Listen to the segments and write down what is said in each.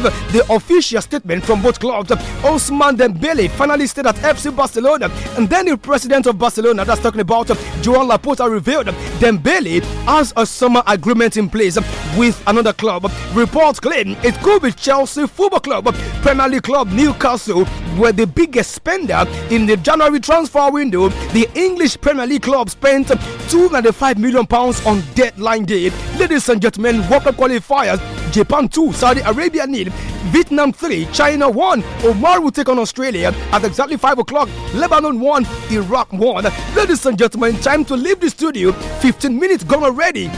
receive the official statement from both clubs. Osman Dembele finally stayed at FC Barcelona, and then the president of Barcelona, that's talking about Joan Laporta, revealed Dembele has a summer agreement in place with another club. Reports claim it could be Chelsea Football Club, Premier League club Newcastle, were the biggest spender in the January transfer window. The English Premier League club spent 295 million pounds on deadline day. Ladies and gentlemen, World Cup qualifiers Japan 2, Saudi Arabia nil, Vietnam 3, China 1. Omar will take on Australia at exactly 5 o'clock. Lebanon 1, Iraq 1. Ladies and gentlemen, time to leave the studio. 15 minutes gone already.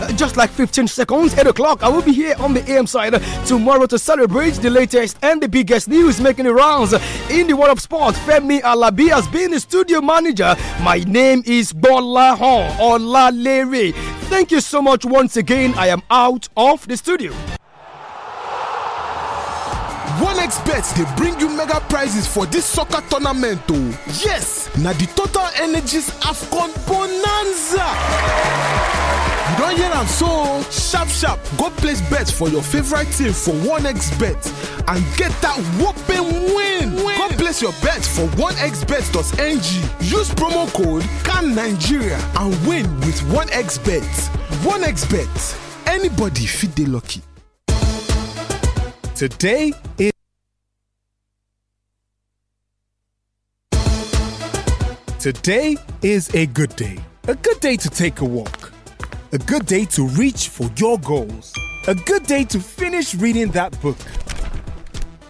Uh, just like 15 seconds, 8 o'clock, I will be here on the AM side tomorrow to celebrate the latest and the biggest news making the rounds in the world of sport. Femi Alabi has been the studio manager. My name is Bola Hon Olalere. Thank you so much once again. I am out of the studio. onexbet dey bring you mega prizes for dis soccer tournament o oh. yes na di total energies afcon bonanza you don hear am so sharp sharp go place bet for your favourite team for onexbet and get dat whopping win go place your bet for onexbet.ng use promo code cannigeria e and win with onexbet onexbet anybody fit dey lucky Today is Today is a good day. A good day to take a walk. A good day to reach for your goals. A good day to finish reading that book.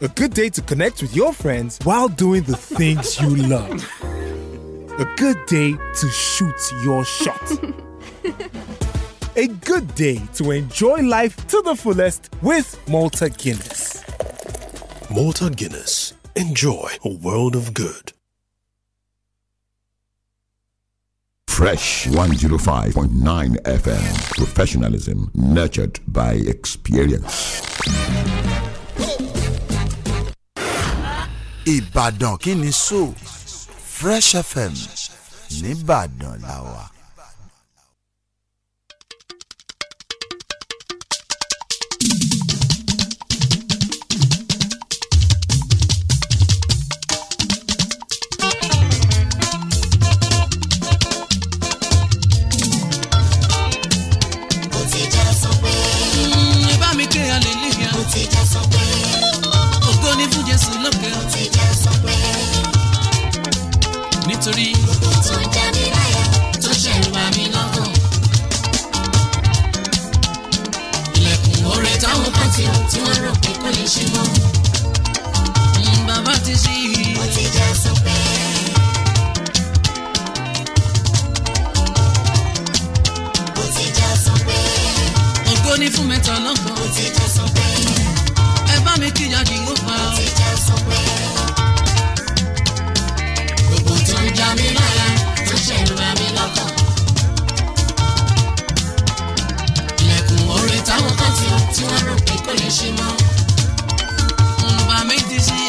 A good day to connect with your friends while doing the things you love. A good day to shoot your shot. a good day to enjoy life to the fullest with Malta Guinness. Malta Guinness. Enjoy a world of good. Fresh 105.9 FM. Professionalism nurtured by experience. Ibadan Kini Fresh FM. Nibadan Lawa. jésù lókè ó ti jẹ́ sọ pé. nítorí gbogbo tó ń jẹ́ mi láyà tó ṣe ń wà mí lọ́kàn. ilẹ̀kùn oore táwọn kan ti hàn tí wọ́n rò pé kò lè ṣe mọ́. bàbá ti ṣí i. ó ti jẹ́ sọ pé. ó ti jẹ́ sọ pé. ògo ni fún mẹ́ta lọ́kàn. ó ti jẹ́ sọ pé ẹ bá mi kíyan jìhófà o. gbogbo tó ń já mi lára tó ṣe ń ra mi lọ́kàn. ilẹ̀kùn orí táwọn kan ti wọ́n rò pé kò lè ṣe mọ́. ǹbà mi ti ṣí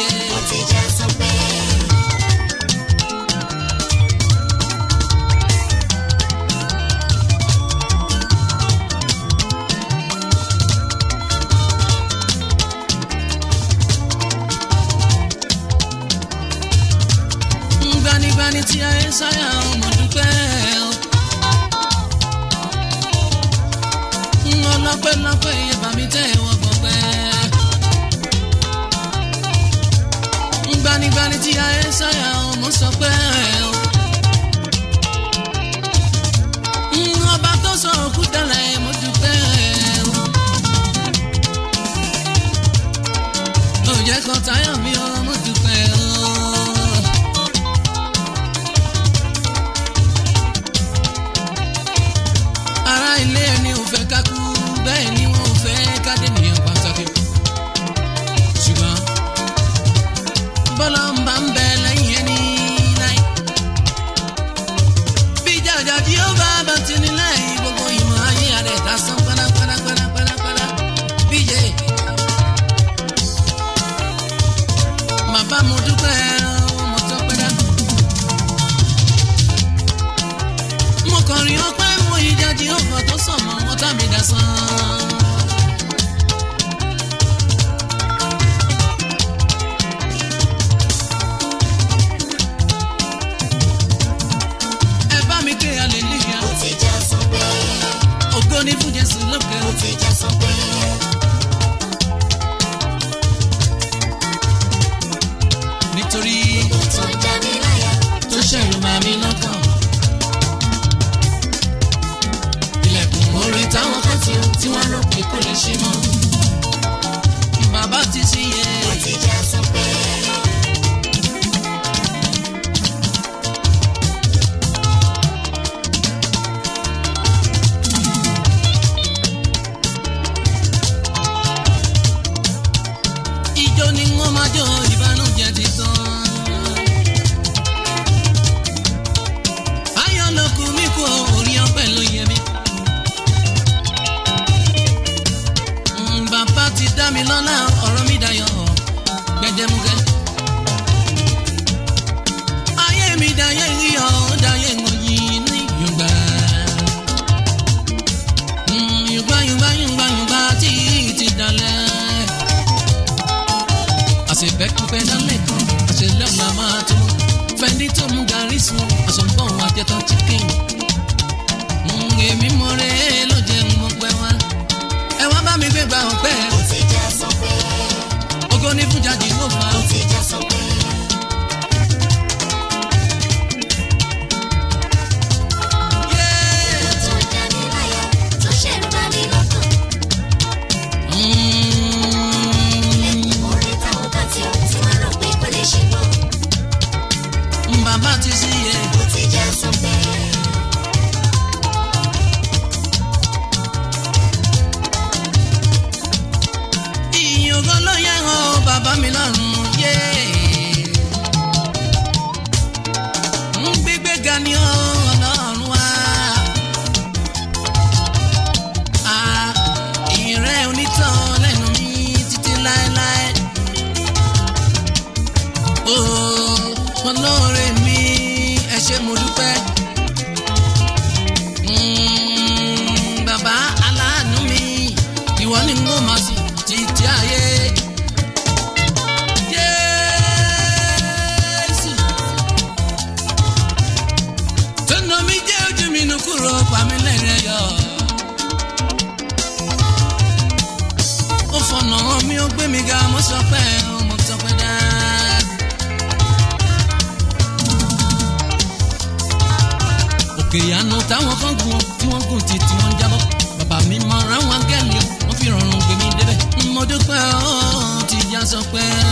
well.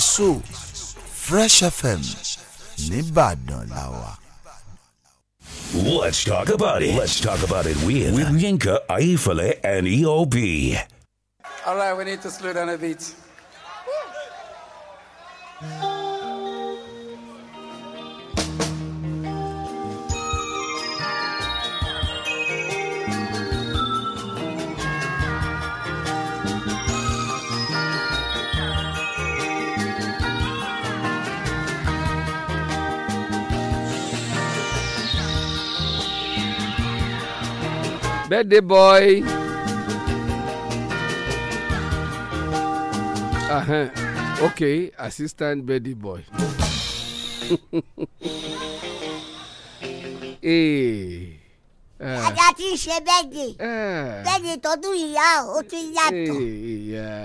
so Fresh FM nibadan làwà. Let's talk about it. Let's talk about it with, with Yinka, Aifale, and EOB. All right, we need to slow down a bit. birthday boy. Uh-huh. Okay, assistant birthday boy. hey. Ah. ajá tí ń ṣe bẹ́ẹ̀dì ah. bẹ́ẹ̀dì tọdún ìyá ó tún yàtọ̀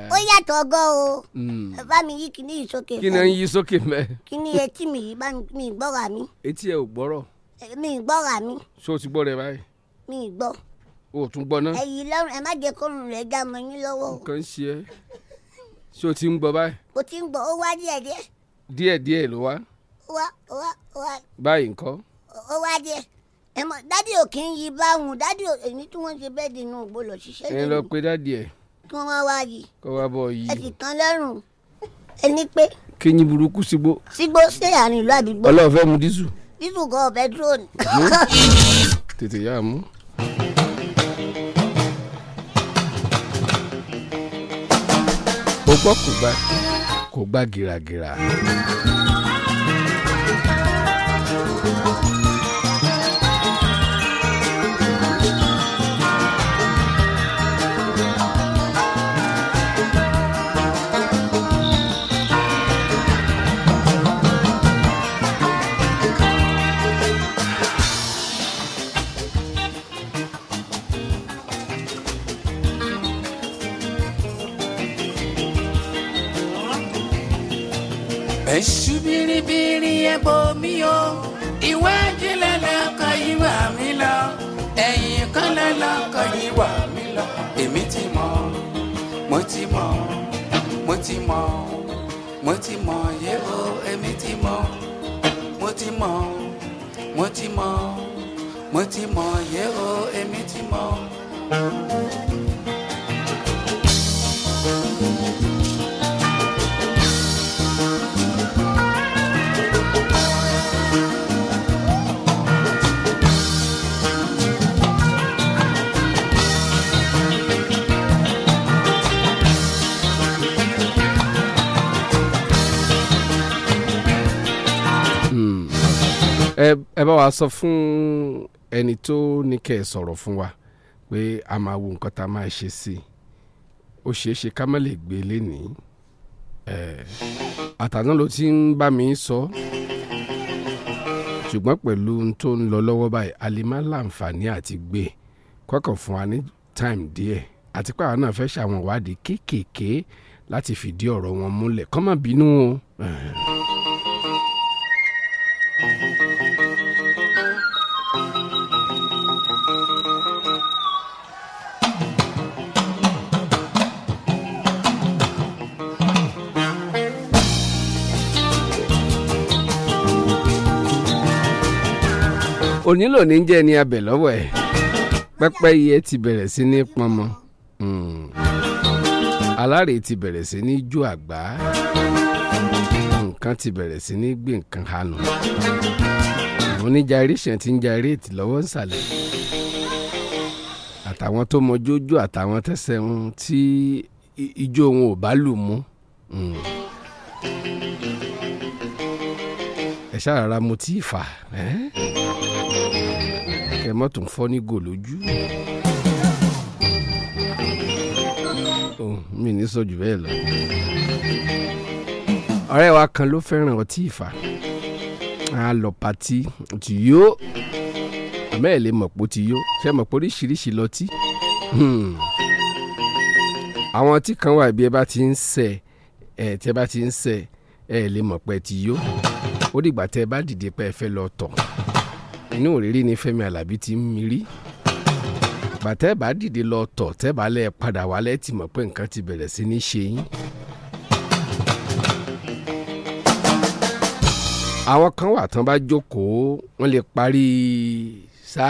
ó yàtọ̀ gan o hmm. bá mi yí kíní yìí sókè fún mi kíní yí sókè mẹ́. kíní etí mi yìí bá mi gbọ́ra mi. etí ẹ ò gbọ́rọ̀. mi gbọ́ra mi. ṣé o ti gbọ́ rẹ báyìí. mi gbọ́ o tún gbọ́ náà. ẹyin lọ́rùn ẹ má jẹ́ kórun rẹ̀ já mọ́ yín lọ́wọ́. nǹkan ń ṣe ẹ́ ṣé o ti ń gbọ́ báyìí. o ti ń gbọ́ ó wá díẹ̀ díẹ̀. díẹ̀ díẹ̀ ló wá. ó wá ó wá ó wá. báyìí ńkọ́. ó wá díẹ̀ ẹ mọ dádì ò kí ń yí báwọn dádì èyí tí wọ́n ṣe bẹ́ẹ̀ dínú ògbó lọ ṣiṣẹ́ lẹ́nu. ẹ lọ pe dádì ẹ. kí wọ́n wá wá kó wá bọ̀ yìí. ẹ sì tán lọ́rùn ẹ ní pé. kéyìn burúkú sígbó. sígbó ṣé àrùn ìlú àbígbó. ọlọ́ọ̀fẹ́ mu dísù. dísù gan ọ̀bẹ dúró ni. tètè yá a mú. gbọ́ kò gbá kò gbá gìràgìrà. Èṣù eh? biribiri ẹ̀bọ mi o ìwé ìjìnlẹ̀ lọ́kọ̀ yìí wà mí lọ ẹ̀yìn kọ́lẹ̀ lọ́kọ̀ yìí wà mí lọ èmi ti mọ̀ mo ti mọ̀ mo ti mọ̀ mo ti mọ̀ yé o èmi ti mọ̀ mo ti mọ̀ mo ti mọ̀ mo ti mọ̀ yé o èmi ti mọ̀. ẹ bá wa sọ fún ẹni tó ní kẹ́ ẹ sọ̀rọ̀ fún wa pé a máa wo nǹkan tá a máa ṣe sí i ó ṣeé ṣe ká má lè gbé e lénìí àtàná ló ti ń bá mi sọ ṣùgbọ́n pẹ̀lú ohun tó ń lọ lọ́wọ́ báyìí a lè láǹfààní àti gbé e. kọ́kàn fún wa ní time díẹ̀ àti pé àwọn náà fẹ́ ṣàwọn ìwádìí kéékèèké láti fìdí ọ̀rọ̀ wọn múlẹ̀ kọ́ má bínú o. onílò ní jẹ́ ní abẹ lọ́wọ́ ẹ̀ pẹ́pẹ́ iye ti bẹ̀rẹ̀ sí ní pọnmọ hmm. alárè ti bẹ̀rẹ̀ sí ní jó àgbá nǹkan ti bẹ̀rẹ̀ sí ní gbé nǹkan hànú àwọn oníjàrẹ́sàn ti ń jarẹ́ẹ̀tì lọ́wọ́ nsàlẹ̀ àtàwọn tó mọjójó àtàwọn tẹsẹ̀ wọn tí ijó wọn ò bá lù mú. Hmm. ẹ ṣáà mo tí fà kẹ mọ́ tún fọ́ ní gò lójú. Oh, mi ní sọ jù bẹ́ẹ̀ lọ. ọ̀rẹ́ wa kan ló fẹ́ràn ọtí ìfà a lọ patí ti yó àmọ́ ẹ̀ lè mọ̀pọ̀ ti yó ṣe mọ̀pọ̀ oríṣiríṣi lọtí. Hmm. àwọn ọtí kan wà bí ẹ bá ti ń sẹ ẹ tí ẹ bá ti ń sẹ ẹ lè mọ̀pẹ̀ ti yó ó dìgbà tẹ ẹ bá dìde pé ẹ fẹ́ lọ tọ̀ inú òrírí ni Fẹ́mi Alábí ti ń mirí bàtẹ́ bá dìde lọ tọ̀ tẹ́ bá lẹ́ padà wálẹ̀ tì mọ̀ pé nǹkan ti bẹ̀rẹ̀ sí ní ṣe yín. àwọn kan wà tán bá jókòó wọ́n lè parí sá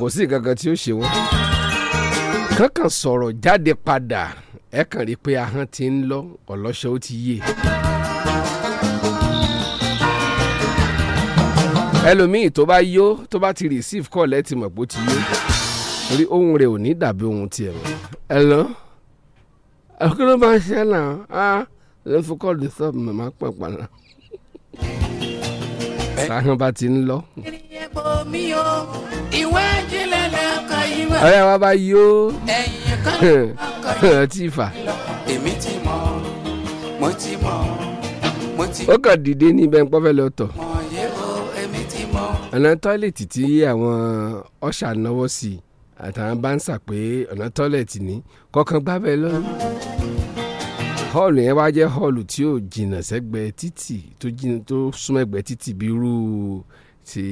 kò sí kankan tí ó ṣe wọ́n kankan sọ̀rọ̀ jáde padà ẹ kàn rí i pé ahọ́n ti ń lọ ọlọ́ṣọ́ ó ti yé ẹlòmíì tó bá yó tó bá ti receive call ẹ ti mọ̀ pé ó ti yó torí ohun rẹ̀ ò ní dàbí ohun tiẹ̀ mọ́ ẹ lọ kí ló máa ń ṣe náà á ló fi kọ́ọ̀dù sọ́ọ̀bù mọ̀ máa pọ̀ pàlà sáhàn bá ti ń lọ. ọ̀rẹ́ wa bá yó ọtí ìfà. èmi ti mọ̀ mo ti mọ̀ mo ti. ó kàn dìde ní ibẹ̀ ń pọ́fẹ́ lọ tọ̀ ọ̀nà tọ́ìlẹ̀tì tí àwọn ọ̀ṣà náwó sí àtàwọn bá ń sà pé ọ̀nà tọ́ìlẹ̀tì ní kọ̀ọ̀kan gbábẹ́ lọ. họ́ọ̀lù yẹn wá jẹ́ họ́ọ̀lù tí ò jìnnà sẹ́gbẹ́ títì tó jìnnà tó súnmọ́ ẹ̀gbẹ́ títì bí irú ti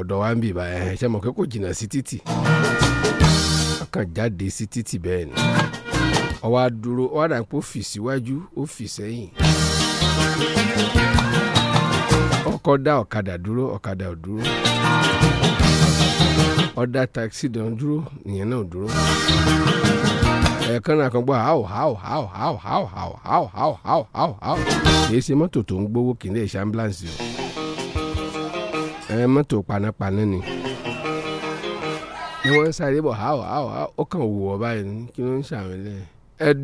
ọ̀dọ̀ wa ń bì bá ẹ̀ ṣe mọ̀ pé kò jìnnà sí títì wọ́n jáde sí títì bẹ́ẹ̀ ni ọwọ́ adúró ọwọ́ àdàpọ̀ fì síwájú ó fì sẹ́yìn. kọ́kọ́ dá ọ̀kadà dúró ọ̀kadà ò dúró ọ̀dà dúró ìyẹn náà ò dúró ẹ̀ẹ̀kan náà haụ gbọ́ àwọ̀ àwọ̀ àwọ̀ àwọ̀ àwọ̀ àwọ̀ àwọ̀ àwọ̀ àwọ̀ àwọ̀ àwọ̀ haụ haụ ṣe mọ́tò tó ń haụ kì í lè ṣe ambulance o haụ mọ́tò panápaná ni ni wọ́n ń sáré bọ̀ àwọ̀ àwọ̀ ó kàn haụ haụ báyìí haụ kí ló ń ṣàwọn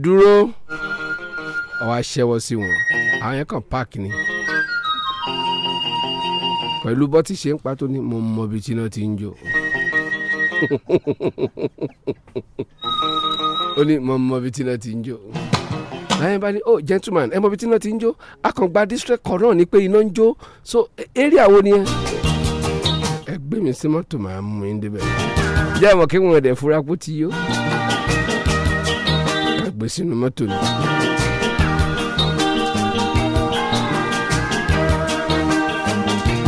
dúró ọ̀ wá ṣẹ́wọ́ sí wọn àwọn yẹn kàn páàkì ni. pẹ̀lú bọ́tí ṣe ń pa tó ní mo mọ ibi tí ti ń jó ó ní mo mọ ibi tí ti ń jó láyé bá ní oh gentleman ẹ mọ ibi tí iná ti ń jó akàngbá district kan náà ni pé iná ń jó so area wo ni ẹ ẹ gbé mi sí mọ́tò máa mú yín débẹ̀ jẹ́ àwọn kí wọ́n dẹ̀ fura kó ti yó ẹ gbé sínú mọ́tò mi.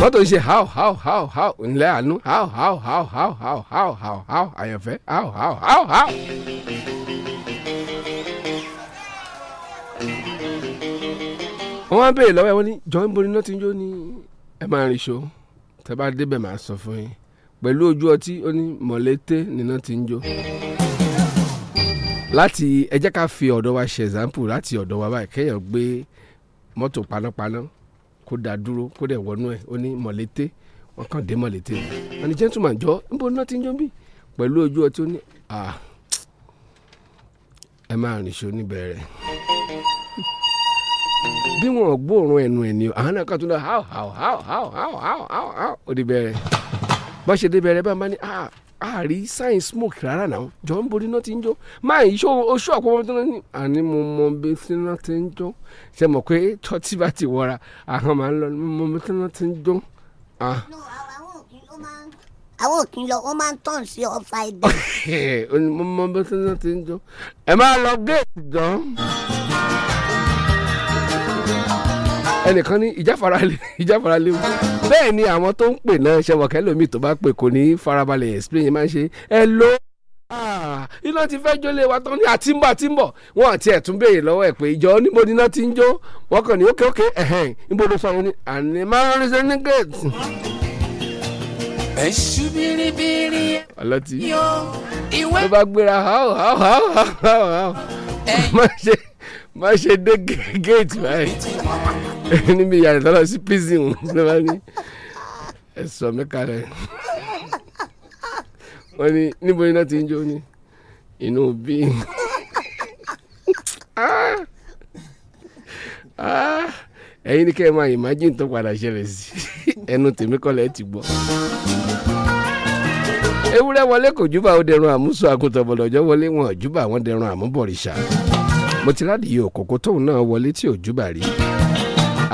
ṣùgbọ́n ń ṣe how how how how ńlẹ́ àánú how how how how how how how how àyànfẹ́ how how how how. wọ́n wá béèrè lọ́wọ́ ẹ̀ wọ́n ní jọ̀ọ́ níbo ni náà ti ń jó ni ẹ máa rìn ṣó tẹ́ bá débẹ̀ máa sọ fún yín pẹ̀lú ojú ọtí ó ní mọ̀lété ni náà láti ẹ jẹ́ ká fi ọ̀dọ̀ wa ṣe example láti ọ̀dọ̀ wa báyìí kéèyàn gbé mọ́tò panápaná kó dá dúró kó dẹ̀ wọnú ẹ̀ ó ní mọ̀lété wọn kàn dé mọ̀lété wọn ni gentleman jọ níbo náà ti ń jọ bí pẹ̀lú ojú ọtí ó ní ẹ máa rìn ṣó níbẹ̀rẹ̀ bí wọn gbóòórùn ẹnu ẹ ni àwọn lọ ó di bẹ̀rẹ̀ bá ṣe dé àárí sign smoke rárá náà jọ ń borí náà ti ń jó máa yìí oṣù àpòmọ́ tó ní àní mo mọ bí tí náà ti ń jó ṣe mọ̀ pé tọ́tí bá ti wọra àwọn máa ń lọ mo mọ bí tí náà ti ń jó. àwọn òkè lọ wọn máa ń tàn sí ọfà ìdè. mo mọ bí tí náà ti ń jó ẹ máa lọ géètì jọ ẹnìkan ní ìjáfaralé ìjáfaralé o bẹ́ẹ̀ ni àwọn tó ń pè náà ṣe wọ̀kẹ́ lómi tó bá pè kò ní farabalẹ̀ explain máa ń ṣe ẹ ló ah, iná ti fẹ́ jólé wa tán ní àtìmbọ̀ àtìmbọ̀ wọn àti ẹ̀tún béèrè lọ́wọ́ ẹ̀ pé ìjọ níbo ni ti ń jó wọn kàn ní ókè ókè ẹ̀hẹ́n níbo ló sọ wọn ni àní máa ń rí sẹ́ni gẹ̀ẹ́tì. ẹ̀ṣù bìrìbìrì ọlọ́tí ló bá gbéra háò háò háò háò háò máa ṣe má ṣe dé géètì báyìí níbi ìyàrá tó lọ sí prison ló bá ní ẹ sọ mí kalẹ̀ wọ́n ní níbo ni náà ti ń jó ni inú bí ah! Ah! ẹ̀yin ni kẹ́ ẹ máa imagine tó padà ṣẹlẹ̀ sí ẹnu tèmi kọ́lẹ̀ ẹ ti gbọ́ ewúrẹ́ wọlé kò júbà ó dẹrun àmúso àgùntàn bọ̀lọ̀jọ́ wọlé wọn júbà wọn dẹrun àmúbọ̀rìṣà mo ti rádìyẹ òkòkò tóun náà wọlé tí ò júbà rí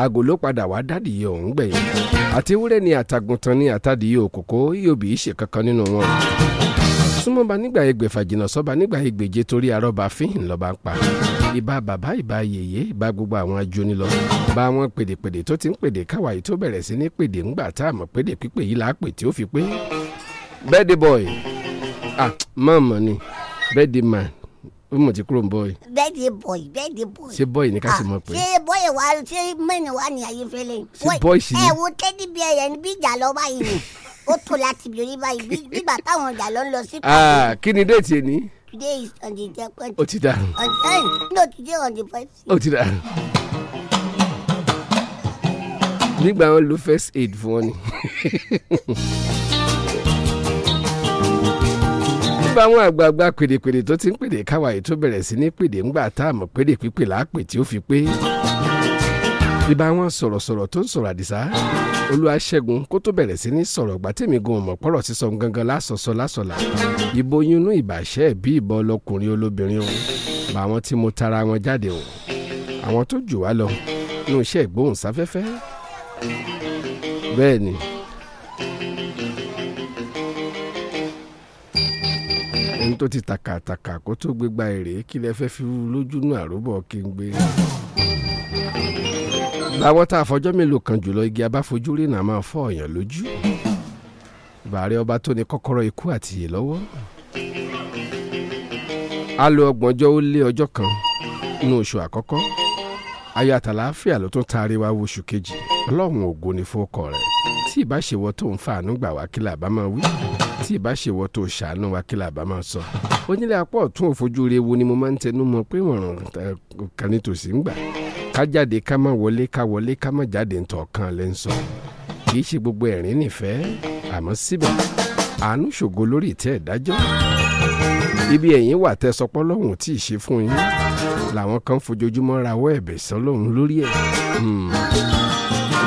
aago ló padà wá dádìyẹ ọ̀hún gbẹ̀yìn àti ewúrẹ́ ni àtàgùntàn ni àtàdìyẹ òkòkò iobi ṣe kankan nínú wọn súnmọ́ba nígbà ẹgbẹ̀fà jìnnà sọ́ba nígbà ẹgbẹ̀je torí arọ́ba fíhìn lọ́ba ń pa ìbá bàbá ìbá yèyé ìbá gbogbo àwọn ajoni lọ bá àwọn pèdèpèdè tó ti ń pèdè káwáyé tó bẹ̀rẹ̀ sí ní pèdè ńgbà tá àmọ́ pèdè pípé yìí láàpè tí ó fi pé birthday boy ah mọ̀ọ́mọ̀ ni birthday man ó mọ̀ tí kúrò ń bọ̀ yìí. bẹ́ẹ̀dì bọ̀yì bẹ́ẹ̀dì bọ̀yì. ṣé bọ́yì ni ká sì ah, mọ̀ pé. ṣé bọ́yì wa ṣé mẹ́ni wa ni àyè fẹ́lẹ̀. ṣé bọ́yì sì ni. ẹ wo tẹ́dí bí ẹ̀yẹ ni bí ìjà lọ báyìí ni ó tó láti bí orí báyìí bí bíbà táwọn ọjà lọ ń lọ sí. Ah, kí ni déètì ẹ ní. today is on the second. ó ti dàrú. on the end no today on the first. ó ti dàrú. nígbà wọn lo first aid fún ọ ni. nígbà àwọn àgbààgbà pèdèpèdè tó ti ń pèdè káwa ètò bẹ̀rẹ̀ sí ní pèdè ńgbà tá a mọ̀ pèdè pípè láàpè tí ó fi pé ìbá wọn sọ̀rọ̀sọ̀rọ̀ tó ń sọ̀rọ̀ àdìsá olúwaṣẹ́gun kó tó bẹ̀rẹ̀ sí ní sọ̀rọ̀ ọ̀gbà tèmi gan ọmọ pọ̀rọ̀ sísọ gangan lásọsọ lásọlà ìbò yunú ìbàṣẹ́ bí ìbọn ọlọkùnrin olóbìnrin o bá wọn tí mo tara wọn jáde o àwọn tó jù wá lọ nínú iṣẹ́ ìgbóhùnsáfẹ́fẹ́ bẹ́ẹ̀ ni ẹni tó ti tàkàtàkà kó tó gbégbá èrè kí lẹ fẹ́ fi lójú nù àròbọ̀ kí n gbé. láwọn tá a fọjọ́ mélòó kan jùlọ igi abáfojúrí náà máa fọ́ ọ̀yàn lójú. bàárẹ̀ ọba tó ní kọ́kọ́rọ́ ikú àti ìyè lọ́wọ́. a lo ọgbọ̀njọ́ ó lé ọjọ́ kan nínú oṣù àkọ́kọ́ ayọ̀ àtàlàáfíà ló tún taari wá oṣù kejì ọlọ́run ògo ni fún ọkọ rẹ̀ tí ìbá ṣe wọ tó ń fàánú gbà wá kí làbá máa wí tí ìbá ṣe wọ tó ṣàánú wá kí làbá máa sọ onílé apá ọ̀tún òfojú rẹ wo ni mo máa ń tẹnu mọ́ pé wọ̀ràn kan nítòsí ń gbà ká jáde ká má wọlé ká wọlé ká má jáde ń tọ̀ kan lẹ́ ń sọ kì í ṣe gbogbo ẹ̀rín nìfẹ́ àmọ́ síbẹ̀ àánú ṣògo lórí ìtẹ́ ìdájọ́ ibi ẹ̀yìn wà tẹ́ sọpọ́ lọ́hùn tí ì ṣe fún yín làwọn kan fojoojúmọ́ rawọ́ ẹ̀bẹ̀ sọ́lọ́hún lórí ẹ̀ hmm.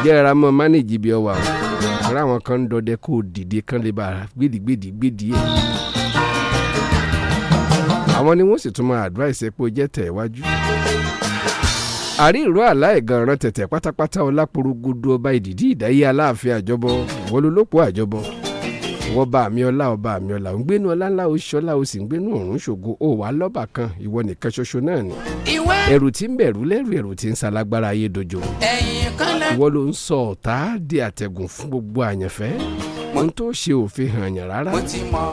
jẹ́ mọ́ mánéjì bí ọ wà ara àwọn kan ń dọdẹ kó dìde kán lè bá gbèdìgbèdì gbèdì ẹ̀ àwọn ni wọ́n sì tún máa advice ẹ pé ó jẹ́ tẹ̀ iwájú àrí ìró àlá ìgànràn tẹ̀tẹ̀ pátápátá ọlápòrò gudu ọba ìdìdí ìdáyé aláàfin àjọbọ ìwọlólópò àjọbọ ìwọ bá mi ọlá ọba mi ọlá òun gbénu ọlá oṣù ọlá o sì ń gbénu ọ̀run ṣògo ó wà lọ́bà kan ìwọ nìkan ṣoṣo náà ni. ẹ̀rù tí ń bẹ̀rù lẹ́rù ẹ̀rù tí ń salágbára ayé dojo. ìwọ ló ń sọ ọ̀tá di àtẹ̀gùn fún gbogbo àyànfẹ́ ohun tó ṣe òfin hàn yàn rárá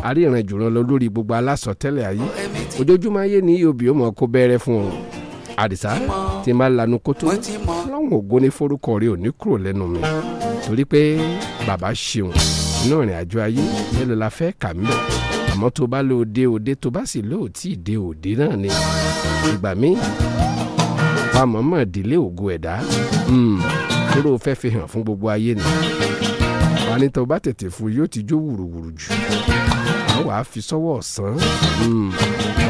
àríyànjú jùlọ lọ lórí gbogbo alásọtẹ́lẹ̀ ayé ojoojúmọ́ ayé ni yóò bí ó mọ̀ kó bẹ̀rẹ̀ fún ọ àdìsá tí máa lanu kótó lọ́wọ́n ògo ní forúkọ rẹ ò ní kúrò lẹ́nu mi torí pé bàbá ṣeun nínú ìrìn àjò ayé mélòó la fẹ́ kà ń bẹ̀ àmọ́ tó bá lò dé òde tó bá sì lò tí ì dé òde náà ni ìgbà míì wa mọ̀mọ́ ìdílé ògo ẹ̀dá hmm, kúrò fẹ́ fi hàn fún gbogbo ayé ni wa ní tó bá tètè fún yóò ti jó wùrùwùrù jù wọ́n wàá fi sọ́wọ́ ọ̀sán hmm,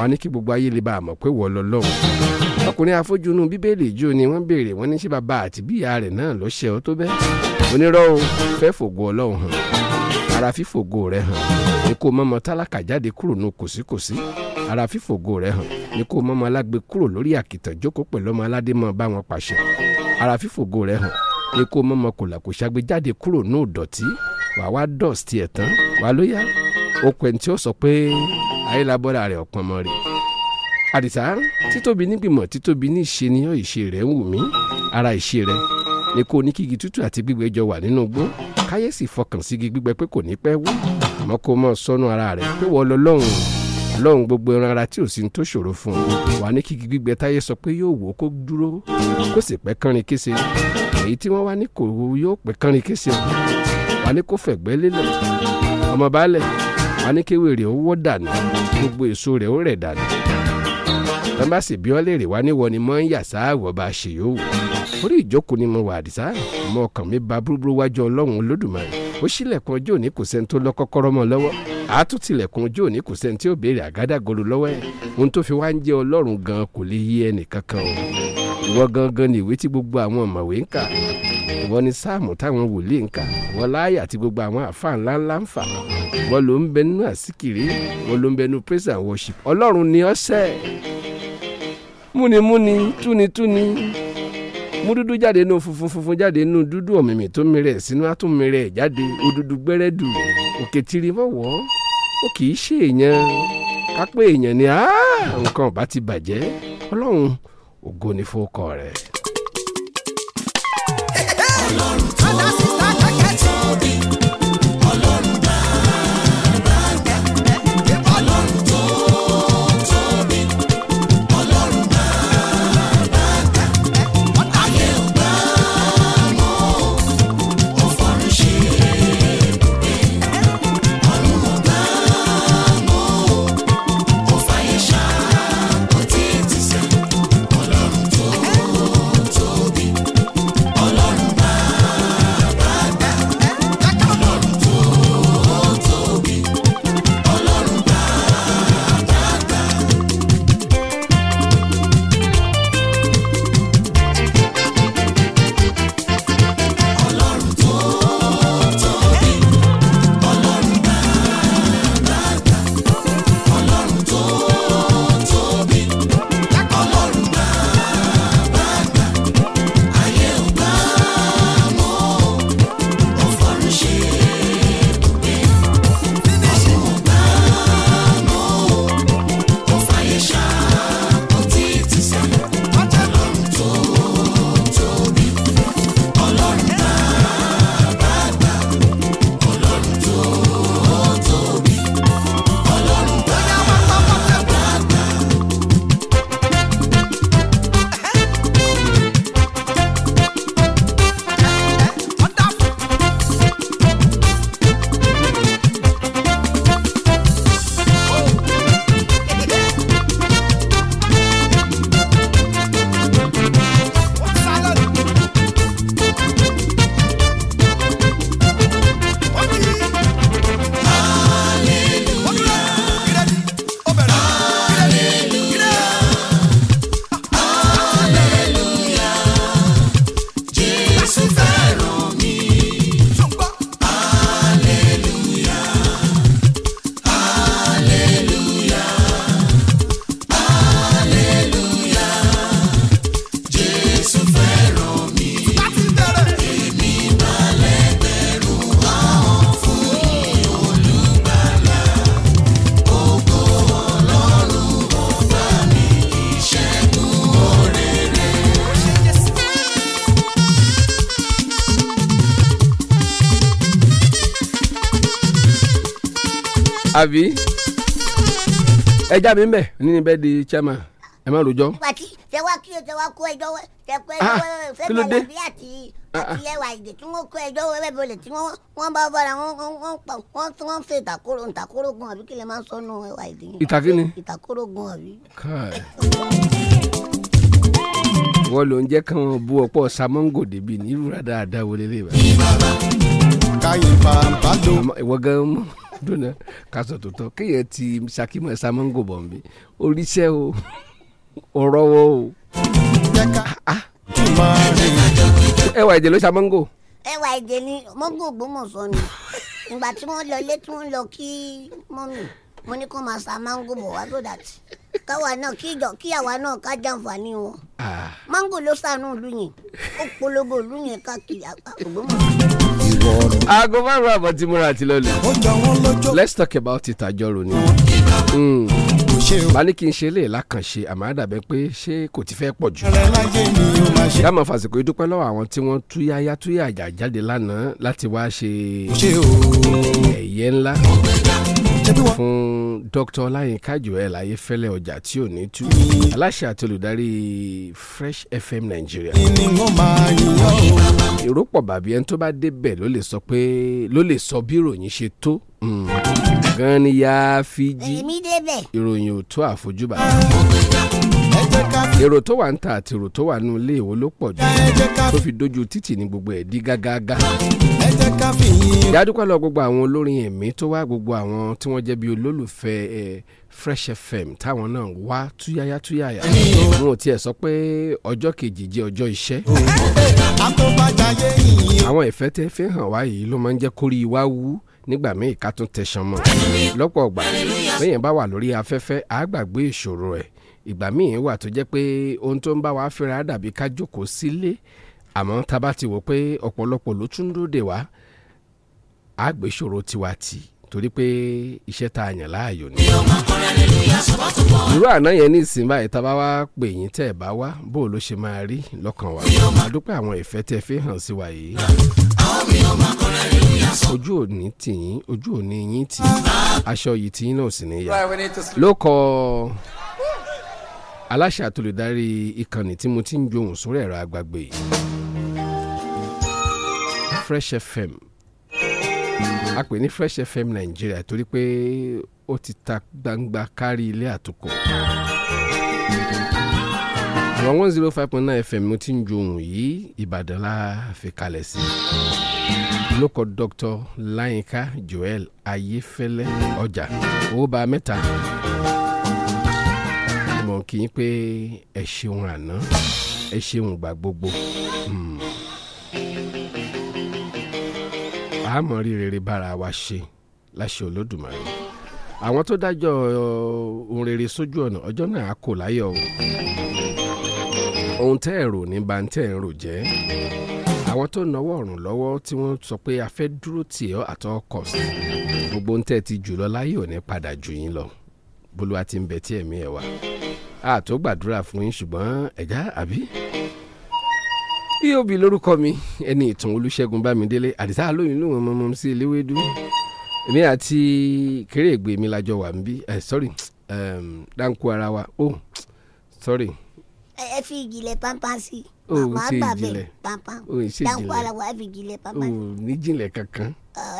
wa ní kí gbogbo ayé lè bá a mọ̀ pé wọ́n lọ lọ́wọ́ ọkùnrin afọ́júnú bíbélì ìjó ni wọ́n béèrè wọ́n ní ṣé bàbá àti bíyà rẹ̀ náà ló ṣe ọ́ tó bẹ́ẹ̀ onírọ́ fẹ́ fògo ọlọ́run hàn ara fífògo rẹ̀ hàn ni kó mọ́mọ tálákà jáde kúrò nù kòsíkòsí ara fífògo rẹ̀ hàn ni kó mọ́mọ alágbe kúrò lórí àkìtàn jókòó pẹ̀lú ọmọ aládé mọ́ bá wọn pàṣẹ ara fífògo rẹ̀ hàn ni kó mọ́mọ kòlàkò ṣàgbé jáde kúrò nù dọ̀tí wà wá dọ̀sí ẹ̀ tán wà lóyá okùn ẹ̀ tí ó sọ pé ayélabọ́dà rẹ̀ ọ̀pọ̀ mọ́ rẹ̀ àdìsá títóbi nígbìmọ̀ títóbi ní ìṣe ni ìṣe rẹ̀ ń wù mí ara ìṣe rẹ̀ ni kó ní kígi tútù àti gbígbẹ wà nínú igbó káyẹ̀sì fọkàn sí gbígbẹ pé kò ní pẹ́ wú àmọ́ kó mọ̀ sọ́nù ara rẹ̀ pé wọ́n lọ lọ́hùn lọ́hùn gbogbo ẹran ara tí ò sí tó ṣòro fún un wà ní kíkí gbígbẹ táyé sọ pé yóò wò ó kó dúró kó sì pẹ́ kánrin kése èyí tí wọ́n wá ní kò yóò pẹ́ kánrin kése wà ní kó fẹ̀gbẹ́ lélẹ̀ ọmọ baálẹ̀ wà ní kéwé rẹ̀ ó wọ́ dànù gbogbo èso rẹ̀ ó rẹ̀ dànù tọ́ba sì bí ọ́ lè rè wá níwọ ni mọ́ ń yà sáà wọ́ bá ṣe yóò wò ó orí ìjókòó ni mo wà àdìsá mo ọkàn mi ba búrúburú wájú ọlọ́run olódùmarè ó ṣílẹ̀kùn ọjọ́ òní kò sẹ́ni tó lọ kọ́kọ́rọ́ mọ́ lọ́wọ́ àátútìlẹ̀kùn ọjọ́ òní kò sẹ́ni tí ó béèrè àgádágodo lọ́wọ́ ẹ̀ ohun tó fi wá ń jẹ́ ọlọ́run gan kò lè yé ẹnìkankan o ìwọ gangan ni ìwé tí gbogbo àwọn ọ̀mọ̀wé ń kà ìwọ ni sáàmù táwọn wòlíì ń kà ìwọ láàyà tí gbogbo àwọn àfáà ńláńlá ń fà wọ́n ló ń bẹnu àsìkiri wọ́n ló ń bẹnu praise and worship ọlọ́run ni ọ́ sẹ́ẹ̀ múnimúni túnitúni mú dúdú jáde nínú funfun funfun jáde nínú dúdú ọ̀mìmì tó mìíràn sínú àtúnmìíràn jáde òdúdú gbẹ́rẹ́dù òkè tìrì mọ́wọ́ ó kì í ṣe èèyàn kápẹ́ èèyàn ni nǹkan ọ̀bá ti bàjẹ́ ọlọ́run ògo ni fọ́kọ rẹ̀. ọlọ́run tó àbí ẹja mi ń nínú bẹ́ẹ̀ di chairman ẹ má rojọ́. nígbà tí wá kí o tẹ wá kó ẹjọ́ tẹ kó ẹjọ́ ah, fẹmi alábí àti àtìlẹwà ah, ah. èdè tí wọn kó ẹjọ́ wẹbẹ bolẹ tí wọn bá bọra wọn wọn pa wọn tí wọn fẹ́ ìtàkóró ìtàkórógun àbí kí lè máa sọ nù ẹwà èdè yẹn. ìtàkínni ìtàkórógun àbí. wọ́n ló ń jẹ́ kí wọ́n bu ọ̀pọ̀ samongo débi ní ìrora dáadáa wọlé lè bá. ìwọ gan mọ dona kaso tòótọ́ kéèyàn ti Ṣakí mọ samango bọ̀ nbí oríṣẹ́ o ọ̀rọ̀ wo o. Ah. ẹwà ìjẹ ló samango. ẹwà ìjẹ ni mọ́ngò Ògbómọ̀ṣọ́ ni ìgbà tí wọ́n lọ ilé tí wọ́n lọ kí mọ́mì mo ní kó máa sa mango bọ̀ wá so that káwa náà kí ìjọ kí àwa náà ká jàǹfààní wọn. Ah. mango ló ṣàánú ìlú yẹn ó polówó ìlú yẹn káàkiri Ògbómọ̀ṣọ́. aago márùn-ún àbọ̀ tí múra àti lọ́lẹ̀ let's talk about it àjọrò ni. bani kì í ṣe lè lákànṣe àmọ́ àdàbẹ́ pé ṣé kò ti fẹ́ pọ̀ jù. dáàmú fàṣìkò ìdúpẹ́ lọ́wọ́ àwọn tí wọ́n túyáyá túyàjà jáde lánàá láti wá ṣe ẹ̀yẹ ńlá fún Dr. ọláyínká joel ayéfẹ́lẹ́ ọjà tí ò ní tú aláṣẹ àti olùdarí Fresh FM Nigeria. èrò pọ̀ bàbí ẹni tó bá débẹ̀ ló lè sọ pé ló lè sọ bí ìròyìn ṣe tó hmm. gan ni yáa fi jí ìròyìn ò tó àfojúbà èrò tó wà ń ta àti èrò tó wà nù ilé ìwò ló pọ̀ jù tó fi dojú títì ní gbogbo ẹ̀ di gágágá. ìdádúpẹ́ lọ gbogbo àwọn olórin ẹ̀mí tó wá gbogbo àwọn tí wọ́n jẹ́ bí olólùfẹ́ ẹ̀ Fresh FM táwọn náà wá túyáyá túyáyá wọn ò tiẹ̀ sọ pé ọjọ́ kejì jẹ́ ọjọ́ iṣẹ́. àwọn ìfẹ́ tẹ́ fi hàn wá yìí ló máa ń jẹ́ kórí wá wú nígbà míì ká tún tẹ̀sán mọ́ lọ́pọ̀ ọgbà bẹ́yẹn bá wà lórí afẹ́fẹ́ àá ìṣòro ẹ̀ ìgbà míì wà tó jẹ́ pé ohun tó ń bá wa fínra dàbí ká jókòó sílé àmọ́ tá a bá ti wò pé ọ̀pọ̀lọpọ̀ ló tún dóde wá àgbèsòro tiwa tì torí pé iṣẹ́ tá a yàn láàyò ni. irú àná yẹn ní ìsìn báyìí tá a bá wá pè yín tẹ́ ẹ̀ bá wá bó ló ṣe máa rí lọ́kàn wa àdúpẹ́ àwọn ìfẹ́ tẹ́ fi hàn sí wa yìí ojú òní tìyín ojú òní yín tì aṣọ yìí tìyín náà sì níyà ló kọ aláṣẹ àtolùdarí ìkànnì tí mo ti ń gbohùn sórí ẹ̀rọ agbàgbé Fresh FM a pè ní Fresh FM Nàìjíríà torí pé ó ti ta gbangba kárí ilé àtúkò àwọn one zero five point nine fm mo ti ń ju ohun yìí ìbàdàn la fi kalẹ̀ sí lóko dr láyínká joel ayéfẹ́lẹ́ ọjà owó bá mẹ́ta mo kì í pé ẹ ṣeun àná ẹ ṣeun gbà gbogbo. àmọ́ hmm. rí rere bára wa ṣe láṣẹ olódùmarè àwọn tó dájọ́ uh, ohun rere sójú ọ̀nà ọjọ́ náà á kò láyọ̀ o ohun tẹ́ ẹ̀ rò ní bá ń tẹ́ ẹ̀ rò jẹ́ àwọn tó náwó ọ̀rùn lọ́wọ́ tí wọ́n sọ pé a fẹ́ dúró tì ọ́ àtọ́ kọ̀ sí gbogbo ń tẹ́ ti jù lọ láyé òní padà jù yín lọ bólúwa ti ń bẹ tí ẹ̀mí ẹ̀ wá àtó gbàdúrà fún yín ṣùgbọ́n ẹ̀já àbí. pop lórúkọ mi ẹni ìtàn olúṣẹ́gun bámidélé àdìsá alóyún ní wọn mọmọ sí eléwédú èmi àti kérègbè mi lájọ wà níbí ẹ sorry dáńkú ara wa oh sorry. ẹ fi ìjìnlẹ̀ pampasi màmá gbà bẹ pampam dáńkú ara wa ẹ fi ìjìnlẹ̀ pampasi. o ní jìnlẹ̀ kankan.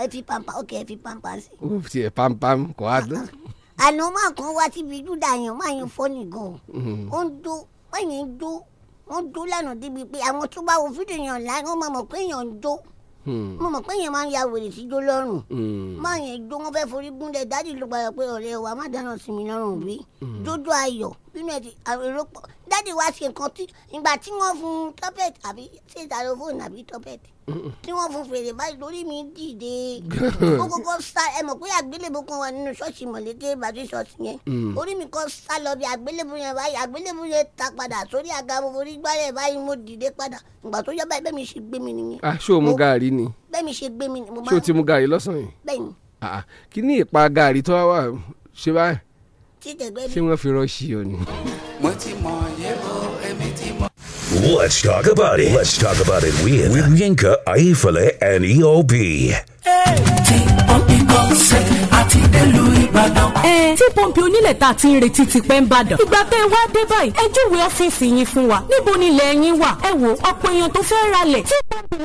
ẹ fi pampam ok ẹ fi pampasi. o ti ẹ pampam kò á àná ọmọ kan wá síbi júdà yẹn ọmọ yẹn fọ́nì gan hmm. ó ń dó wọ́n yẹn ń dó wọ́n dó lánàá débi pé àwọn tó bá wo fídíò yẹn láì wọ́n máa mọ̀ pé èèyàn ń dó mo hmm. mọ̀ pé èèyàn máa ń ya wèrè síjó lọ́rùn hmm. máa yẹn dó wọ́n fẹ́ forí gúnlẹ̀ dádì ló gbàgbọ́ pé ọ̀rẹ́ wa má dáná sí lọ́rùn bí dódó ayọ̀ bímẹ̀dì àrèrò pọ̀ dáàdi wá ṣe nǹkan tí ìgbà tí wọ́n fún tọ́pẹ̀t àbí ṣe xylophone àbí tọ́pẹ̀t tí wọ́n fún fèrè báyìí lórí mi dìde ó kọ́kọ́ sá ẹ mọ̀ pé àgbélébùú kan wà nínú ṣọ́ọ̀ṣì mọ̀lẹ́kẹ́ bàbí ṣọ́ọ̀ṣì yẹn hmm. orí mi kọ́ sá lọ bí àgbélébùú yẹn báyìí àgbélébùú yẹn ta padà sórí àga mo forí gbálẹ̀ báyìí mo dìde padà ìgbà tó yá bẹ́ẹ̀ mi ṣe gbé mi nìyẹn. a ah, ṣó mu gaari ni. ṣó ti mu gaari lọ́sàn-án yìí. Ah, ah. kí ni ìpa gaari tó wá wà ṣe báyìí ṣé wọ́n fi rọ́ọ̀ṣì o ni. mo ti mọ yẹ́bọ̀ èmi ti mọ. Let's talk about it. Let's talk about it with, with Yinka, Aifale, and EOB. tí pọ́ǹpì onílẹ̀ tá a ti ń retí ti pẹ́ ń bàdàn. ìgbà tẹ́ ẹ wá dé báyìí ẹ júwèé ọ́fíìsì yín fún wa níbo ni yín wà ẹ wò ọ̀pọ̀ èèyàn tó fẹ́ ralẹ̀ tí pọ́ǹpì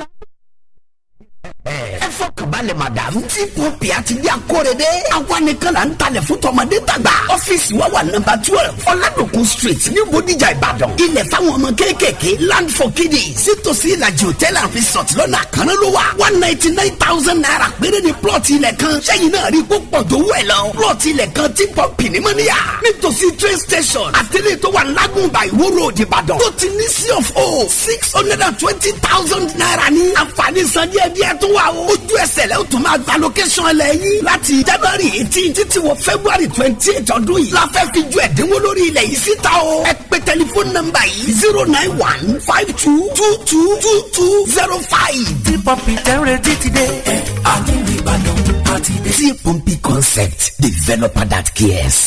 ẹ fọkànbalẹ̀ madam. tí pọ́pì àti bí akórede. àwa nìkan là ń talẹ̀ fún tọmọdé tàgbà. ọ́fíìsì wa wà nọ́mbà twelve ọ̀làdòkun street ní bodijà ìbàdàn. ilẹ̀ fáwọn ọmọ kéékèèké land for kiddies. sítòsí ìlàjì hotel and resort lọ́nà àkànná ló wà. one ninety nine thousand naira péré ni plọ́ọ̀tì ilẹ̀ kan. sẹ́yìn náà rí púpọ̀ tó wẹ̀ lọ. plọ́ọ̀tì ilẹ̀ kan tí pọ́pì ní mọ́níyà. nítòsí train station àtẹlẹ́ tó wà lágùnbà ìwó road ìbàdàn. tó ti ní sí of o six hundred twenty thousand naira ní àǹfààní san díẹ̀ díẹ̀ yẹn tún wà o. ojú ẹsẹ̀ lẹ́yìn tó máa gba location ẹlẹ́ yìí. láti january eighteen títí wọ february twenty eight ọdún yìí. la fẹ́ fi ju ẹ̀dínwó lórí ilẹ̀ yìí síta o. ẹ pè tẹlifóònù nọ́mbà yìí zero nine one five two two two two two zero five. tí pọ́ǹpì tẹ́rẹ̀ títí dé. ẹ àní ìbàdàn àti tí pọ́ǹpì concept developer that cares.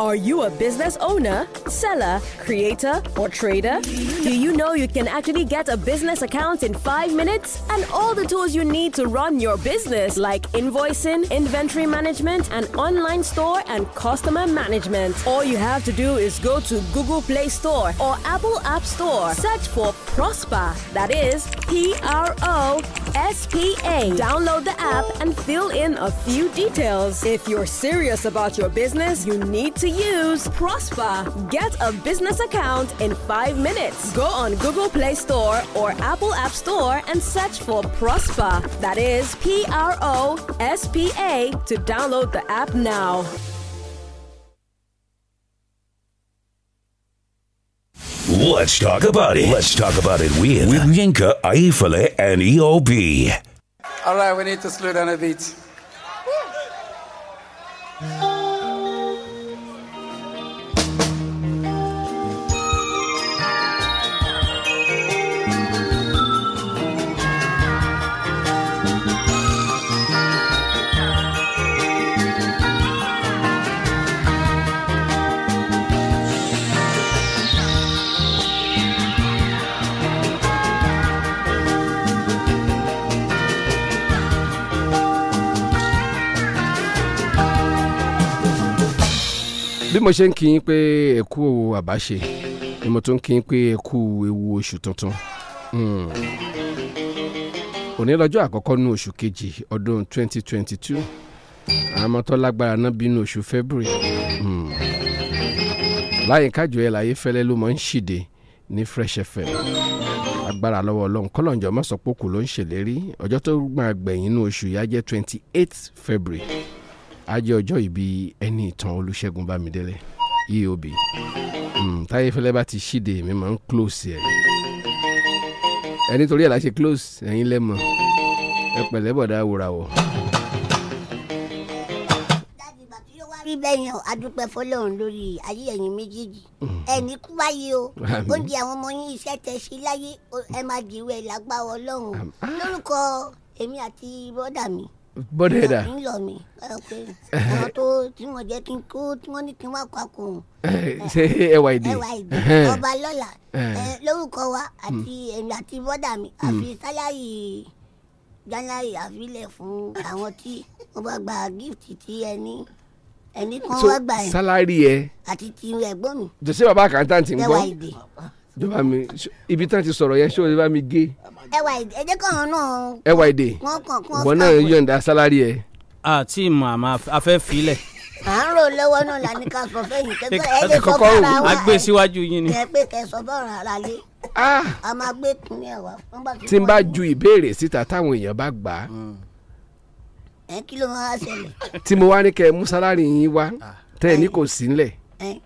Are you a business owner, seller, creator, or trader? Do you know you can actually get a business account in five minutes and all the tools you need to run your business, like invoicing, inventory management, an online store, and customer management? All you have to do is go to Google Play Store or Apple App Store, search for Prosper, that is P R O S P A. Download the app and fill in a few details. If you're serious about your business, you need to to use Prosper. Get a business account in five minutes. Go on Google Play Store or Apple App Store and search for Prosper. That is P R O S P A to download the app now. Let's talk about it. Let's talk about it with, with Yinka, Aifale, and EOB. All right, we need to slow down a bit. mo ṣe ń kí yín pé ẹ kú àbáṣe ni mo tún ń kí yín pé ẹ kú ewu oṣù tuntun hmm. òní lọ́jọ́ àkọ́kọ́ nínú oṣù kejì ọdún 2022 àmọ́ tó lágbára náà bínú oṣù February láyé kájọ hmm. ẹ̀ láyé fẹ́lẹ́ ló máa ń ṣìde ní Fresh FM agbára lọ́wọ́ ọlọ́run kọ́lọ́njọ́ mọ́sọ̀pọ̀kù ló ń ṣèlérí ọjọ́ tó máa gbẹ̀yìn nínú oṣù yá 28 February ajé ọjọ́ ìbí ẹni ìtàn olùṣègùn bámidélé eob hmm, táyé fẹlẹ́ bá ti ṣíde mi máa ń close ẹ̀ ẹni torí ẹ̀ la ṣe close ẹ̀yin lẹ́mọ̀ ẹ pẹ̀lẹ́ bọ̀dá wòràwọ̀. rí bẹ́yìn o adúpẹ́ fọlọ́run lórí ayé ẹ̀yin méjèèjì hmm. ẹni kú báyìí o oúnjẹ àwọn ọmọ yín iṣẹ́ tẹ́ ṣe láyé ẹ máa dìwẹ̀ lágbára ọlọ́run lórúkọ èmi àti bọ́dà mi bọ́dẹ̀ dà. ẹ wá kwakò. ọba lọ́la lórúkọ wa àti èmi àti bọ́dà mi àfi sálárì january àfilẹ̀ fún àwọn tí wọ́n bá gba gift tí ẹ ẹni kan wá gbà yẹn. sálárì ẹ. àti ti ẹ̀gbọ́n mi. jọ̀sẹ̀ bàbá àkàntà ti ń gbọ́ jọba mi ibi tí wọ́n ti sọ̀rọ̀ yẹn ṣé o lè bá mi gé ẹwà èdè ẹjẹ kan náà. ẹwà èdè wọn náà yọ̀ǹda sálárì ẹ. àti ìmọ̀ àmọ́ afẹ́ filẹ̀ à ń rò lọ́wọ́ náà la ní ká sọ fẹ́yìn kẹ́kẹ́ ẹ lè sọ fọ́ra wa agbé síwájú yín ni. kẹ́pẹ́ kẹ́ sọ fọ́ra ara lé. Ah. a máa gbé kun ẹ̀ wá. tí n bá ju ìbéèrè síta táwọn èèyàn bá gbà á. Hmm. ẹ kí ló máa ṣẹlẹ̀. tí mo wá ní kẹ́ mú sálárì yín wá ah. tẹ́ ẹ ní kò sí nílẹ̀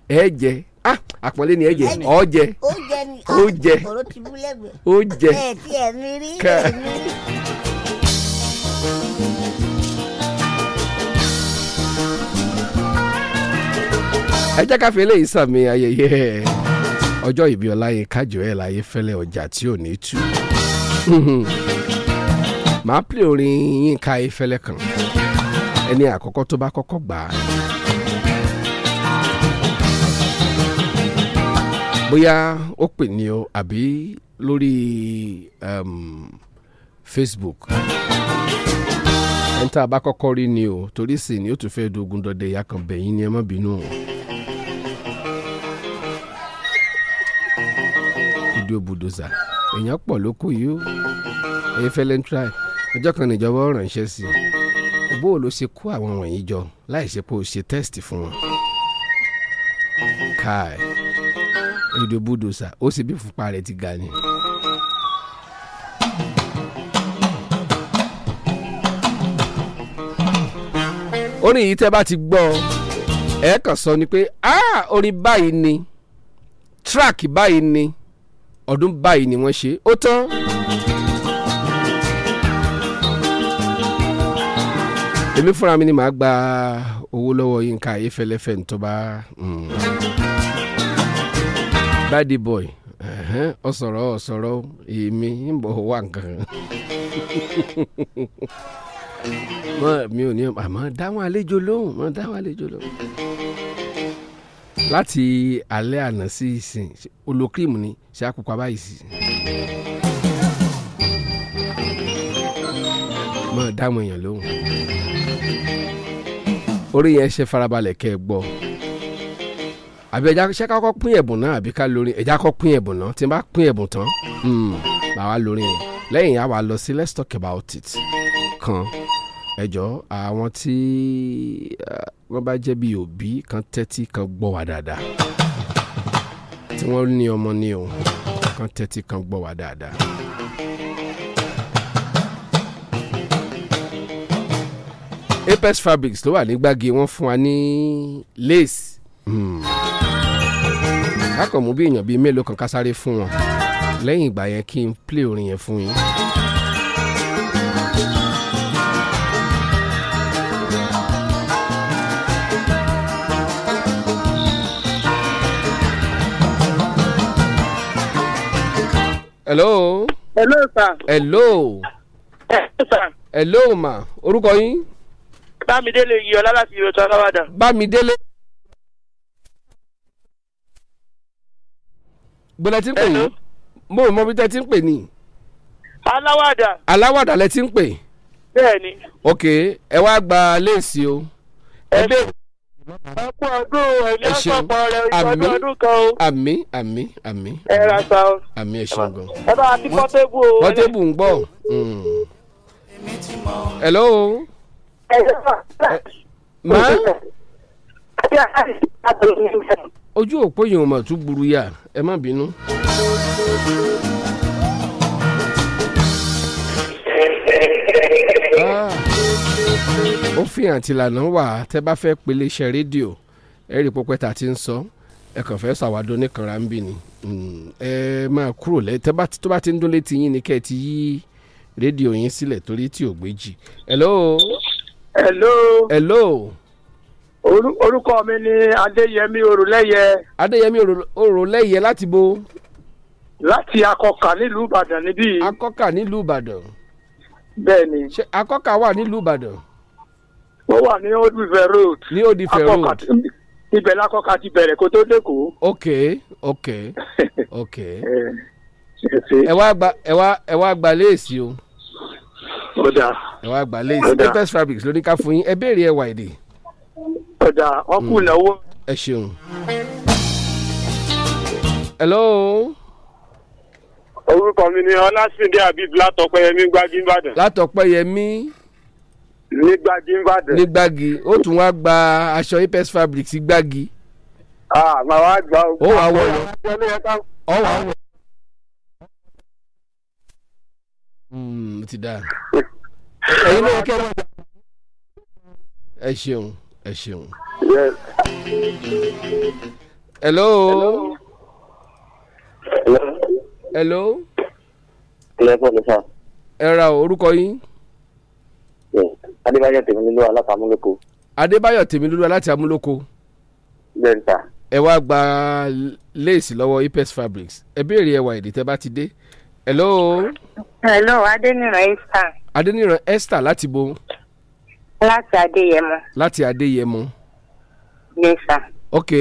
ẹ jẹ́ ah àpọ́nlé ni ẹ jẹ ọ jẹ ó jẹ ah, ó jẹ ká. ẹ jẹ́ ká fi eléyìí sàmì ayẹyẹ ọjọ́ ìbí Ọláyínká Joel Ayéfẹ́lẹ́ ọjà tí ò ní tú màá pè orin Yínká Ayéfẹ́lẹ́ kan ẹni àkọ́kọ́ tó bá kọ́kọ́ gbà á. bóyá ó pè ní o àbí lórí um, Facebook ẹni tá a bá kọ́kọ́ rí ni o torí sì ni ó tún fẹ́ dogun dọdẹ ìyá kan bẹ̀yìn ni ẹ má bínú o. ìdí òbúdòzà èèyàn pọ̀ ló kù yìí o èyí fẹ́lẹ́ ń tíráì ọjọ́ kan níjọba ránṣẹ́ sí i bó o ló ṣe kó àwọn wọ̀nyí jọ láì ṣe pé o ṣe tẹ́sítì fún wọn. káì èdè búdòsà ó sì bí fúnpa rẹ̀ ti ga ni. orin yìí tẹ́ bá ti gbọ́ ẹ kàn sọ ni pé orin báyìí ni track báyìí ni ọdún báyìí ni wọ́n ṣe ó tán. èmi fúnra mi ni màá gba owó lọ́wọ́ yín ká ayé fẹ́lẹ́fẹ́ ní tó bá. Hmm badi boy ọ̀sọ̀rọ̀ ọ̀sọ̀rọ̀ èmi ń bọ̀ wá nǹkan mọ mi ò ní àmọ́ dáwọn àlejò lóhùn mọ dáwọn àlejò lóhùn. láti alẹ́ àná sí ìsìn olókìrìmù ni ṣe àkùkọ abáyìí sí. mọ dáwọn èèyàn lóhùn. orí yẹn ṣe farabalẹ̀ kẹ́ ẹ gbọ́ àbí ẹja ṣé ká pín ẹ̀bùn náà àbí ká lórin ẹja kọ́ pín ẹ̀bùn náà tí n bá pín ẹ̀bùn tán bàwa hmm, lórin yẹn lẹ́yìn yà wá lọ sí let's talk about it kan ẹjọ́ àwọn tí eh, wọ́n bá jẹ́ bí òbí kan tẹ́tí kan gbọ́ wá dáadáa tí wọ́n ní ọmọ ní o kan tẹ́tí kan gbọ́ wá dáadáa. Apex Fabrics ló wà ní gbági wọ́n fún wa ní lace Hmm. kákan mú bí èèyàn bíi mélòó kan ká fún wọn lẹ́yìn ìgbà yẹn kí n play orin yẹn fún yín. hello. hello sir. hello. hello ma orúkọ yín. bámidélé yìí ọlá láti ìrètò aláwàdà. bámidélé. gbọ́dọ̀ tí ń pè yín mo mọ bí tẹ́ ti ń pè ní. aláwàdà. aláwàdà lẹ ti ń pè. bẹ́ẹ̀ni. ok ẹ wá gba léèsì o. ẹ bẹ ẹ kú ọdún ẹni àpapọ̀ rẹ ìtọ́jú ọdún kan o. àmì àmì àmì. ẹ ra sa o. àmì ẹ ṣeun gan. ẹ bá a ti pọ́tébù o. pọ́tébù ń gbọ́. hello. ẹ ṣe fà ojú òpó yìí ò mà tún burú yá ẹ má bínú. òfin ah. àtìlànà wà tẹ́ bá fẹ́ pele iṣẹ́ rédíò ẹ̀rí pọpẹ́ a ti ń sọ ẹ kàn fẹ́ ṣàwádọ́ nìkanra ń bì ní hmm. ẹ máa kúrò lẹ tẹ́ bá tó bá ti ń dún létí yín ni kẹ́ ẹ ti yí rédíò yín sílẹ̀ torí tí ò gbé jì. hello. hello. hello orúkọ mi ni adéyẹmí òrùlẹyẹ. adéyẹmí òrùlẹyẹ láti bo. láti akọkà nílùú ìbàdàn níbí. akọkà nílùú ìbàdàn. bẹ́ẹ̀ni. ṣé akọkà wà nílùú ìbàdàn. ó wà ní old river road. ní old river road. ibẹ̀ lakọkà ti bẹ̀rẹ̀ kó tó dẹ́kọ̀. ok ok ok. Eh, ẹ wá gba ẹ wá ẹ wá gba léèsì o. ó dáa. ẹ wá gba léèsì. ó dáa. latest fabrics ló ní ká fún yín ẹ béèrè ẹwà èdè ọ̀dà wọn kú náwó. ẹ ṣeun. hello. orúkọ mi ni ọlásìndé abib látọpẹyẹmí gbági ìbàdàn. látọpẹyẹmí. ní gbági ìbàdàn. ní gbági ó tún wá gba aṣọ apes fabric sí gbági. ah màá wá gbà ó. wàá wọ̀ ọ́ ọ́ wàá wọ̀ ó hmm, ti dáa. kẹ́ ẹ ṣeun ẹ ṣeun. hello. hello. ẹ ra orúkọ yín. adébáyọ̀ tèmílúwa láti amúlòkó. adébáyọ̀ tèmílúwa láti amúlòkó. bẹ́ẹ̀ ni sà. ẹ wá gba lace lọ́wọ́ Ipex Fabrics ẹ béèrè ẹwà èdè tẹ́ bá ti dé. hello. hello adéníran esther. adéníran esther láti bo láti adéyẹmọ. láti adéyẹmọ. yes sir. ok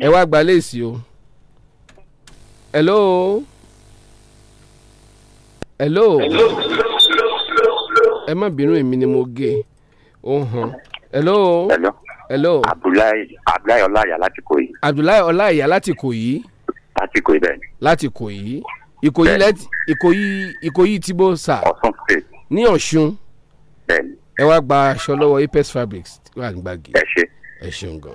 ẹ wá gba léèsì o. hello. hello. ẹ má bínú èmi ni mo gé o hàn. hello. hello. hello. abdullahi abdullahi ọláyà láti kò yìí. abdullahi ọláyà láti kò yìí. láti kò yìí bẹ́ẹ̀ ni. láti kò yìí. ìkòyí lẹ́tì ìkòyí ìkòyí tìbó sà. ọ̀ṣun state. ní ọ̀ṣun. bẹ́ẹ̀ ni ẹ wá gba aṣọ lọ́wọ́ apex fabrics tí wàá ń gbàgé. ẹ ṣeun gan.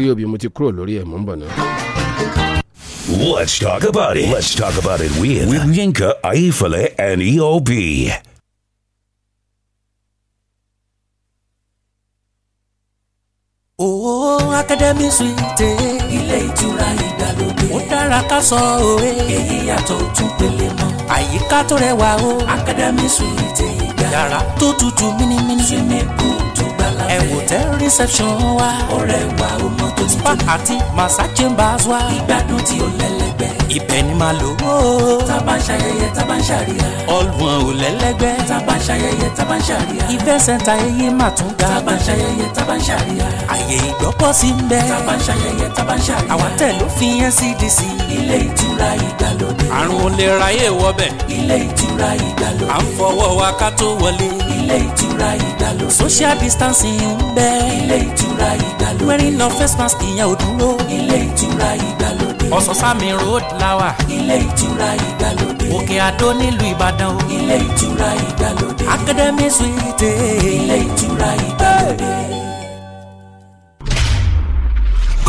iye òbí mo ti kúrò lórí ẹ̀ mọ́ ń bọ̀ náà. Let's talk about it. Let's talk about it with, with Yinka Aifale and EOB. Oo oh, Akademi Suite. Ilé ìtura ìgbàlódé. Ó dára ká sọ òwe. Èyí yàtọ̀ ojú pele mọ́. Àyíká tó rẹwà o. Akademi Suite yàrá tó tutù mímímí. swimming pool tó gbala fẹ́. ẹ̀wò tẹ reception wa. ọ̀rẹ́ wa ó mọ tó ti tó. spa àti massa chambers wa. ìgbádùn tí ó lẹ́lẹ́gbẹ́. ibẹ̀ ni màá lò ó. tábà ń ṣayẹyẹ tábà ń ṣàríyá. ọlùwọ̀n ò lẹ́lẹ́gbẹ́. tábà ń ṣayẹyẹ tábà ń ṣàríyá. ibẹ̀ sẹ́ńtà eyé mà tún ga. tábà ń ṣayẹyẹ tábà ń ṣàríyá. àyè ìgbọ́pọ̀ sí ń bẹ. tábà ń ṣayẹyẹ tábà ń ṣàríyá. àwọn tẹ̀ ló fi NCDC. ilé ìtura ìgbàlódé. àrùn olè ráyè wọbẹ̀. ilé ìtura ìgbàlódé. à ń fọwọ́ wọlé. ilé ìtura ìgbàlódé. social distancing ń bẹ. ilé ìtura ìgbàlódé. wearing no face mask ìyẹn ò dúró. ilé ìtura ìgbàlódé. ọ̀sán-sámi road lawa. ilé ìtura ìgbàlódé. òkè àdó nílùú ìbàdàn o. ilé ìtura ìgbàlódé. academy suite. ilé ìtura ìgbàlódé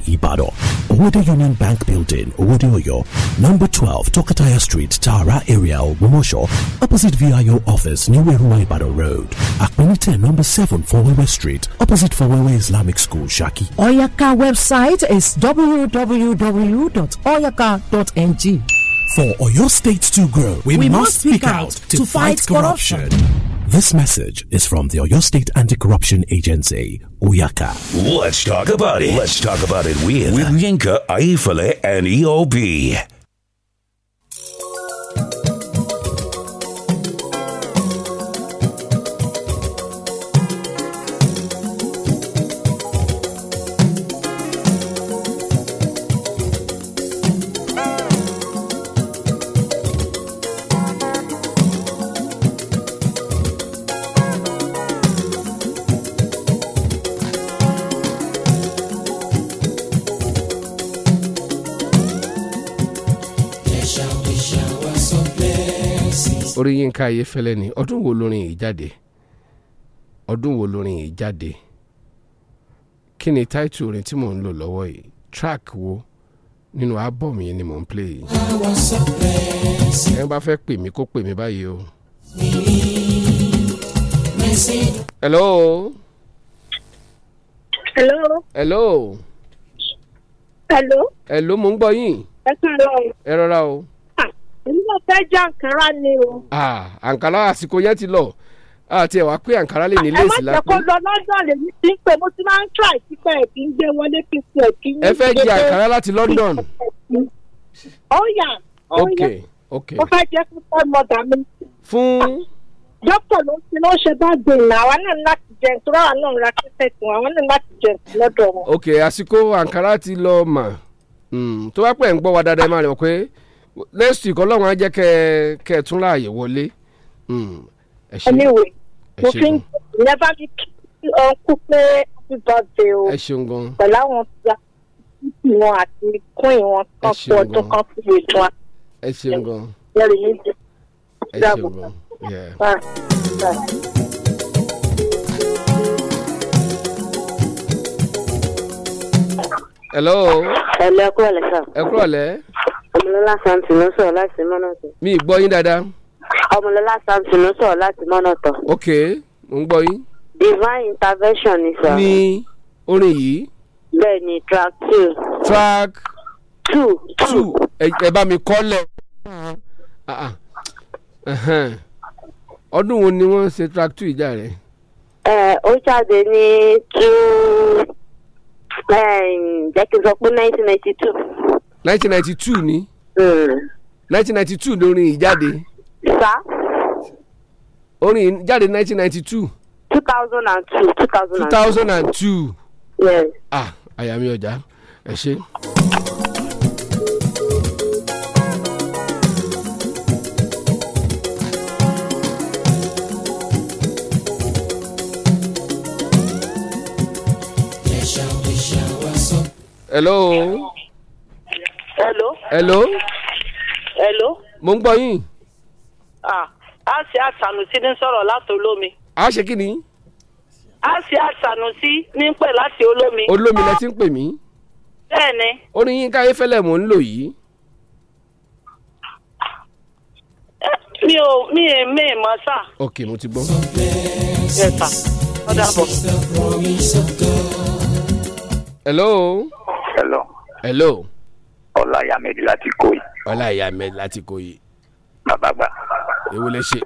Ibado, Ibadan. Union Bank Building, Owodo Oyo. Number 12, Tokataya Street, Tara area, Ogumosho. Opposite VIO office, New Erua Ibadan Road. Akpenite, number 7, Fowewe Street. Opposite Fowewe Islamic School, Shaki. Oyaka website is www.oyaka.ng. For Oyo State to grow, we, we must speak out to, to fight, fight corruption. corruption. This message is from the Oyo State Anti-Corruption Agency, Oyaka. Let's talk about it. Let's talk about it with, with Yinka, Aifale, and EOB. orí Yínká Ayéfẹ́lẹ́ ni ọdún wo lórin yìí jáde ọdún wo yìí jáde kí ni táìtù orin tí mò ń lò lọ́wọ́ yìí track wo nínú album ni mò ń play yìí. ẹ bá fẹ́ pè mí kó pè mí báyìí o. hello. hello. hello. hello. hello mo ń gbọ́ o. èmi náà fẹ́ jẹ́ àǹkárá ni o. àǹkárá àsìkò yẹn ti lọ àti ẹ̀wà pé àǹkárá lè ní léèsì lápẹ́. ẹ má jẹ́ kó lọ London lè ní kí n pè mo ti máa ń try sípẹ́ ẹ̀ kí n gbé wọlé kí n pè kí n. ẹ fẹ́ jẹ àǹkárá láti London. ó yá ó yá ó fẹ́ jẹ́ fún fọ́ọ̀mọ́dà mi. fún. dókítà ló ti ló ṣe bá gbìyànjú àwa náà láti jẹun tó ráwa náà ra kíkẹ́ tún àwa náà láti jẹun lọ́dọ̀ wọn. ok àsìkò àǹkárá ti lọ mà hmm, tó bá pẹ́ ń gbọ́ wa dáadáa ẹ máa rẹ̀ wọ́n pé next week ọlọ́run á jẹ́ kẹ́ ẹ kẹ́ tún láàyè wọlé. Hmm, ẹ ṣeun anyway mo fi ń never be kí ọkú pé happy birthday o. ẹ ṣeun gan. pẹ̀lú àwọn pípì wọn àti queen wọn kan fún ọdún kan fún ètò wa. ẹ ṣeun gan. ẹ ṣeun gan. bye bye. hello. hello ẹ kúrọ̀lẹ́ sir. ẹ kúrọ̀lẹ́ ọmọlọ́lá samson ló sọ̀rọ̀ láti mọ́nàtọ̀. mi gbọ́ yín dáadáa. ọmọlọ́lá samson ló sọ̀rọ̀ láti mọ́nàtọ̀. ok mo ń gbọ́ yín. divine intervention ni sọ. ní orin yìí. bẹ́ẹ̀ ni track two. track two two ẹ bá mi kọ́ lẹ̀. Ah, ah. ọdún wo ni wọ́n ṣe track two ìjà rẹ̀. ẹ ó jáde ní two jẹ́ kí n sọ pé nineteen ninety two. nineteen ninety two ni nineteen ninety two lórin ìjáde. sá. orin ìjáde nineteen ninety two two thousand and two. two thousand and two. yes. ah àyà mi ọjà ẹ ṣe. hello. hello hello. hello. hello. mo ń gbọ́ yín. Asia Sanusi ní sọ̀rọ̀ láti olómi. a ṣe kí ni. Asia Sanusi ní pè láti olómi. olómi lẹ ti ń pè mí. bẹ́ẹ̀ni. orin yín káyé fẹ́lẹ̀ mò ń lò yìí. mi ò mi ì mi ì mọ̀ sá. ok mo ti gbọ́. ẹ ta ọ dàbọ̀. hello. hello. hello ọláyàmẹdì láti kó yìí. ọláyàmẹdì láti kó yìí. bàbá gbà. èwo lè ṣe.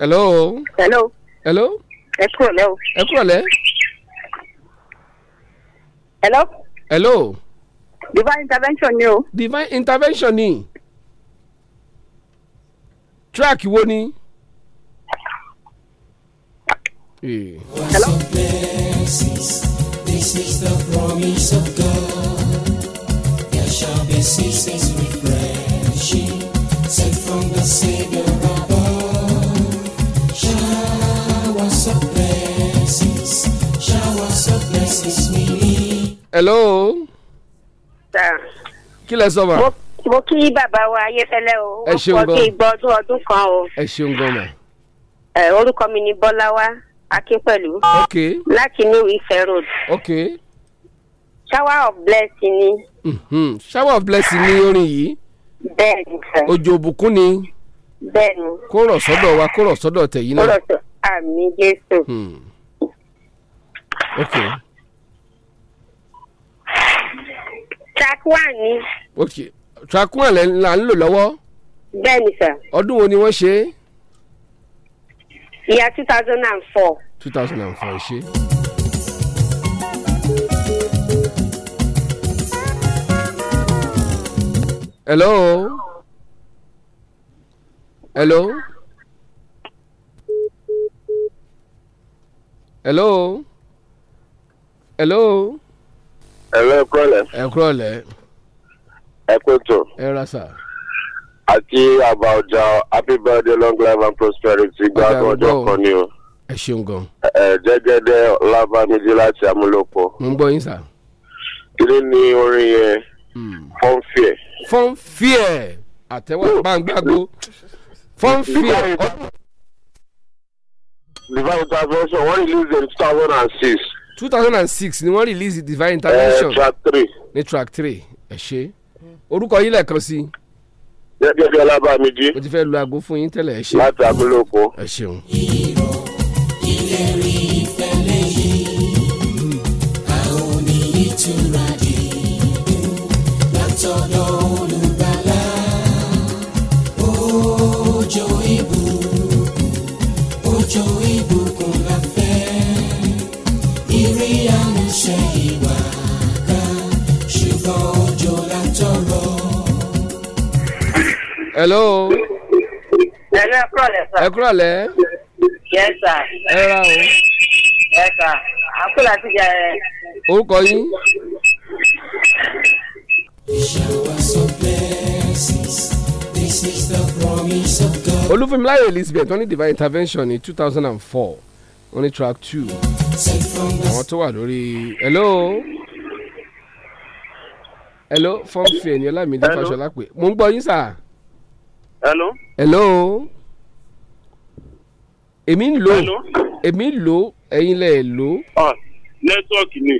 Hello. Hello. hello. ẹ kúrò lẹ́ o. ẹ kúrò lẹ́. hello. hello. divine intervention ni o. divine intervention ni. track wo ni. Yeah. Hello? This is the promise of God. be hello. kí lẹ sọ ma. mo kí bàbá wa ayéfẹ́lẹ́ o. ẹ ṣeun gan. ó pọ̀ kí gbọ́ ọdún ọdún kan o. ẹ ṣeun gan ma. ẹ orúkọ mi ni bọ́láwá akínpẹ̀lú. ok. láti new ife road. ok. shower of blessing ni. Mm-hmm. shower of blessing ni orin yìí. bẹ́ẹ̀ni sẹ. òjò òbùkún ni. bẹ́ẹ̀ni. kó rọ̀ sọ́dọ̀ wa kó rọ̀ sọ́dọ̀ tẹ̀yìn náà. kó rọ̀ sọ́dọ̀ àmì jésù. Hmm. ok. track one ni. ok track one là ń lò lọ́wọ́. bẹ́ẹ̀ni sà. ọdún wo ni wọ́n ṣe é. ìyá two thousand and four. two thousand and four ṣe. hello. hello. hello. hello ẹ̀rọ ẹ̀kúrọ̀lẹ́. ẹ̀kúrọ̀lẹ́. ẹ̀kúntò. ẹ ra sà. àti àbá ọjà happy birthday long life and prosperity gbàgbọ́ ọjọ́ kan ni o. ẹ ṣeun gan. ẹ jẹ́gẹ́dẹ́ ọlábàmídé láti amúlòpọ̀. mo ń gbọ́ yín sà. kíní ni orin yẹn fọ́nfíẹ̀. fọ́nfíẹ̀ àtẹ̀wọ́ bá ń gbàgbó fọ́nfíẹ̀. the bible translation one released in two thousand and six. 2006, thousand and ni wọ́n release divine intervention. ẹ eh, track three. ní track three ẹ ṣe orúkọ yín lẹ́ẹ̀kan sí. gẹ́gẹ́ bí ọlábàmídìí. mo ti fẹ́ lu aago fún yín tẹ́lẹ̀ ẹ ṣe. láti amúlòpọ̀. ẹ ṣeun. hello. hello ẹ kúrọ̀lẹ́ sir. ẹ kúrọ̀lẹ́. yes sir. ẹ ra o. yes sir. àkúlà ti jà ẹ. orúkọ yín. olúfúnmiláyọ̀ elizabeth wọ́n ní divine intervention ní two thousand and four wọ́n ní track two àwọn tó wà lórí hello hello fọ́nfì ẹ̀yìn ọlámídé fàṣọlá pé mo ń gbọ́ yín sáà hello. hello. èmi ń lò èmi ń lò ẹ̀yin lẹ̀ ẹ̀ lò. Ah, nẹ́tíwọ̀kì ni.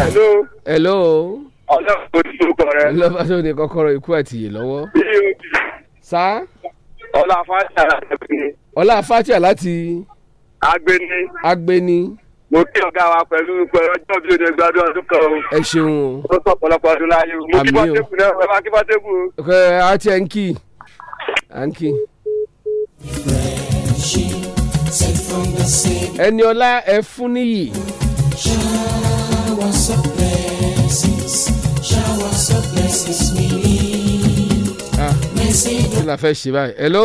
hello. hello. ọlọ́run kò tí o kọ rẹ. lọ́ba tó ní kọ́kọ́rọ́ ikú àti ìyè lọ́wọ́. sá. ọlá fàtíà láti. ọlá fàtíà láti. agbeni. agbeni mo kí ọ̀gá wa pẹ̀lú ọjọ́ bí oní gbádùn ọdún kan o. ẹ ṣeun o. ó sọ ọ̀pọ̀lọpọ̀ ọdún láàyè o. mo kí bọ́tẹ́kù náà ẹ máa kí bọ́tẹ́kù o. ẹ á tiẹ̀ ń kì ń kì ẹni ọlá ẹ fún níyì. Ah, kí la fẹ́ ṣe báyìí. hello.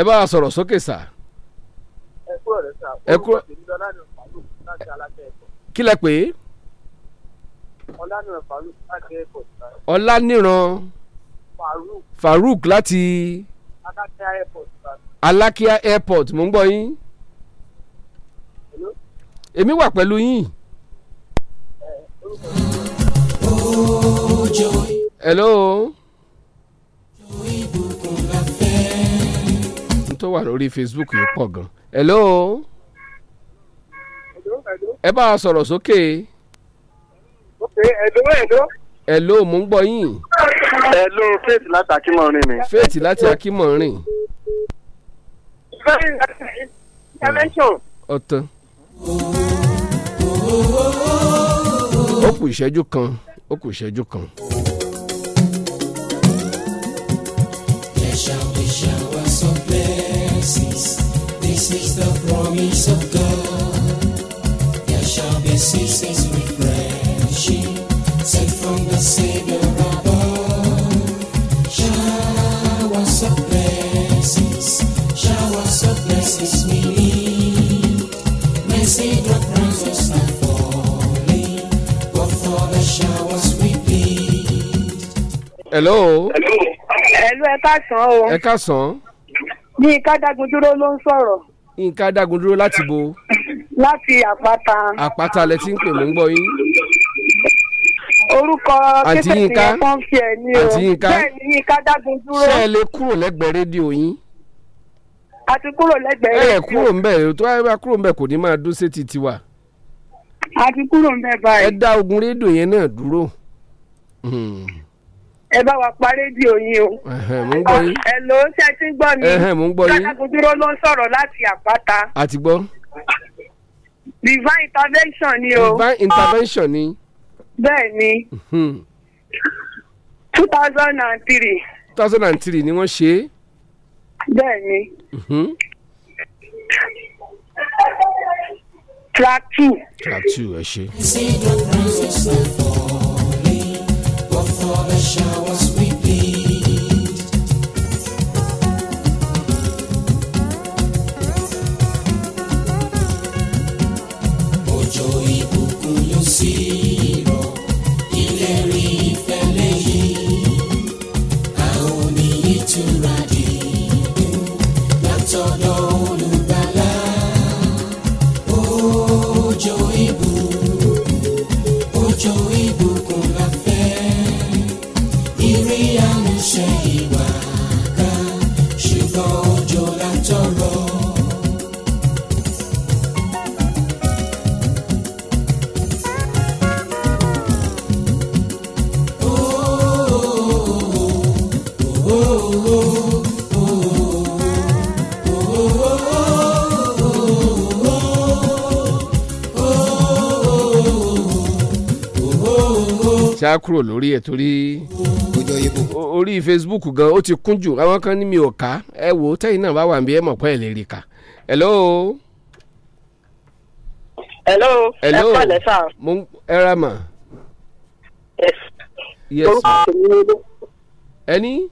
ẹ bá wa sọ̀rọ̀ sókè sá. ẹ kúrò rẹ ẹ kúrò. kí lẹ pè é. ọlánìran Farouk láti airport. ọlánìran Farouk láti. alákíá airport. alákíá airport mò ń gbọ́ yín. èmi wà pẹ̀lú yín. hello. tó wà lórí Facebook yìí pọ̀ gan-an. hello ẹ bá a sọ̀rọ̀ sókè. ok ẹ̀ló ẹ̀ló. ẹ̀ló mò ń gbọ́ yín. ẹ̀ló faith láti akínmọ̀rin mi. faith láti akínmọ̀rin. ọ̀tán. ó kù ìṣẹ́jú kan ó kù ìṣẹ́jú kan. There shall be showers of blessings. This is the promise of God disease refreshing, sent from the Savior above. Showers of blessings, showers of blessings we need. Mercy us are falling, but for the showers we need. Hello. Hello, ẹ ká sàn o. Ẹ ká sàn. Ní Nǹkan Dágundúró ló ń sọ̀rọ̀. Nǹkan Dágundúró láti bo láti àpáta. àpáta lẹ ti ń pè mò ń gbọ́ yín. orúkọ kékeré yẹn kàn fi ẹ ní o bẹ́ẹ̀ ni yínká dágun dúró. ṣé ẹ lè kúrò lẹ́gbẹ̀ẹ́ rédíò yín. a ti kúrò lẹ́gbẹ̀ẹ́ rédíò. ẹ kúrò ń bẹ̀ tó ẹ bá kúrò ń bẹ̀ kò ní máa dún sétí tiwa. a ti kúrò ń bẹ̀ báyìí. ẹ dá ogun rédíò yẹn náà dúró. Hmm. ẹ bá wa pa rédíò yín o. mò ń gbọ́ ẹ ló ṣe ti gbọ́ mi. mò ń gbọ́ ló ń sọ̀rọ̀ láti àpáta. a divine intervention ni o. divine intervention ni. bẹ́ẹ̀ ni. Hmm. two thousand and three. two thousand and three ni wọ́n ṣe é. bẹ́ẹ̀ ni. Hmm. track two. track two ẹ ṣe. zero ilé rí ìfẹ́ lẹ́yìn àwọn oníyìí tura. tí a kúrò lórí torí orí Facebook gan ó ti kún jù àwọn kan ní mi ò ká ẹ wò ó tẹ́yìn náà bá hello. hello ẹ mo mà. yes. orúkọ tèmi ni olú. ẹni.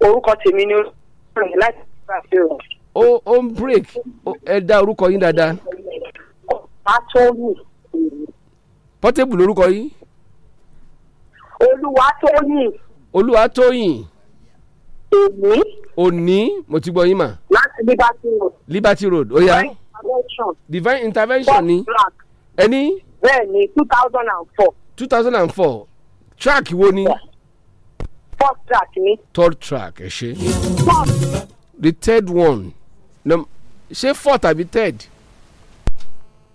orúkọ láti ṣàfihàn. ó ń break ẹ dá orúkọ yín dáadáa. Portable lórúkọ Olúwatóyìn. Olúwatóyìn. Òní. Òní mo ti gbọ́ yín mà. Láti Liberty Road. Liberty Road ó yá. Divine intervention. Divine intervention ni. Ẹni. Bẹ́ẹ̀ni two thousand and four. two thousand and four track wo ni. fourth track ni. third track ẹ ṣe. the third one no, ṣé fourth àbí third.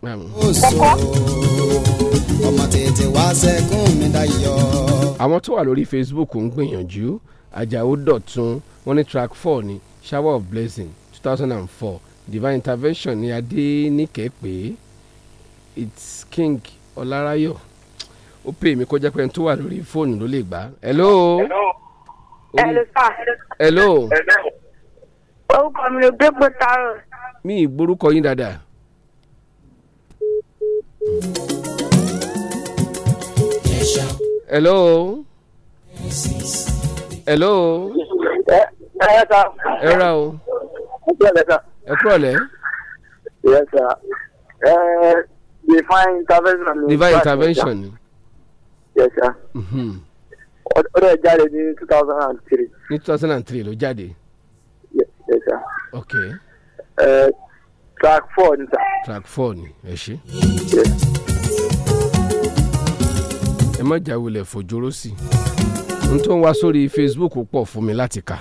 kọ́kọ́ ọmọ tètè wá sẹ́kùn mi dayọ̀. àwọn tó wà lórí Facebook ń gbìyànjú Àjàó Dọ̀tun wọn ní track four ni shower of blessing two thousand and four divine intervention ní Adéníkẹ́ pé it's king Ọláráyọ̀ ó pè mí kó jẹ́ pé ẹni tó wà lórí fóònù ló lè gbà. hello. hello sir. hello. orúkọ mi ló gbé pé taro. mi ì gbórúkọ yín dáadáa hello. hello. ẹ ẹ ta. ẹ ra o. ẹ kúrọ̀lẹ́ ta. ẹ kúrọ̀lẹ́. yes sir. ẹ eh, divine intervention. divine intervention. yes sir. Mhm. ó dẹ̀ jáde ní two thousand and three. ní two thousand and three lo, jáde. yes sir. ok. ẹ eh, track four ni sir. track four ni ẹ ṣe. yes má jáwèlẹ̀ fòjóró sí i n tó ń wá sórí Facebook pọ̀ fún mi láti kà.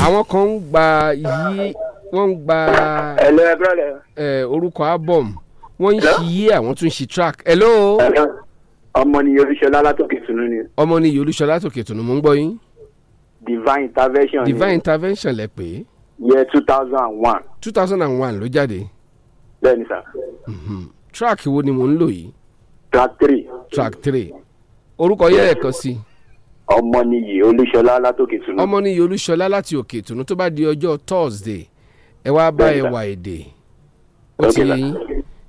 àwọn kan ń gba yí wọ́n ń gba orúkọ album wọ́n ń ṣiyí àwọn tún ṣe track. hello. ọmọ ni olúṣọlá látòkè tùnú ni. ọmọ ni olúṣọlá látòkè tùnú mo ń gbọ́ yín. divine intervention. divine intervention lẹ pé. year two thousand and one. two thousand and one ló jáde. bẹ́ẹ̀ni sà. Mm-hmm. track wo ni mo ń lò yìí. track three. track three orúkọ yẹ ẹ̀ sí i olúṣọlá tunu. ọmọnìyí olúṣọlá láti òkè tunu tó bá di ọjọ́ thursday ẹ wá bá ẹ wà èdè ó ti yín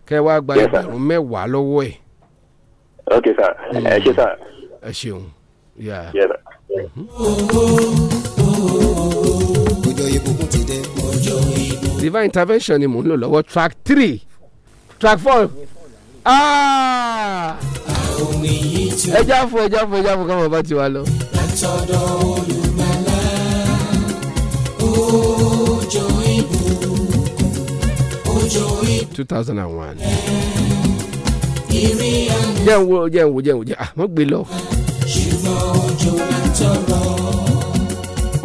kẹ wá gba ẹgbẹ̀rún mẹ́wàá lọ́wọ́ ẹ̀. ok sir ẹ mm. ṣe ọ̀dọ̀ ìbùkún ti dé. divine intervention ni mò ń lò lọ́wọ́ track three track four. ẹja fún ẹja fún ẹja fún káwọn bá ti wá lọ. látọ̀dọ̀ olùmọ̀lá ọjọ́ ìbùkún ọjọ́ ìbùkún. two thousand and one. jẹ́ ń wo jẹ́ ń wo jẹ́ ń wo jẹ́ àmọ́ ah, gbé lọ. ṣùgbọ́n òjò ń tọrọ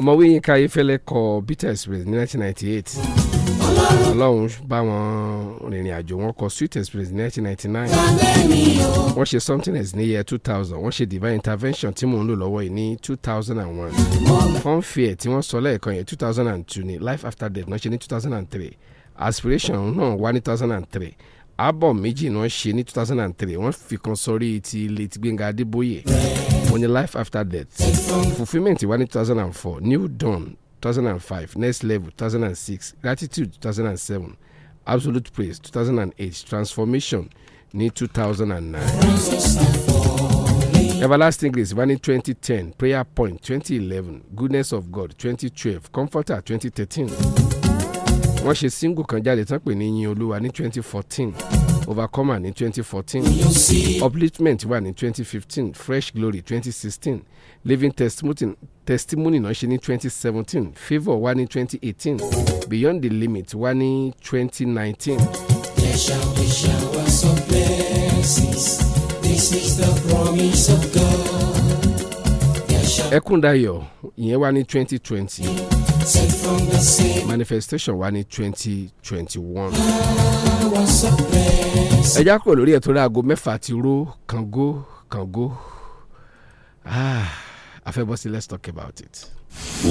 ọ̀mọ̀wé Yínká Ayéfẹ́lẹ́ kọ bitter express ní 1998 ọlọ́run bá wọn rìnrìn àjò wọn kọ sweet express ní 1999 wọ́n ṣe something else ní year 2000 wọ́n ṣe divine intervention tí mò ń lò lọ́wọ́ yìí ní 2001 fun fair tí wọ́n sọ lẹ́ẹ̀kan yẹn 2002 ni life after death náà ṣe ní 2003 aspiration náà wá ní 2003 album méjì ni wọ́n ṣe ní 2003 wọ́n fi kan sórí ti late Gbénga Adébóyè wọ́n ní life after death fulfilment wá ní 2004 new dawn 2005 next level 2006 gratitude 2007 absolute praise 2008 transformation ní 2009. everlasting grace wá ní 2010 prayer point 2011 goodness of god 2012 comforter 2013 wọ́n ṣe single kan jáde tán pè ní yin olúwa ní twenty fourteen overcomer ní twenty fourteen upliftment wà ní 2015, fresh glory 2016, living testimony testimony náà ṣe ní twenty seventeen favour wà ní twenty beyond the limit wà ní 2019. nineteen. There shall be showers of blessings. This is the promise of God. Ẹkúndayọ̀ ìyẹn wá ní twenty twenty manifestation wá ní twenty twenty one. ẹ já kúrò lórí ẹ̀tọ́ rẹ̀ aago mẹ́fà ti ró kàngó kàngó ah afẹ́bọ́sí let's talk about it.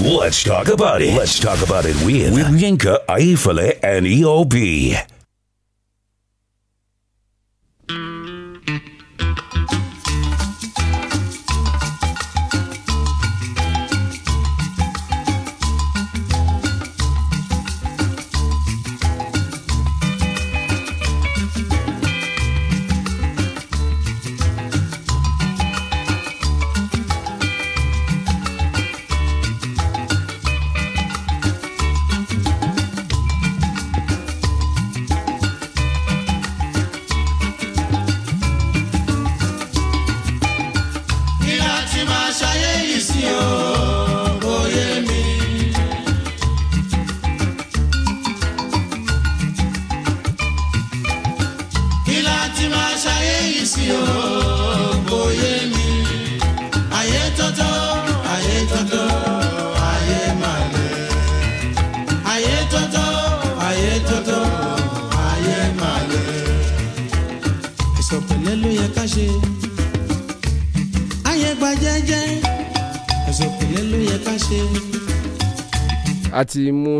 Let's talk about it. Let's talk about it with, with Yinka Aifale and EOB.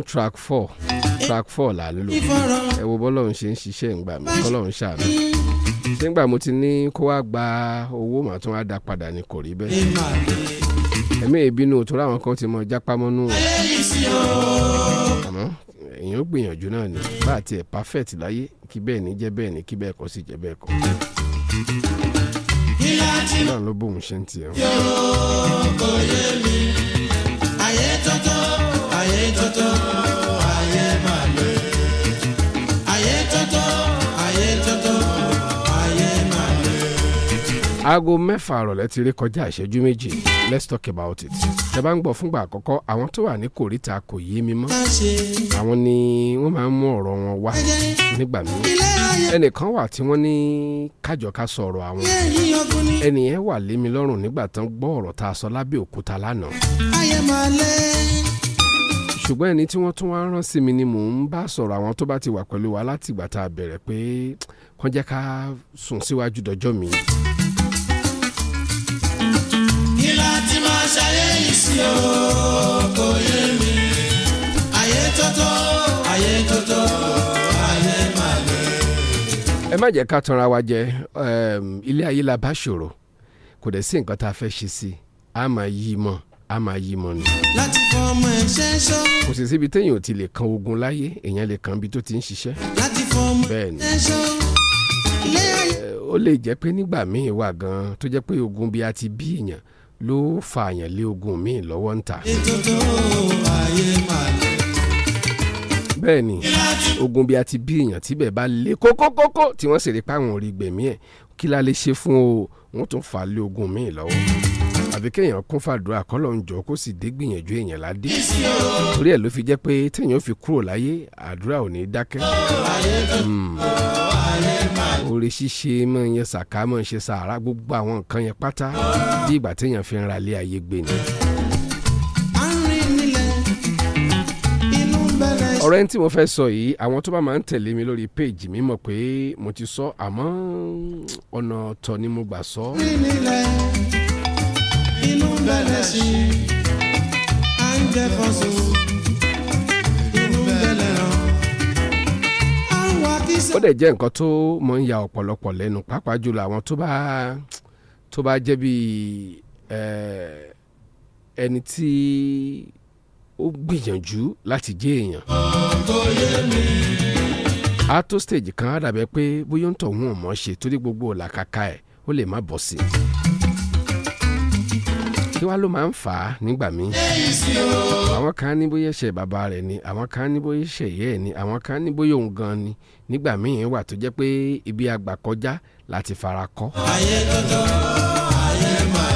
track four track four là ló lò ẹ wo bọ́lọ́run ṣe ń ṣiṣẹ́ ìgbà mi kọ́lọ́run ṣàánú nígbà mo ti ní kó wá gba owó màá tún wá dá padà ní kò rí bẹ́ẹ̀ ẹ̀mí ìbínú òtún láwọn kan ti mọ jápá àmọ́ èèyàn gbìyànjú náà ni bá àti ẹ̀ perfect láyé kí bẹ́ẹ̀ ni jẹ́ bẹ́ẹ̀ ni kí bẹ́ẹ̀ kọ́ sí jẹ́ bẹ́ẹ̀ kọ́ náà ló bóun ṣe ń tiẹ̀ yóò kò yé mi ayé tọ́tọ́ aago mẹ́fà àrọ̀lẹ́ ti rí kọjá ìṣẹ́jú méjì let's talk about it tẹ bá ń gbọ́ fúngbà àkọ́kọ́ àwọn tó wà ní kòríta kò yé mi mọ́ àwọn ni wọ́n máa ń mú ọ̀rọ̀ wọn wá nígbà míì ẹnìkan wà tí wọ́n ní kájọká sọ̀rọ̀ àwọn ẹnìyẹn wà lé mi lọ́rùn nígbà tán gbọ́ ọ̀rọ̀ tá a sọ lábẹ́ òkúta lánàá ṣùgbọ́n ẹni tí wọ́n tún wá rán sí mi ni mò ń bá sọ̀rọ̀ àwọn tó bá ti wà pẹ̀lú wa láti ìgbà tá a bẹ̀rẹ̀ pé kàn jẹ́ ká sùn síwájú dọjọ́ mi. kí la ti máa ṣayé yìí sí o kò yé mi ayé tótó ayé tótó ayé máa lè. ẹ má jẹ́ ká tanra wa jẹ ilé ayé la bá ṣòro kò dẹ̀ sí nǹkan tá a fẹ́ ṣe sí i a máa yí i mọ́ ọ a máa yí mọ́ ni. láti fọ ọmọ ẹ kò sì síbi téèyàn ò ti lè kan ogun láyé èèyàn lè kan ibi tó ti ń ṣiṣẹ́. láti fọ ọmọ ẹ ó lè jẹ́ pé nígbà míì wà gan-an tó jẹ́ pé ogun bí a ti bí èèyàn ló fa àyàn lé ogun míì lọ́wọ́ ń ta. ètò tó ayé máa lọ bẹ́ẹ̀ ogun bí a ti bí èèyàn tíbẹ̀ bá lé kókókókó tí wọ́n sì rí páwọn orí gbẹ̀mí ẹ̀ kí la lè ṣe fún o wọ́n tún fà lé ogun míì lọ́wọ́ àbí kéèyàn kún fàdúrà kọ́lọ́hún jọ kó sì dé gbìyànjú èèyàn ládé torí ẹ̀ ló fi jẹ́ pé téèyàn fi kúrò láyé àdúrà ò ní dákẹ́ hmm. orí ṣíṣe mọ̀ ń sàká mọ̀ ń sàárà gbogbo àwọn nǹkan yẹn pátá bí ìgbà téèyàn fi ń ra ilé ayé gbé ni. ọ̀rọ̀ tí mo fẹ́ sọ yìí àwọn tó bá máa ń tẹ̀lé mi lórí péèjì mi mọ̀ pé mo ti sọ àmọ́ ọ̀nà ọ̀tọ̀ ni mo gbà sọ inú ń bẹ̀lẹ̀ sí à ń jẹ fọ́sọ inú ń bẹ̀lẹ̀ rán. ó dẹ̀ jẹ́ nǹkan tó mọ̀ ń ya ọ̀pọ̀lọpọ̀ lẹ́nu pàápàá jùlọ àwọn tó bá tó bá jẹ́ bíi ẹni tí ó gbìyànjú láti jẹ́ èèyàn. a tó stage kan á dàbẹ́ pé bóyá ń tọ̀ wọn ò mọ̀ ṣe torí gbogbo làkàkà ẹ̀ ó lè má bọ̀ sí i kí wàá ló máa ń fà á nígbà míì. àwọn kan ní bóyá ṣe bàbá rẹ̀ ni àwọn kan ní bóyá ṣe ìyá ẹ̀ ni àwọn kan ní bóyá òun gan ni nígbà míì wà tó jẹ́ pé ibi àgbà kọjá láti fara kọ́. ayé lọ́jọ́ ayé máa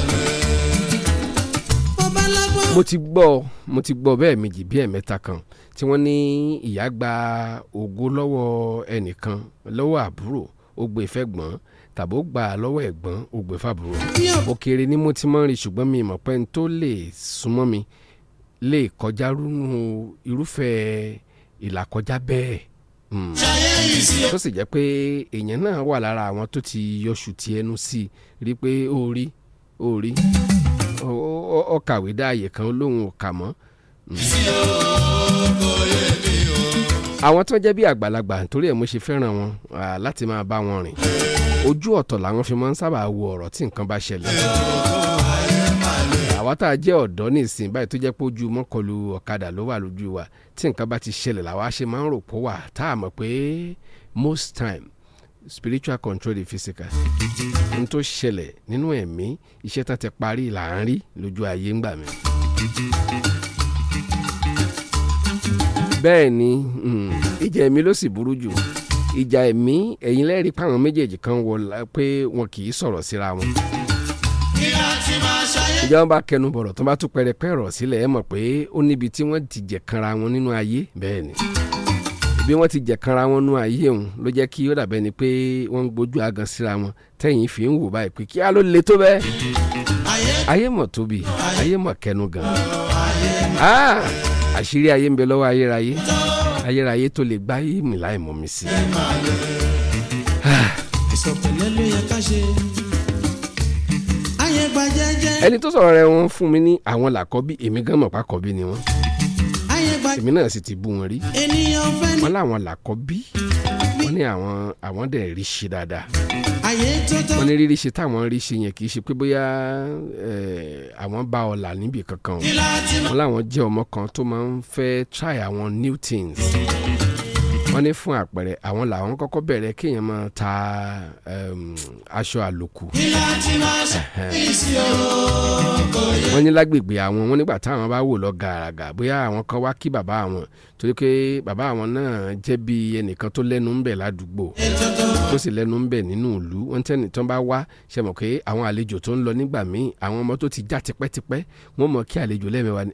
mo ti gbọ́ mo ti gbọ́ bẹ́ẹ̀ méjì bí ẹ̀mẹ́ta kan tí wọ́n ní ìyá gba ògo lọ́wọ́ ẹnìkan lọ́wọ́ àbúrò ó gbé e fẹ́ gbọ́n tàbó gbà á lọ́wọ́ ẹ̀gbọ́n ògbé fàbúrò òkèèrè ni mo ti mọ́ rí ṣùgbọ́n mi ìmọ̀ pẹ́ni tó lè súnmọ́ mi lè kọjá rúnú irúfẹ́ ìlàkọjá bẹ́ẹ̀ hmm. tó sì jẹ́ pé èèyàn náà wà lára àwọn tó ti yọṣù ti ẹnu sí i rí pé ó rí ó rí ó kàwé dáàyè kan lóhun ò kà mọ́. Hmm. àwọn tó jẹ́ bí àgbàlagbà nítorí ẹ̀ mo ṣe fẹ́ràn wọn láti máa bá wọn rìn ojú ọ̀tọ̀ làwọn fi máa ń sábà wo ọ̀rọ̀ tí nǹkan bá ṣẹlẹ̀ àwa tá a jẹ́ ọ̀dọ́ ní ìsìn báyìí tó jẹ́ pé ojú mọ́kànlú ọ̀kadà ló wà lójú wa tí nǹkan bá ti ṣẹlẹ̀ làwa ṣe máa ń rò pó wà tá a mọ̀ pé most time spiritual control the physical n tó ṣẹlẹ̀ nínú ẹ̀mí iṣẹ́ tá ti parí là ń rí lójú ayé ńgbà mi. bẹ́ẹ̀ ni hmm, ìjẹ́ ló sì burú jù ìjà ẹ̀mí ẹ̀yin lẹ́rìí pàwọn méjèèjì kan wọ pé wọn kì í sọ̀rọ̀ síra wọn. ìjọba bá kẹnu bọ̀rọ̀ tó bá tún pẹrẹpẹ ọ̀rọ̀ sílẹ̀ ẹ mọ̀ pé ó níbi tí wọ́n ti jẹ̀ wọn nínú ayé bẹ́ẹ̀ ni bí wọ́n ti jẹ̀ kanra wọn nínú ayé òun ló jẹ́ kí ó dàbẹ́ ni pé wọ́n ń gbójú agan síra wọn tẹ̀yìn fi ń wò báyìí pé kí á ló le tó bẹ́ẹ̀ ayé mọ̀ tóbi ayé mọ̀ kẹnu gan-an àṣírí ayé ń bẹ lọ́wọ́ ayérayé ayérayé tó lè gbá yé mi láì mọ̀ mi sí. ẹni tó sọ̀rọ̀ rẹ̀ wọ́n fún mi ní àwọn làkọ́bí èmi gan mọ̀ pákọ́bí ni wọ́n èmi náà sì ti bú wọn rí wọ́n láwọn làkọ́bí wọ́n ní àwọn àwọn dẹ̀ rí ṣe dáadáa. wọ́n ní rírí ṣe táwọn rí ṣe yẹn kì í ṣe pé bóyá àwọn bá ọ̀la níbi kankan o. láwọn jẹ́ ọmọ kan tó máa ń fẹ́ try àwọn new things wọ́n ní fún àpẹẹrẹ àwọn làwọn kọ́kọ́ bẹ̀rẹ̀ kéèyàn máa ta aṣọ àlòkù. wọ́n ní lágbègbè àwọn wọ́n nígbà táwọn bá wò lọ gàràgà bóyá àwọn kan wá kí bàbá àwọn torí pé bàbá àwọn náà jẹ́ bí ẹnìkan tó lẹ́nu ń bẹ̀ ládùúgbò tó sì lẹ́nu ń bẹ̀ nínú ìlú wọ́n tẹ́ni tán bá wá ṣe mọ̀ pé àwọn àlejò tó ń lọ nígbà míì àwọn ọmọ tó ti já tipẹ́tipẹ́ wọ́n mọ̀ kí àlejò lẹ́mẹ̀wá ní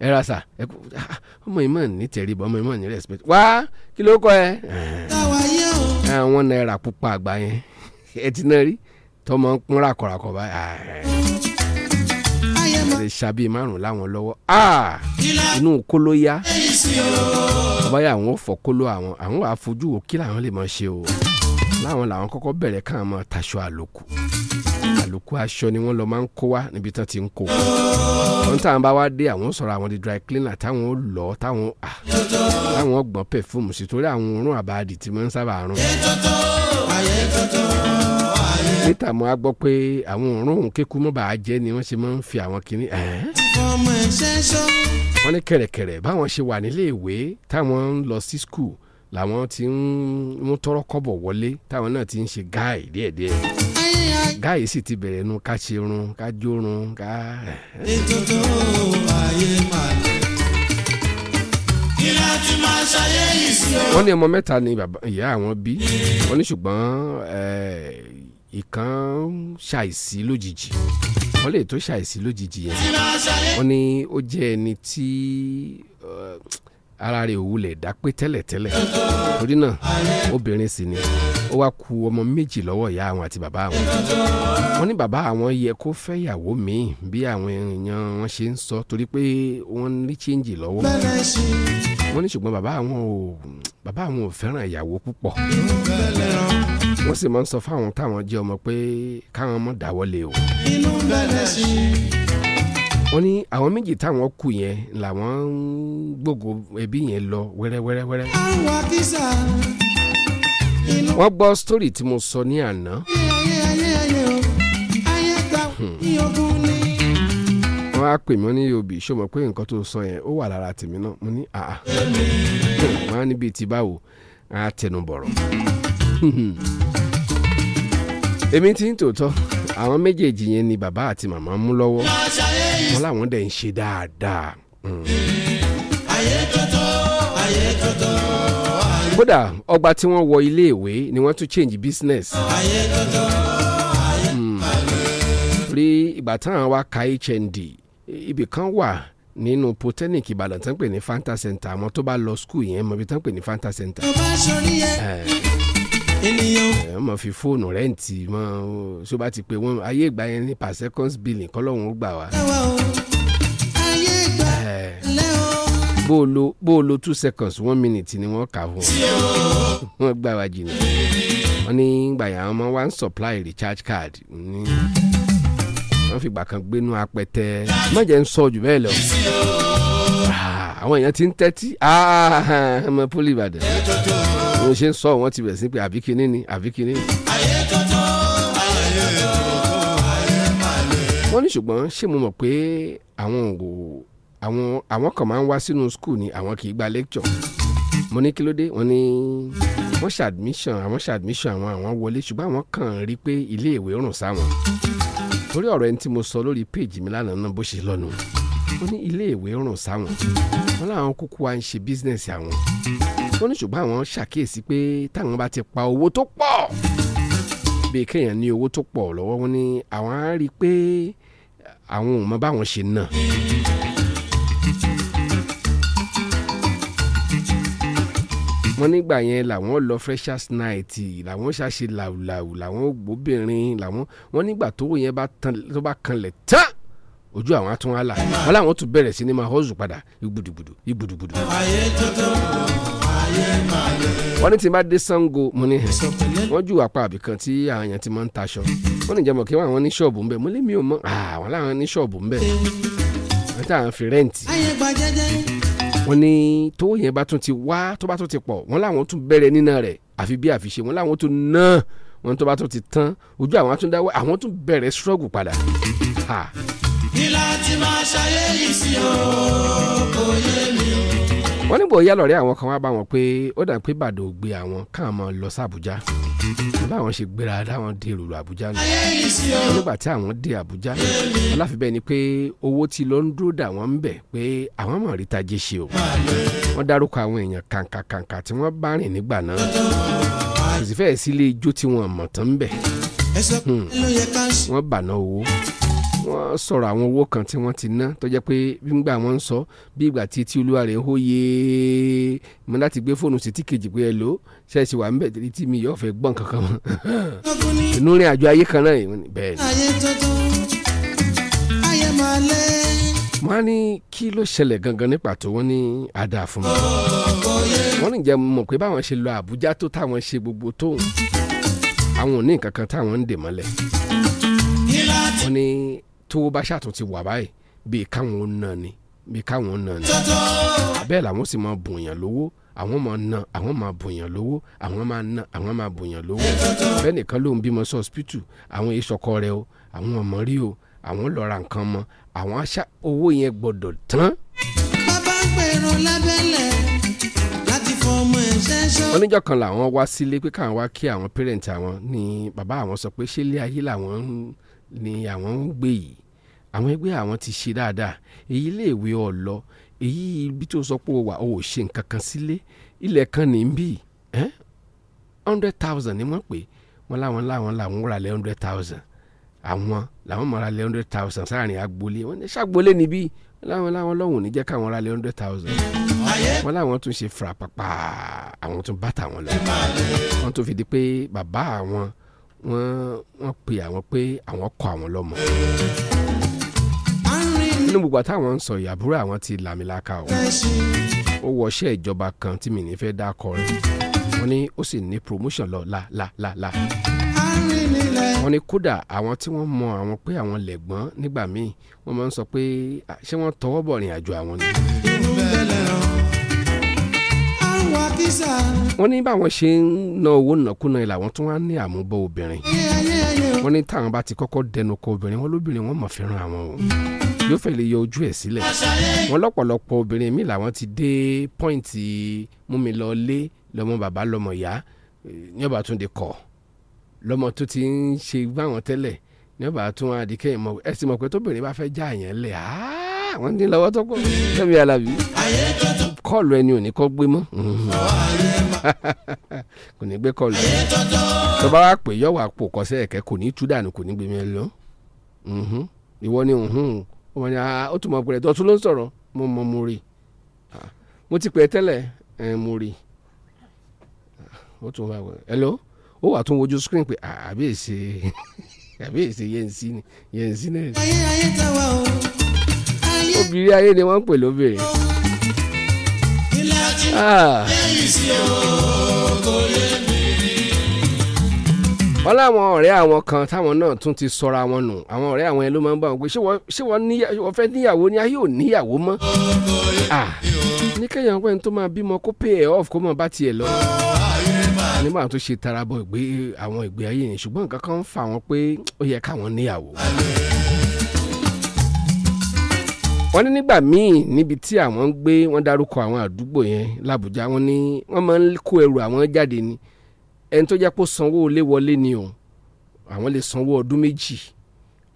ẹ ra sà ẹ kú ah, ọmọ ìmọ̀ ní tẹríba ọmọ ìmọ̀ ní respect wá kí ló kọ ẹ. àwọn náírà pupa àgbà yẹn ẹ ti náà rí tọmọ ń pọn ràkọ̀ràkọ̀ báyìí. Ah, ẹ ṣàbí márùn láwọn lọ́wọ́ ah, inú kóló yá báyà àwọn ò fọ kóló àwọn àwọn àfojú òkí làwọn lè mọ ṣe o láwọn làwọn kọ́kọ́ bẹ̀rẹ̀ káwọn mọ taṣọ àlòkù àlòkù aṣọ ni wọ́n lọ máa ń kó wá níbi tán ti ń kó wọn táwọn bá wá dé àwọn sọ̀rọ̀ àwọn di dry cleaner táwọn ó lọ táwọn à táwọn gbọ́n perfume sí torí àwọn òórùn àbáàdì tí wọ́n ń sábà rún. níta mo á gbọ́ pé àwọn òórùn òun kéku mọ́ bàá jẹ́ ni wọ́n ṣe máa ń fi àwọn kinní wọ́n ní kẹ̀rẹ̀kẹ̀rẹ̀ báwọn ṣe wà nílé ìwé táwọn ń lọ sí school làwọn ti ń mú tọrọ wọlé táwọn náà ti ń ṣe gáì díẹ̀díẹ̀ gáyé sì ti bẹ̀rẹ̀ nu ká ṣerun ká jórun ká. ètòtò ayé máa lọ kí láti máa ṣayé yìí sí o. wọ́n ní ọmọ mẹ́ta ni ìyá àwọn bí wọ́n ní ṣùgbọ́n ìkan ṣàìsí lójijì wọ́n lè tó ṣàìsí lójijì yẹn wọ́n ní ó jẹ́ ẹni tí ara rẹ̀ òwúlẹ̀ dá pé tẹ́lẹ̀tẹ́lẹ̀ torí náà obìnrin sì ni ó wá ku ọmọ méjì lọ́wọ́ ìyá àwọn àti bàbá àwọn wọ́n ní bàbá àwọn yẹ kó fẹ́ ìyàwó míì bí àwọn èèyàn wọn ṣe ń sọ torí pé wọ́n ní chíńjì lọ́wọ́ wọ́n ní ṣùgbọ́n bàbá àwọn ò bàbá àwọn ò fẹ́ràn ìyàwó púpọ̀ wọ́n sì máa ń sọ fáwọn táwọn jẹ́ ọmọ pé káwọn mọ̀ dáwọ́lé o wọ́n ní àwọn méjì táwọn kù yẹn làwọn ń gbógo ẹbí yẹn lọ wẹ́rẹ́wẹ́rẹ́wẹ́rẹ́ wọ́n gbọ́ Story, tí mo sọ ní àná. Hmm. wọ́n á pè mí ní obì ṣó mọ̀ pé nǹkan tó sọ yẹn ó wà lára tèmi náà mo ní àá wọ́n á níbi tí báwo á tẹnubọ̀rọ̀. èmi tí ń tòótọ́ àwọn méjèèjì yẹn ni bàbá àti màmá mú lọ́wọ́ wọn làwọn dẹ̀ ń ṣe dáadáa. Hmm. ayé tọ́tọ́ ayé tọ́tọ́ kódà ọgbà tí wọ́n wọ iléèwé ni wọ́n tún change business. Hmm. rí ìgbà táwọn wa ka HND ibì kan wà nínú Polytechnic Ìbàdàn tán pè ní Fanta Center àmọ́ tó bá lọ school yẹn mọ̀ ibi tán pè ní Fanta Center. tó bá ṣọ níyẹn ènìyàn. ẹ mọ̀ fi fóònù rẹ́ǹtì mọ́ ṣó bá ti pé wọ́n ayé ìgbà yẹn ní per seconds billing kọ́lọ́hún ó gbà wá. ẹ wá bó o two seconds one minute ni wọ́n kà fún ọ wọ́n gbà wá jìnnà wọ́n ní gbàyà ọmọ wa ń supply recharge card ní wọ́n fìgbà kan gbénú apẹtẹ má jẹ́ ń sọ jù bẹ́ẹ̀ lọ ah, àwọn èèyàn ti ń tẹ́tí ah, ọmọ poli ìbàdàn wọ́n ṣe ń sọ wọ́n ti bẹ̀rẹ̀ sí pé àbí kinní ni àbí kinní ni. wọ́n ní ṣùgbọ́n ṣé mo mọ̀ pé àwọn òògùn àwọn àwọn kan máa ń wá sínú skul ni àwọn kì í gba lecture mo ní kí ló dé wọ́n ní wọ́n ṣàdmíṣàn àwọn ṣàdmíṣàn àwọn àwọn wọlé ṣùgbọ́n àwọn kàn rí pé ilé ìwé rùn sáwọn torí ọ̀rọ̀ ẹni tí mo sọ lórí péèjì mi lánàá náà bó ṣe lọ́nu ó ní ilé ìwé rùn sáwọn wọn láwọn kúkú wa ń ṣe bísínẹ́sì àwọn wọn ní ṣùgbọ́n àwọn ṣàkíyèsí pé táwọn bá ti pa owó tó pọ̀ bí kéèyàn ní owó tó pọ̀ lọ́wọ́ wọn ní àwọn á rí i pé àwọn ò mọ báwọn ṣe náà wọ́n nígbà yẹn làwọn lọ freshers night làwọn ṣàṣe làwùlàwù làwọn gbóbìnrin làwọn wọ́n nígbà tówó yẹn tó bá kanlẹ̀ tán ojú àwọn atún wá là wọ́n làwọn tún bẹ̀rẹ̀ sí ni máa họ́ọ̀zù padà ìgbùdùgbùdù ìgbùdùgbùdù. wọ́n ní tí n bá dé Ṣàngó mo ní wọ́n ju àpá àbí kan tí àyàn ti máa ń taṣọ wọ́n ní ìjàmọ̀ kí wọ́n àwọn ní ṣọ́ọ̀bù ńbẹ̀ mo lé mi ò mọ̀ àwọn làwọn ní ṣọ́ọ̀bù ńbẹ̀ nǹkan tá à ń fi rẹ́ǹtì. wọ́n ní tówó yẹn bá tún ti wá tó bá tún ti pọ̀ wọ́n láwọn tún bẹ̀rẹ̀ níná rẹ̀ àfi bí àfiṣe wọ́n láwọn tún ná wọ́n tó bá tún ti tán ojú àwọn tún dáwọ́ àwọn tún bẹ̀rẹ̀ struggle padà. kí láti máa ṣayé yìí sí o yé mi wọ́n níbo yálọ̀rẹ́ àwọn kan wá bá wọn pé ó dà pé bàdó gbé àwọn káwọn mọ lọ sàbújá báwọn ṣe gbéra dáwọn dé ìlú àbújá nù nígbà tí àwọn dé àbújá aláfibẹ́ ni pé owó tí ló ń dúró dà wọ́n ń bẹ̀ pé àwọn mọ̀ rí tajé ṣe o wọ́n dárúkọ àwọn èèyàn kàǹkàkàǹkà tí wọ́n bá rìn nígbà náà kò sì fẹ́ẹ̀ sílé ijó tí wọ́n mọ̀ tán ń bẹ̀ hmm. wọ́n bàná owó wọ́n sọ̀rọ̀ àwọn owó kan tí wọ́n ti ná tó jẹ́ pé nígbà wọ́n ń sọ bí ìgbà tí tí olúwa rẹ̀ ń hóye mo láti gbé fóònù sí tí pé ẹ lò ó ṣẹ́ẹ̀sì wà ń tí mi yọ̀ fẹ́ gbọ́n kankan mọ́ inú rìn àjò ayé kan náà bẹ́ẹ̀ ni. wọ́n á ní kí ló ṣẹlẹ̀ gangan ní pàtó wọ́n ní àdá fún mi wọ́n ní jẹ́ mọ̀ pé báwọn ṣe lọ àbújá tó táwọn ṣe gbogbo tóun àwọn ò ní tó bá ṣàtún ti wà báyìí bíi káwọn náà ni bíi káwọn náà ni bẹ́ẹ̀ làwọn sì máa bùn yàn lówó àwọn máa na àwọn máa bùnyàn lówó àwọn máa na àwọn máa bùnyàn lówó bẹ́ẹ̀ nìkan ló ń bímọ sí ọ̀sìpìtù àwọn ìṣọ̀kọ rẹ o àwọn ọmọ rí o àwọn lọ ra nǹkan mọ àwọn aṣá owó yẹn gbọ́dọ̀ tán. bàbá ń lábẹ́lẹ̀ láti fọ ọmọ ẹ̀ṣẹ́ ṣọ́. wọ́n kan làwọn wá sílé pé káwọn wá kí àwọn pẹ́rẹ́ǹtì àwọn ni bàbá àwọn sọ pé ṣé ilé ayé làwọn ni àwọn ń gbé yìí àwọn ẹgbẹ́ àwọn ti ṣe dáadáa èyí iléèwé ọ̀lọ́ èyí ibi tó sọ pé o wà o ò ṣe nǹkan kan sílé ilẹ̀ kan ní bí hundred thousand ni wọ́n pè wọ́n láwọn láwọn làwọn rà lẹ́ hundred thousand àwọn làwọn mọ̀ ra lẹ́ hundred thousand sáàrin agboolé wọ́n ní ṣàgboolé níbí láwọn láwọn lọ́hùn ní jẹ́ káwọn ra lẹ́ hundred thousand wọ́n láwọn tún ṣe fura pàpà àwọn tún bàtà wọn lọ wọ́n tún fi di pé bàbá àwọn wọ́n wọ́n pe àwọn pé àwọn kọ àwọn lọ́mọ nínú gbogbo àtàwọn ń sọ ìyàbúrò àwọn ti làmìlaka o ó wọṣẹ́ ìjọba kan tí mi ní dá kọ rẹ̀ wọ́n ní ó sì ní promotion lọ la la la la wọ́n ní kódà àwọn tí wọ́n mọ àwọn pé àwọn lẹ̀gbọ́n nígbà míì wọ́n máa ń sọ pé ṣé wọ́n tọwọ́ bọ̀ rìn àjò àwọn ni. wọ́n ní báwọn ṣe ń ná owó nàkúnà ilà wọn tún wá ní àmúbọ̀ obìnrin wọ́n ní táwọn bá ti kọ́kọ́ dẹnu kọ obìnrin wọn lóbìnrin wọn mọ̀ fẹ́ràn àwọn o. Mm -hmm yóò fẹ́ lè yọ ojú ẹ̀ sílẹ̀ wọn lọ́pọ̀lọpọ̀ obìnrin mi làwọn ti dé pọ́ìntì mú mi lọ lé lọ́mọ bàbá lọ́mọ ìyá ní ọba tún de kọ̀ lọ́mọ tó ti ń ṣe báwọn tẹ́lẹ̀ ní ọba tún adìkẹ́ ìmọ̀ ẹ sì mọ̀ pé tóbìnrin bá fẹ́ já àyàn lẹ̀ àwọn ní lọ́wọ́ tó pọ̀ lẹ́mi alábí kọ́ọ̀lù ẹni ò ní kọ́ gbé mọ́ kò ní gbé kọ́ọ̀lù tó bá wà pé yọ̀wà pò kọ́sẹ́ ẹ̀kẹ́ kò ní tú dànù kò ní gbé mi lọ ìwọ ni wọ́n yà ah, ó tún mọ̀ pé ẹ̀dọ́ ló ń sọ̀rọ̀ mo mọ̀ mo rì ah, mo ti pè é tẹ́lẹ̀ eh, mo rì ah, ó tún wà wọ̀ hello ó wà tún wojú screen pé àbí èsè àbí èsè yẹn ń sí ni yẹn ń sí ni. obìnrin ayé ni wọ́n ń pè lóbìnrin. ilé ajé lẹ́yìn sí o kò wọ́n láwọn ọ̀rẹ́ àwọn kan táwọn náà tún ti sọra wọn nù àwọn ọ̀rẹ́ àwọn yẹn ló máa ń bá wọn pé ṣé wọ́n fẹ́ níyàwó ni ayé ò níyàwó mọ́ ní kẹ́yìn pẹ́ tó máa bímọ kó pay ẹ̀ off kó mọ̀ bá tiẹ̀ lọ ní tó ṣe tarabọ ìgbé àwọn ìgbé ayé yẹn ṣùgbọ́n nǹkan kan ń fà wọ́n pé ó yẹ káwọn níyàwó wọ́n ní nígbà míì níbi tí àwọn ń gbé wọ́n dárúkọ àwọn àdúgbò yẹn ẹni tó jẹ́ pé sanwó ilé wọlé ni o àwọn lè sanwó ọdún méjì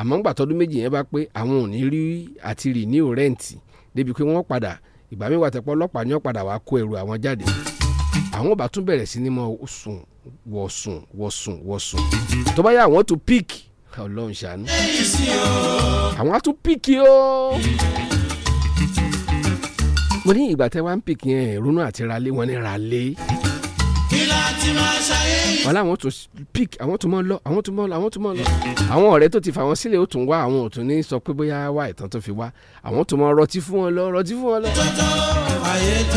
àmọ́ ńgbà tọdún méjì yẹn bá pé àwọn ò ní rí àti rì ní òrẹ́ǹtì débi pé wọ́n padà ìgbà mi wà tẹ́pọ̀ ọlọ́pàá ni wọ́n padà wá kó ẹrù àwọn jáde àwọn ò bá tún bẹ̀rẹ̀ sí ni mọ́ sùn wọ̀sùn wọ̀sùn wọ̀sùn tó bá yá àwọn tún píìkì ọlọ́run ṣàánú àwọn á tún píìkì o mo ní ìgbà tẹ́ wá ń píìkì yẹn ìrúnú àti ralé wọn ní ralé wàhálà àwọn tó pick àwọn tó mọ lọ àwọn tó mọ lọ àwọn tó mọ lọ àwọn ọ̀rẹ́ tó ti fà wọ́n sílẹ̀ ó tún wá àwọn ò tún ní sọ pé bóyá wá ìtàn tó fi wá àwọn tó mọ rọtí fún wọn lọ rọtí fún wọn lọ.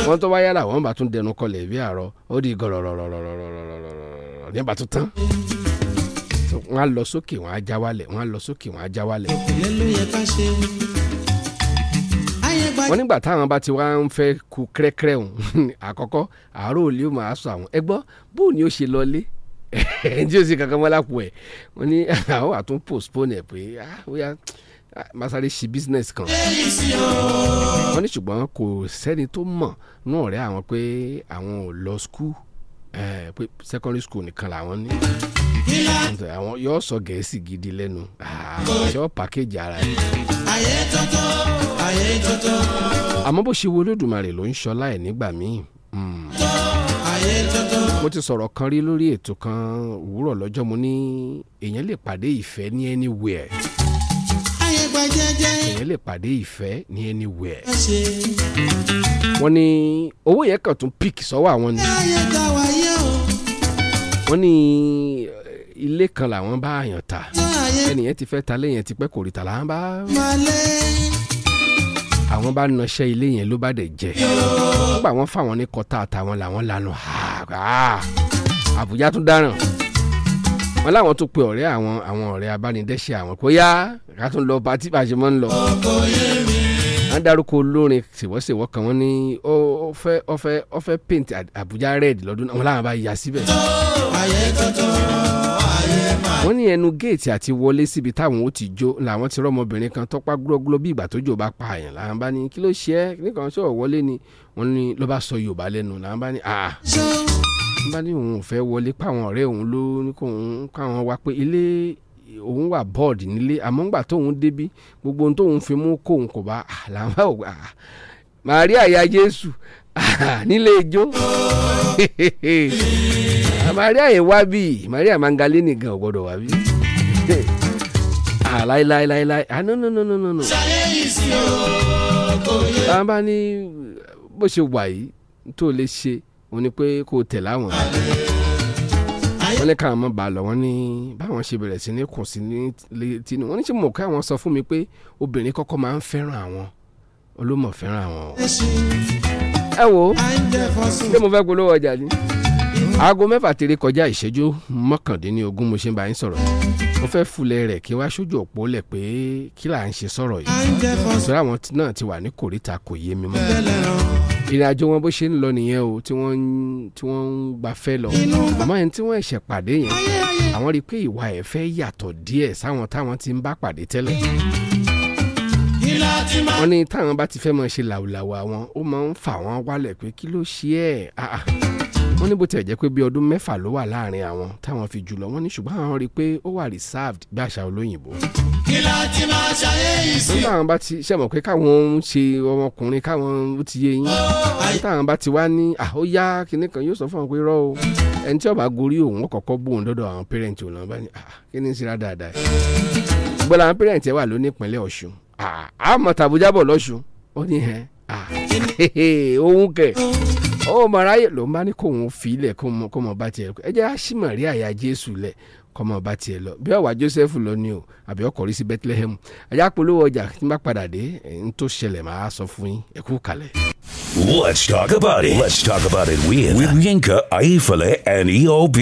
wọ́n tó wá yára wọ́n bá tún dẹnu kọlẹ̀ bí àárọ̀ ó di gọ̀rọ̀rọ̀rọ̀rọ̀rọ̀rọ̀rọ̀ ní bá tún tán wọ́n á lọ sókè wọ́n á já wálẹ̀ wọ́n á lọ sókè wọ́n á já wálẹ̀ wọ́n nígbà táwọn bá ti wá ń fẹ́ ku kẹ́rẹ́kẹ́rẹ́ ọ̀hún àkọ́kọ́ àárò òlì ó máa sọ àwọn ẹ gbọ́ bó ni ó ṣe lọlé ẹni tí ó sì kankan mọ́ lápò ẹ̀ wọ́n ní àwọn àtún postpone ẹ̀ pé bóyá ah, masari ṣe business kan wọ́n ní ṣùgbọ́n kò sẹ́ni tó mọ̀ náà rẹ́ àwọn pé àwọn ò lọ school Eh, pé secondary school nìkan làwọn ní àwọn yóò sọ gẹ̀ẹ́sì gidi lẹ́nu ah, yóò pàkéjì ara rẹ̀. ayé tọ́tọ́ ayé tọ́tọ́. àmọ́ bó ṣe wo olódùmarè ló ń ṣọlá ẹ̀ nígbà míì. ayé hmm. tọ́tọ́. mo ti sọ̀rọ̀ kan rí lórí ètò kan òwúrọ̀ lọ́jọ́ mo ní èèyàn lè pàdé ìfẹ́ ní anywhere èèyàn lè pàdé ìfẹ́ ní anywhere. wọ́n ní owó yẹn kàn tún píìkì sọ́wọ́ àwọn ni wọ́n ní eh, ilé kan làwọn bá àyàn ta ẹnìyẹn ti fẹ́ ta léyìn ti pẹ́ kò rí ta làwọn bá àwọn bá nọṣẹ́ ilé yẹn ló bá dẹ̀ jẹ́ nígbà wọ́n fáwọn ní kọ́tà àtàwọn làwọn lanu àbújá tún dáràn wọn láwọn tó pe ọ̀rẹ́ àwọn ọ̀rẹ́ abánidẹ́ṣẹ́ àwọn kó yá ká tún lọ bá tí bàjẹ́ mọ́ ń lọ. ọkọ yé mi wọ́n dárúkọ olórin ṣèwọ́ṣèwọ́ kan wọ́n ní ó fẹ́ ó fẹ́ paint Abuja red lọ́dún náà wọ́n làwọn bá yà síbẹ̀. wọ́n ní ẹnu géètì àti wọlé síbi táwọn ó ti jó làwọn ti rọ́mọbìnrin kan tọ́pá gúrọ́gúrọ́ bí ìgbà tó jò bá pa àyàn làwọn bá ní kí ló ṣe é nìkan ṣọ́ wọlé ni wọ́n ní ló bá sọ Yorùbá lẹ́nu làwọn bá ní àà wọ́n bá ní òun ò fẹ́ wọlé páwọn ọ̀rẹ́ òun ló ní kóun káwọn wá pé ilé òun wà bọ́ọ̀dì nílé àmọ́ ńgbà tóun débí gbogbo ohun tóun fi mú kóun kò bá ah, làwọn ò gbà ah, Màríà Jésù ah, nílé ijó Màríà yẹn wá bí Màríà mangalé nìkan ò gbọdọ̀ wá bí láíláíláíláí ah no no no no no. ṣayẹyì sí o kò yẹ. tá a bá ní bó ṣe wà yìí tó lè ṣe òun ni pé kò tẹ̀ láwọn wọ́n ní káwọn mọ̀ bá lọ ní báwọn ṣe bẹ̀rẹ̀ sí ní kùn sí ní létí ni wọ́n ní ṣe mọ̀ ká àwọn sọ fún mi pé obìnrin kọ́kọ́ máa ń fẹ́ràn àwọn olómọ̀ fẹ́ràn àwọn. ẹ wo ṣé mo fẹ́ polówó ọjà ni aago mẹ́fà tèrè kọjá ìṣẹ́jú mọ́kàndínlógún mo ṣe ń bá yín sọ̀rọ̀ mo fẹ́ fulẹ̀ rẹ̀ kí wá sójú òpó lẹ̀ pé kí là ń ṣe sọ̀rọ̀ yìí sọ̀rọ̀ àwọn náà ti wà ní kòríta kò yé mi mọ́ ìrìnàjò wọn bó ṣe ń lọ nìyẹn o tí wọ́n tí wọ́n ń gbafẹ́ lọ àmọ́ ẹni tí wọ́n ẹ̀ṣẹ̀ pàdé yẹn àwọn rí i pé ìwà ẹ̀ fẹ́ yàtọ̀ díẹ̀ sáwọn táwọn ti ń bá pàdé tẹ́lẹ̀ wọ́n ní táwọn bá ti fẹ́ mọ̀ ṣe làwùlàwù àwọn ó máa ń fà wọ́n wálẹ̀ pé kí ló ṣe ẹ́ wọ́n ní bó tiẹ̀ jẹ́ pé bí ọdún mẹ́fà ló wà láàrin àwọn táwọn fi jùlọ wọ́n ní ṣùgbọ́n àwọn rí i pé ó wà reserved bí àṣà olóyìnbó. kí la ti máa ṣayé yìí sí. nígbà àwọn bá ti ṣe mọ̀ pé káwọn ń ṣe ọmọkùnrin káwọn ó ti yé yín nígbà àwọn bá ti wá ní àhóyá kinní kan yóò sọ fún àwọn pé rọ́ o ẹni tí ó gorí òun ó kọ́kọ́ bóun dọ́dọ̀ àwọn pẹ́rẹ́ǹtì òun náà bá ní kí ni ń ṣera dáadáa gbọ́dọ̀ àwọn pẹ́rẹ́ǹtì ẹ̀ wà lónìí ìpínlẹ̀ ọ̀ṣun àmọ́ tàbújábọ̀ lọ́ṣun ó ní ẹ̀ òun kẹ̀. ó mọ aráyè ló ń bá ní kóun fi ilẹ̀ kó mọ bá tiẹ̀ ẹ jẹ́ àṣìmọ̀rí àyà jésù lẹ̀ kó mọ bá joseph lọ ni o àbí bethlehem ẹ̀yà polówó ọjà tí n padà dé a tó ṣẹlẹ̀ máa sọ fún yín kú talk about it. with, with Yinka Ayifale and EOB.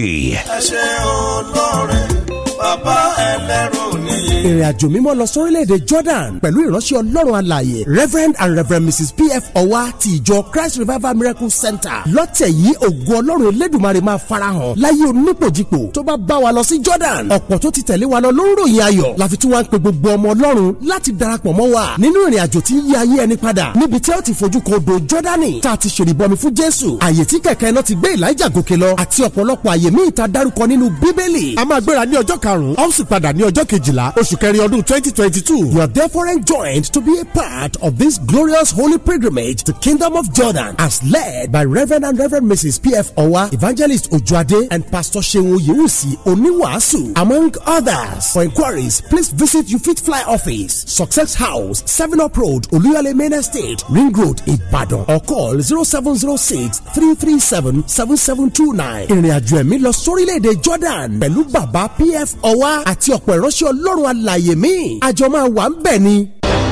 bàbá ẹlẹ́rù níyì. ìrìnàjò mímọ́ lọ sórílẹ̀-èdè Jordan pẹ̀lú ìránṣẹ́ Ọlọ́run alààyè Reverend and Reverend Mrs P.F. Ọwa ti ìjọ Christ Revival Miracle Center lọ́tẹ̀ yìí ògo Ọlọ́run Elédùmarè máa farahàn láyé onípòjìpò tó bá bá wa lọ sí Jordan ọ̀pọ̀ tó ti tẹ̀lé wa lọ ló ń ròyìn ayọ̀ láfi tí wọ́n ń pe gbogbo ọmọ Ọlọ́run láti darapọ̀ mọ́ wa nínú ìrìnàjò tí ń yí ayé ẹni padà níbi tí ó ti fojú kan odò Jọ́dánì tá a ti ṣèrìbọmi fún Jésù àyè tí kẹ̀kẹ́ náà ti gbé Èlíjà gòkè lọ àti ọ̀pọ̀lọpọ̀ àyè míì ta dárúkọ nínú Bíbélì a máa gbéra ní ọjọ́ karùn karùn-ún ó sì padà ní ọjọ́ kejìlá oṣù kẹrin ọdún twenty twenty two you are therefore enjoined to be a part of this glorious holy pilgrimage to kingdom of Jordan as led by Reverend and Reverend Mrs. P.F. Owa Evangelist Ojuade and Pastor Seun Yewusi Oniwasu among others for inquiries please visit Ufit Fly office Success House Seven Up Road Oluyale Main Estate Ring Road Ibadan or call zero seven zero six three three seven seven seven two nine ìrìnàjò ẹ̀mí lọ sórílẹ̀-èdè Jordan pẹ̀lú bàbá P.F ọwá àti ọ̀pọ̀ ìránṣẹ́ ọlọ́run alàyè míì àjọ máa wà ń bẹ̀ ni.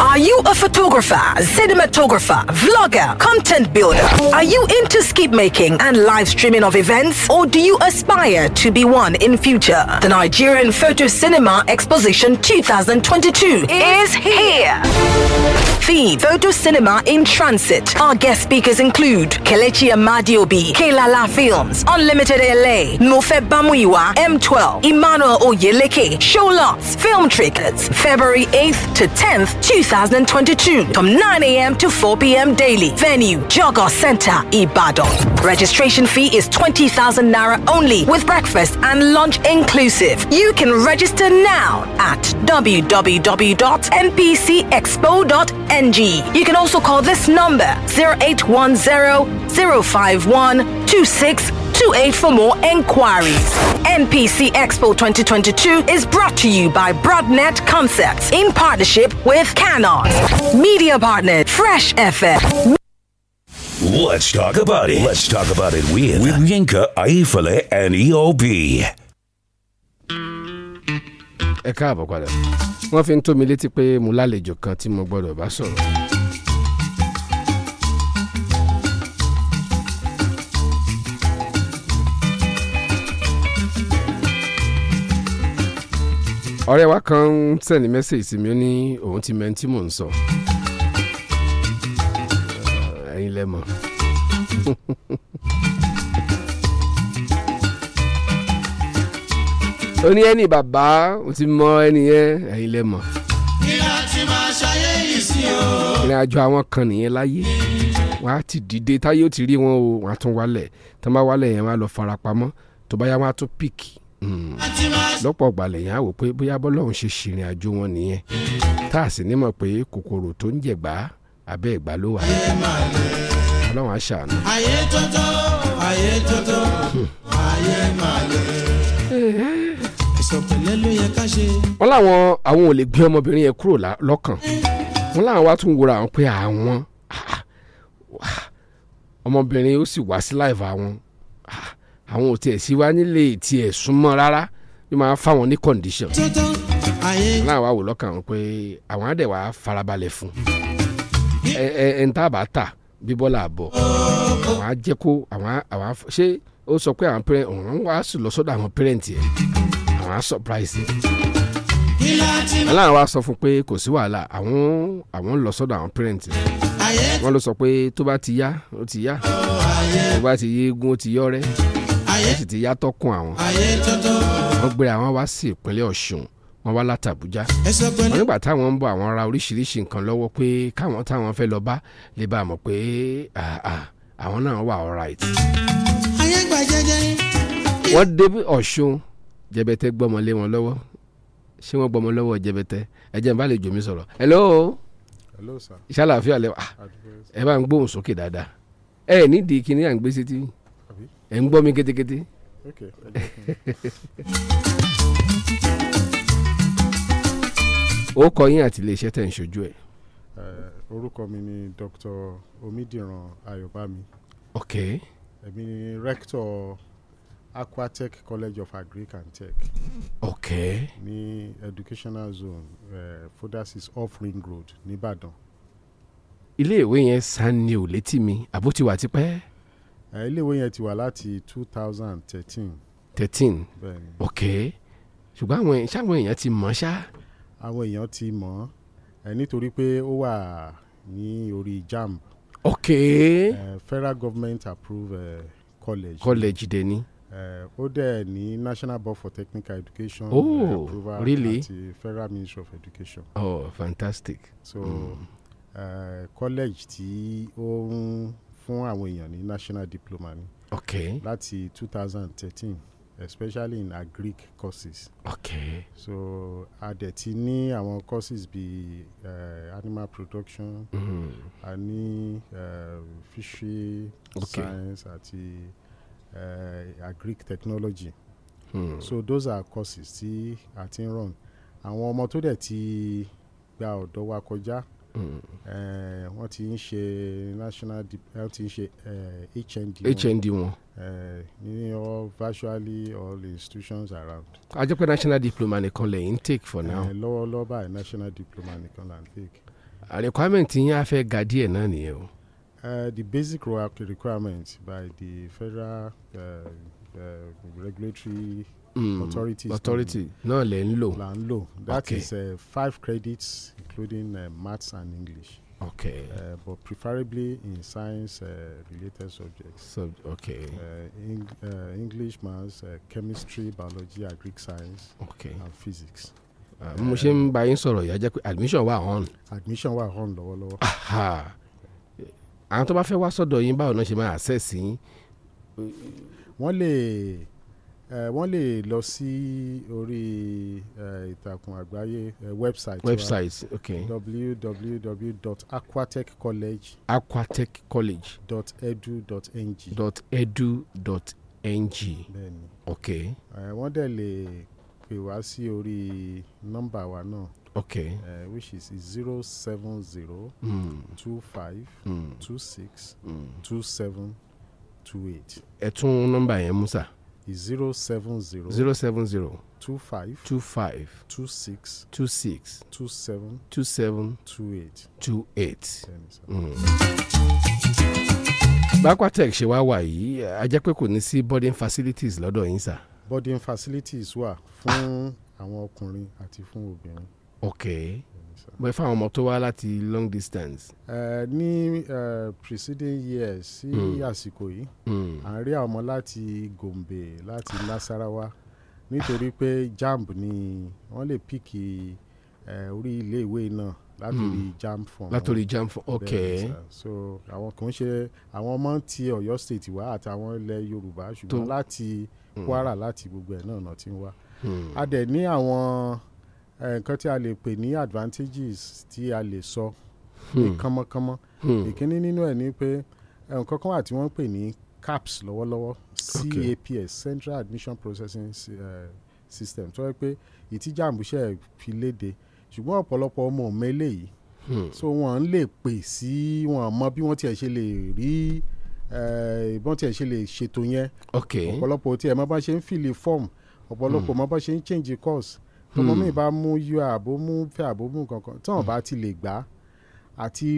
Are you a photographer, cinematographer, vlogger, content builder? Are you into skip making and live streaming of events? Or do you aspire to be one in future? The Nigerian Photo Cinema Exposition 2022 is here. The Photo Cinema in Transit. Our guest speakers include Kelechi Amadiobi, Kelala Films, Unlimited LA, Mofe Bamuiwa, M12, Emmanuel Oyeleke, Show Lots, Film Trickers, February 8th to 10th, 2022. 2022 from 9 a.m. to 4 p.m. daily. Venue, Jogger Center, Ibadan. Registration fee is 20,000 naira only with breakfast and lunch inclusive. You can register now at www.npcexpo.ng. You can also call this number 0810 051 28 for more enquiries. MPC Expo 2022 is brought to you by Broadnet Concepts in partnership with Canon, Media Partner, Fresh FM. Let's talk about it. Let's talk about it with, with Yinka, Aifale, and EOB. ẹ káàbọ̀ padà wọ́n fi ń tó mi létí pé mo lálejò kan tí mo gbọ́dọ̀ bá sọ̀rọ̀. ọ̀rẹ́ wa kan ń sẹ́ni mẹ́sẹ̀gì sí mi ó ní òun ti mẹ́ni tí mò ń sọ ẹ̀yin lẹ́mọ̀. ó ní ẹni bàbá ó ti mọ ẹni yẹn ẹ̀yin lẹ́mọ̀. ìlà tí màá ṣayé yìí sí o. ìrìn àjò àwọn kan nìyẹn láyé wàá ti dìde táyé ó ti rí wọn o wàá tún wálẹ̀ tó bá wálẹ̀ yẹn wàá lọ farapamọ́ tó bá yá wàá tún píkì lọ́pọ̀ gbalẹ̀ yẹn á wò pé bóyá bọ́lọ́run ṣe ṣìrìn àjò wọn nìyẹn tá a sì nímọ̀ pé kòkòrò tó ń jẹ̀gbá abẹ́ ìgbà ló wà ọlọ́run á ṣàánú. ayé tótó ayé tótó ayé màlè. ìsọ̀pẹ̀lẹ̀ ló yẹ ká ṣe. wọ́n láwọn àwọn ò lè gbé ọmọbìnrin yẹn kúrò lọ́kàn wọ́n láwọn wá tún wúra àwọn pé àwọn ọmọbìnrin ó sì wá sí láìva wọn àwọn ò tiẹ̀ sí wa nílé tiẹ̀ súnmọ́ rárá ló máa fáwọn ní condition láwọn àwò lọ́kàn wọn pé àwọn àdẹ̀ wàá farabalẹ̀ fún ẹ ẹ ẹ ń tá a bá tà bíbọ́là àbọ̀ àwọn á jẹ́ kó àwọn àwọn ṣé ó sọ pé àwọn pẹ́rẹ́ òun wá sùn lọ sọ́dọ̀ àwọn pẹ́rẹ́ǹtì ẹ̀ àwọn á surprise ẹ̀ aláàrọ̀ wa sọ fún pé kò sí wàhálà àwọn àwọn lọ sọ́dọ̀ àwọn pẹ́rẹ́ǹtì ẹ̀ wọ́n ló sọ pé tó bá ti yá ó ti yá oh, tó bá ti yé eégún ó ti yọ́ rẹ́ wọ́n sì ti yàtọ̀ kún àwọn wọ́n gbé àwọn wá sí ìpínlẹ̀ Ọ̀ṣun wọ́n wá látàbújá wọ́n nígbà táwọn ń bọ̀ àwọn ra oríṣiríṣi nǹkan lọ́wọ́ pé káwọn táwọn fẹ́ lọ bá lè bá a mọ̀ pé àwọn náà wà alright. wọ́n dé Ọ̀ṣun jẹbẹtẹ gbọ́mọ lé wọn lọ́wọ́ ṣé wọ́n gbọ́mọ lọ́wọ́ jẹbẹtẹ ẹ jẹ́ n bá lè jò sọ̀rọ̀ hello hello sir ìṣàlàfíà lẹ́wọ̀ ẹ bá ń gbóhùn sókè dáadáa ẹ nídìí kíní à ń gbé sétí ẹ̀ ń gbọ́ mi kétékété. Okay. ó kọ yín àti iléeṣẹ́ tẹ̀ ń ṣojú ẹ̀. orúkọ mi ni Dr. Omidiran Ayobami. ok. èmi ni rector Aquatech College of Agric and Tech. ok. ní educational zone uh, Fodasis off Ring Road nìbàdàn. iléèwé yẹn sanni ò létí mi àbótiwà tipẹ́ iléèwé yẹn ti wà láti two thousand thirteen. thirteen ok ṣùgbọ́n àwọn ṣáwọn èèyàn ti mọ̀ ṣá. àwọn èèyàn ti mọ̀ ẹ́ nítorí pé ó wà ní orí jamb. ok uh, federal government approve uh, college. college dẹ̀ ni. ó dẹ̀ ní national board for technical education. oh uh, really àti federal ministry of education. oh fantastic. so mm. uh, college tí ó ń. Um, fún àwọn èèyàn ní national diploma ni. ok láti two thousand thirteen especially in agric courses. ok so a dẹ̀ ti ní àwọn courses bíi uh, eh, animal production mm. a ní uh, fishery okay. science àti uh, agric technology. Mm. so those are courses tí a ti ń run àwọn ọmọ tó dẹ̀ ti gba ọ̀dọ́ wa kọjá Eh, wọ́n ti ń ṣe national wọ́n ti ń ṣe HND eh, HND wọn eh, ní all virtually all institutions around. a jẹ́ pé national diploma nìkan lẹ́yìn ń take for now. lọ́wọ́lọ́wọ́ báyìí national diploma nìkan là ń take. A requirement yín á fẹ́ ga díẹ̀ náà nìyẹn o. the basic requirement by the federal uh, uh, regulatory mm, authority náà lè ń lò. là ń lò that okay. is uh, five credits including uh, maths and English. Okay. Uh, but preferably in science uh, related subjects. Sub- okay. Uh, Eng uh, English, maths, chemistry, biology, agric science, okay. and physics. mo ṣe ń bá yín sọ̀rọ̀ ìyá jẹ́ pé admission wà on. admission wà on lọ́wọ́lọ́wọ́. àwọn tó bá fẹ́ wá sọ́dọ̀ yín báwo náà ṣe máa access yín. wọ́n lè. Le wọ́n lè lọ sí orí ìtàkùn àgbáyé website website okay www.aquatechcollege aquatechcollege.edu.ng .edu.ng bẹ́ẹ̀ni okay wọ́n dẹ̀ lè pè wá sí orí nọ́mbà wa náà okay uh, which is zero seven zero hmm. two five hmm. two six hmm. two seven two eight. ẹ tún nọ́mbà yẹn mú zero seven zero. zero seven zero. two five. two five. two six. two six. two seven. two seven. two eight. two eight. Mm. Aquatech ṣe wá wà yìí a jẹ́ pé kò ní sí boarding facilities lọ́dọ̀ yín sà. boarding facilities wà fún àwọn ọkùnrin àti fún obìnrin. okay bẹ fáwọn ọmọ tó wá láti long distance. Uh, ní uh, preceding years sí hmm. àsìkò yìí hmm. à ń rí ọmọ láti Gombe láti Nasarawa nítorí pé JAMB ni wọ́n lè píkì orí ilé ìwé náà látòrí hmm. JAMB form. látòrí JAMB form ok. so àwọn kò ń ṣe àwọn ọmọ ti Ọ̀yọ́ state wá àti àwọn ilẹ̀ Yorùbá ṣùgbọ́n láti Kwara láti gbogbo ẹ̀ náà náà ti ń wá. a dẹ̀ ní àwọn nǹkan tí a lè pè ní advantages tí a lè sọ ní hmm. kánmọ́kánmọ́ hmm. ìkíní nínú ẹ̀ ni pé nǹkan kan wà tí wọ́n ń pè ní CAPS lọ́wọ́lọ́wọ́ CAPS Central Admission Processing uh, System tó yẹ pé ìtìjàmbùsẹ̀ fi léde ṣùgbọ́n ọ̀pọ̀lọpọ̀ ọmọ ọ̀mọ eléyìí hmm. so wọ́n lè pè sí wọn mọ bí wọ́n tiẹ̀ ṣe lè rí ìbọn tiẹ̀ ṣe lè ṣètò yẹn ọ̀pọ̀lọpọ̀ tiẹ̀ má bá ṣe ń fìlì fọ́ọ̀mù ọ̀pọ̀lọpọ̀ má bá ṣe ń change course tọmọ hmm. mi bá mú yọ àbó mú fẹ́ àbó mú kankan tí wọn hmm. bá ti lè gbà àti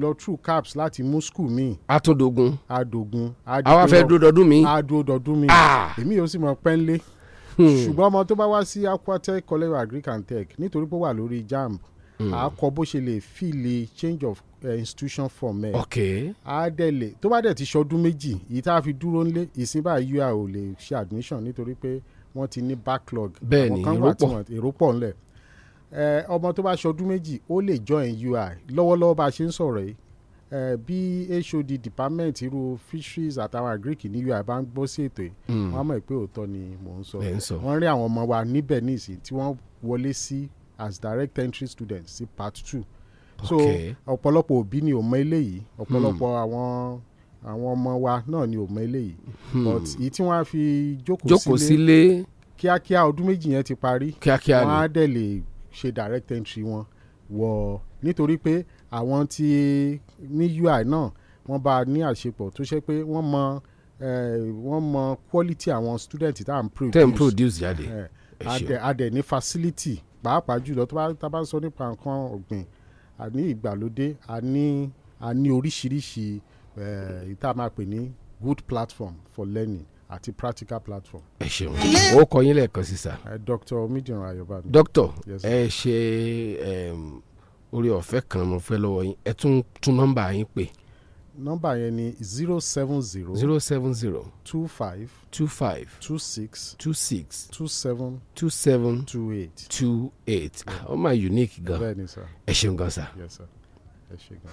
lọ through caps láti mú school mi. atodogun adogun àwa fẹ́ dúdọdún mi. adúdọdún mi ah! èmi yóò sì mọ pẹ́ńlé hmm. ṣùgbọ́n ọmọ tó bá wá sí aquatech college of agric and tech nítorí pé wà lórí jamb a bó ṣe lè fìlè change of eh, institution form ẹ. ok a tó bá dẹ̀ ti ṣọdún méjì yìí tá a fi dúró nílé ìsìn báyìí ua ò lè ṣe admission nítorí pé wọ́n ti ní backlog bẹ́ẹ̀ni ìrọ́pọ̀ ìrọ́pọ̀ ńlẹ̀ ọmọ tó bá ṣọdún méjì ó lè join UI lọ́wọ́lọ́wọ́ bá a ṣe ń sọ̀rọ̀ yìí bí HOD department irú fisheries àtàwọn agric ní UI bá ń gbọ́ sí ètò yìí hmm. wọ́n mọ̀ pé òótọ́ ni mò ń sọ wọ́n rí àwọn ọmọ wa níbẹ̀ nísìnyí tí wọ́n wọlé sí as direct entry students sí part two so ọ̀pọ̀lọpọ̀ òbí ni ò mọ eléyìí hmm. ọ̀pọ̀lọpọ̀ àwọn. Hmm àwọn ọmọ wa náà ni ò mọ eléyìí hmm. but èyí tí wọ́n á fi jókòó sílé kíákíá ọdún méjì yẹn ti parí wọ́n á dẹ̀ lè ṣe direct entry wọn wọ nítorí pé àwọn tí ní UI náà wọ́n bá ní àṣepọ̀ tó ṣe pé wọ́n mọ wọ́n mọ quality àwọn student tá à ń produce. tẹ́ ń produce jáde. adẹ̀ ní facility pàápàá jùlọ tó bá tá bá ń sọ nípa nǹkan ọ̀gbìn àní ìgbàlódé àní àní oríṣiríṣi Eh, ìta máa pè ní good platform for learning àti practical platform. ẹ ṣeun o kọ yín lẹ́ẹ̀kan sísà. Eh, dr omidiran ayobami. doctor ẹ ṣe orí ọ̀fẹ́ kan mo fẹ́ lọ́wọ́ yín ẹ tún tún nọ́mbà yín pè. nọ́mbà yẹn ni zero seven zero. zero seven zero. two five. two five. two six. two six. two seven. two seven. two eight. two eight. ó máa unique gan. bẹ́ẹ̀ni sir. ẹ ṣeun gan sir. yes sir ẹ ṣe gan.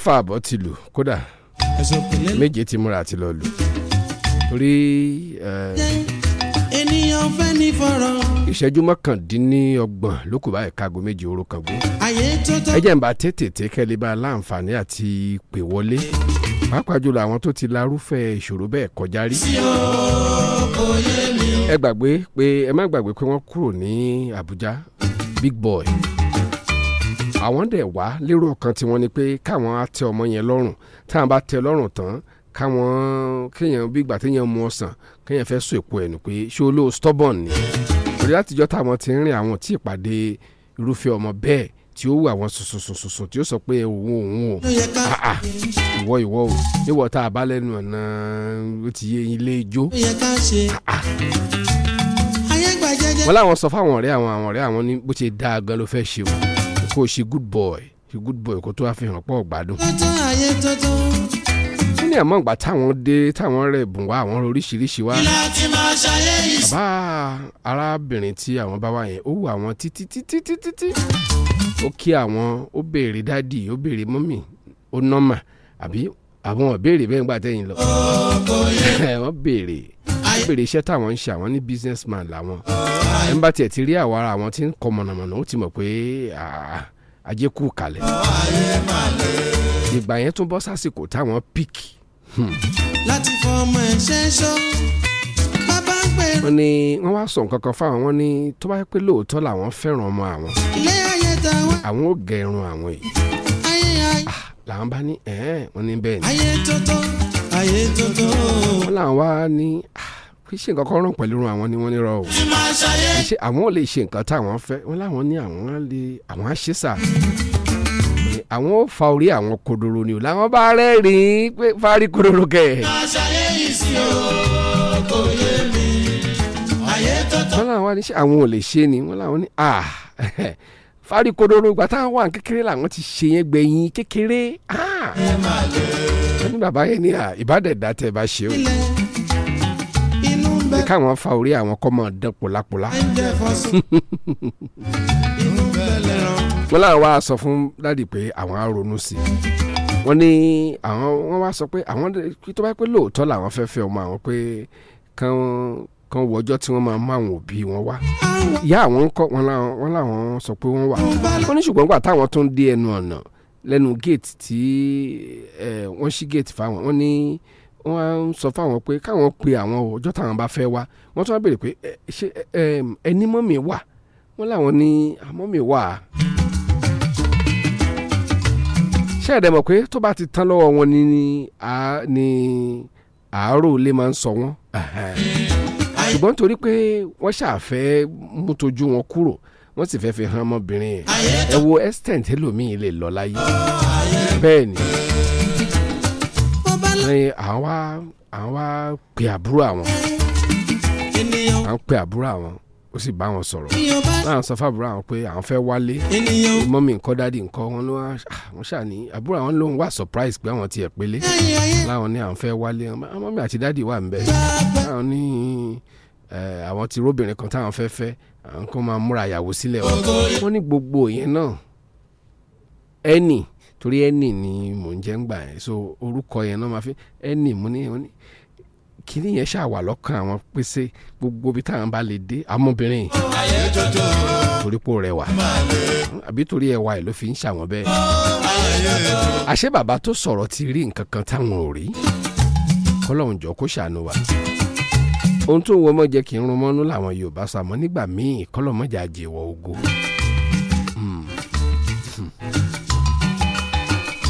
mẹ́fà àbọ̀ ti lù kódà méje ti múra àti lọ lù torí ènìyàn fẹ́ ní fọ̀rọ̀. ìṣẹ́jú mọ́kàndínlọ́gbọ̀n ló kù báyìí kágo méje oró kan gbó. àyè tó tọ́. ẹ jẹ́ n bá tètè kẹ́lẹ́ bá láǹfààní àti pè wọlé pàápàá jùlọ àwọn tó ti larúfẹ́ ìṣòro bẹ́ẹ̀ kọjá rí. ẹ gbàgbé pé ẹ má gbàgbé pé wọ́n kúrò ní Àbújá Big Boy àwọn dẹ̀ wá lérò ọkàn tiwọn ni pé káwọn á tẹ ọmọ yẹn lọ́rùn táwọn bá tẹ lọ́rùn tán káwọn kéèyàn bí ìgbà téèyàn mu ọsàn kéèyàn fẹ́ so èpo ẹ̀nu pé ṣé o ló stubborn ni torí látijọ́ táwọn ti ń rìn àwọn tí ìpàdé irúfẹ́ ọmọ bẹ́ẹ̀ tí ó wù àwọn sòsòsòsò tí ó sọ pé òun òun o ìwọ ìwọ o níwọ tá a bá lẹ́nu ọ̀nà ó ti yé ilé ijó wọ́n láwọn sọ fáwọn ọ̀rẹ́ àwọn àwọn ọ̀rẹ́ àwọn ní bó ṣe dáa gan ló fẹ́ ṣe o kó o ṣe good boy ṣe good boy kó tó wá fi hàn pọ̀ gbádùn. ó ní àmọ́ ìgbà táwọn dé táwọn rẹ̀ bùn wá àwọn oríṣiríṣi wá. bàbá arábìnrin tí àwọn bá wá yẹn ó wù àwọn títí títí títí tí. ó kí àwọn ó béèrè dádì ó béèrè mọ́mì ó nọ́mà àbí àwọn ò béèrè bẹ́ẹ̀ gbà tẹ́yìn lọ. wọ́n béèrè dágbére iṣẹ́ táwọn ń ṣe àwọn ní businessman làwọn ẹ̀ ń bá tiẹ̀ ti rí àwa ara àwọn tí ń kọ mọ̀nàmọ̀nà ó ti mọ̀ pé ajé kú kalẹ̀ ìgbà yẹn tún bọ́ sásìkò táwọn pík. Hmm. láti fọ ọmọ ẹ ṣe é ṣọ́ bàbá ń pè. wọ́n ní wọ́n wá sọ nǹkan kan fáwọn wọ́n ní tó bá yẹ pé lóòótọ́ làwọn fẹ́ràn ọmọ àwọn àwọn ò gẹrun àwọn yìí ah, làwọn bá ní ẹ̀ẹ́n wọ́n ní bẹ́ẹ̀ ni. wọ́n làwọn wá ní. Ah, kì í ṣe nǹkan kan rán pẹ̀lú irun àwọn ni wọ́n ní o àwọn ò lè ṣe nǹkan táwọn fẹ́ wọn láwọn ní àwọn lè àwọn á sà àwọn ò fa orí àwọn kodoro ni o làwọn bá rẹ́rìn-ín pé fárí kodoro kẹ̀. mi àyè tó tọ́. wọ́n láwọn ní ṣe àwọn ò lè ṣe ni wọ́n láwọn ní à fárí kodoro ìgbà táwọn wà kékeré làwọn ti ṣe yẹn gbẹ̀yìn kékeré. wọ́n ní bàbá yẹn ní ìbádẹ́ẹ̀dá tẹ́ bá ṣe o bẹ́ẹ̀ káwọn fa orí àwọn kọ́ mọ̀ dán pòlápòlá. wọ́n láwọn wá sọ fún dádì pé àwọn á ronú sí i wọ́n ní àwọn wọ́n wá sọ pé àwọn tó bá pẹ́ lóòótọ́ làwọn fẹ́ fẹ́ ọmọ àwọn pé kán kan wọ tí wọ́n máa mú àwọn òbí wọn wá ìyá àwọn ńkọ́ wọn làwọn sọ pé wọ́n wà wọ́n ní ṣùgbọ́n gbà táwọn tó ń dé ẹnu ọ̀nà lẹ́nu géètì tí wọ́n ṣí géètì fáwọn wọ́n ní wọ́n sọ fáwọn pé káwọn pe àwọn ọjọ́ táwọn bá fẹ́ wá wọ́n tún wá béèrè pé ṣé ẹni mọ́mì wà wọ́n láwọn ní àmọ́mì wà. ṣé ẹ̀dẹ̀ mọ̀ pé tó bá ti tán lọ́wọ́ wọn ni ni àárò lè máa ń sọ wọ́n. ṣùgbọ́n nítorí pé wọ́n ṣàfẹ́ mú tojú wọn kúrò wọ́n sì fẹ́ fi hàn ọmọbìnrin ẹ̀ ẹ wo extent ẹlòmíì lè lọ láyé bẹ́ẹ̀ ni ní àwọn wá àwọn wá pe àbúrò àwọn à ń àbúrò àwọn ó sì bá wọn sọ̀rọ̀ láwọn sọ fábùrò àwọn pé àwọn fẹ́ wálé mọ́mí nǹkan dádì nǹkan wọn ló wọ́n ṣàní ah, àbúrò àwọn lòun wà surprise pé àwọn tiẹ̀ pélé láwọn ní àwọn fẹ́ wálé mọ́mí àti dádì wà ń láwọn ní àwọn ti róbìnrin kan táwọn fẹ́ fẹ́ àwọn kan máa múra ìyàwó sílẹ̀ wọn ní gbogbo ìyẹn náà ẹnì torí ẹnì ni mò ń jẹ́ ń gbà yẹn so orúkọ yẹn náà máa fi ẹnì mú ní òní kíní yẹn ṣàwà lọ́kàn àwọn pèsè gbogbo ibi táwọn bá lè dé amóbìnrin torí pò rẹwà àbí torí ẹwà ẹ̀ ló fi ń ṣàwọn bẹ́ẹ̀ àṣé bàbá tó sọ̀rọ̀ ti rí nǹkan kan táwọn ò rí kọ́lọ́hún jọ kó ṣàánú wa ohun tó ń wọ́n mọ́ jẹ́ kí n rún mọ́nú làwọn Yorùbá sàmọ́ nígbà míì kọ́lọ́mọ́jà jẹ́wọ́ ogo.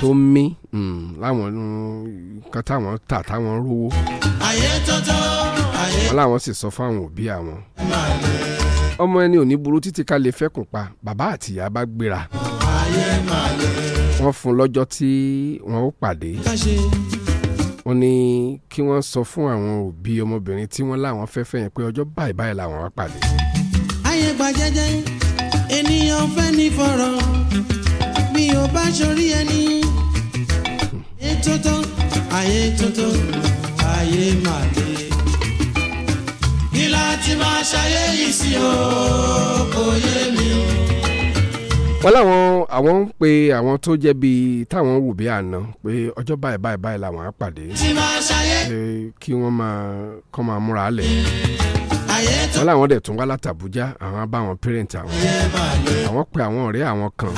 tó mí mm, láwọn nǹkan táwọn tà táwọn rówó wọn láwọn sì sọ fáwọn òbí àwọn ọmọ ẹni ò ní burú títí ká lè fẹ́kùn pa bàbá àtìyá bá gbéra wọ́n fún lọ́jọ́ tí wọ́n ó pàdé wọ́n ní kí wọ́n sọ fún àwọn òbí ọmọbìnrin tí wọ́n láwọn fẹ́fẹ́ yẹn pé ọjọ́ báyìí báyìí làwọn wá pàdé. ayé gba ènìyàn fẹ́ ní fọ̀rọ̀ bí o bá ṣorí ẹni. ayé tuntun ayé tuntun ayé máa dé. kí láti máa ṣayé yìí sí o kò yé mi o. wọ́n láwọn àwọn ń pe àwọn tó jẹ́ bíi táwọn wù bí àná pé ọjọ́ báyìí báyìí báyìí làwọn á pàdé kí wọ́n máa kọ́ máa múra lẹ̀ wọ́n láwọn dẹ̀ tún wá látàbújá àwọn bá pẹ́rẹ́ǹtì àwọn àwọn pe àwọn ọ̀rẹ́ àwọn kan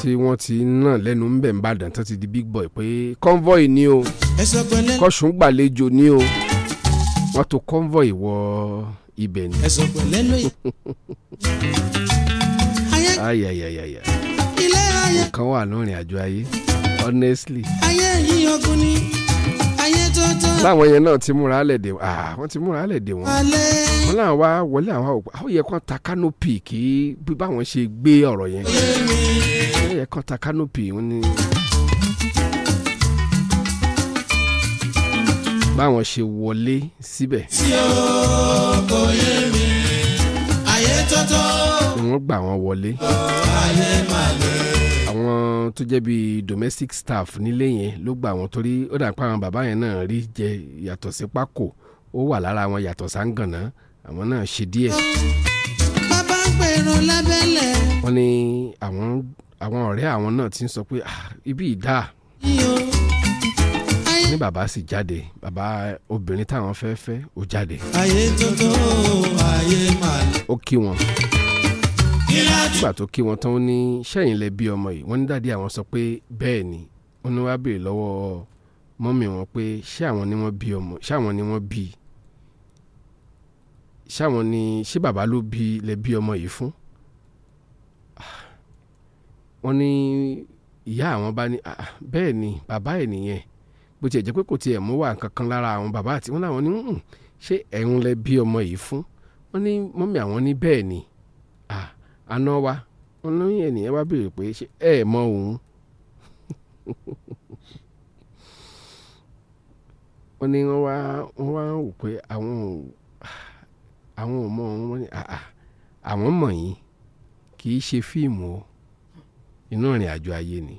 tí wọ́n ti náà lẹ́nu ń bẹ̀ ń bàdàn tán ti di big boy pé convoy ni o kọ́sùn gbàlejò ni o wọ́n tò convoy wọ ibẹ̀ ni. ayayayaya nǹkan wà lórin àjọ ayé honestly. ayé yìí ọkùnrin láwọn yẹn náà ti múra lẹ̀ dè ah, wọ́n ti múra lẹ̀ dè wọ́n wọ́n náà wá wọlé àwọn òpó àwọn yẹ kàn ta kánópì kí bí báwọn ṣe gbé ọ̀rọ̀ yẹn wọ́n yẹ kàn ta kánópì wọ́n ní. báwọn ṣe wọlé síbẹ̀. tí o kò yé mi ayé tọ́tọ́. ni wọ́n gbà wọ́n wọlé. ayé màlẹ́ àwọn tó jẹ́ bíi domestic staff nílé yẹn ló gba àwọn torí ó dà pa àwọn bàbá yẹn náà rí jẹ yàtọ̀ sí pákó ó wà lára àwọn yàtọ̀ sáńgànà àwọn náà ṣe díẹ̀. bàbá ń pèrò lábẹ́lẹ̀. wọ́n ní àwọn ọ̀rẹ́ àwọn náà ti ń sọ pé ah, ibi ìdá ní bàbá sì jáde bàbá obìnrin táwọn fẹ́ fẹ́ ó jáde. ayé tó tó ayé màlúù. ó kí wọn nígbà tó kí wọn tán ní sẹ́yìn lẹ ọmọ yìí wọ́n ní dàdí àwọn sọ pé bẹ́ẹ̀ ni wọ́n ní wàá béèrè lọ́wọ́ mọ́mì wọn pé ṣé àwọn ni wọ́n bí ọmọ ṣé àwọn ni wọ́n bí ṣé àwọn ni ṣé bàbá ló bí lẹ bí ọmọ yìí fún wọ́n ní ìyá àwọn bá ní ah, ah, bẹ́ẹ̀ ni bàbá ẹ̀ nìyẹn bó tiẹ̀ jẹ́ pé kò tiẹ̀ mú wà kankan lára àwọn bàbá àti wọn làwọn ní hmm, ṣé ẹ̀hún lẹ ọmọ yìí fún wọ́n ní mọ́mì àwọn ní bẹ́ẹ̀ ni àná wa olóyìn ènìyàn wá béèrè pé ṣé ẹ mọ òun wọ́n ní wọ́n wá wọ́n wá ń wò pé àwọn ò àwọn ò mọ òun wọ́n ní àà àwọn mọ̀ yín kì í ṣe fíìmù o inú ìrìn àjò ayé ni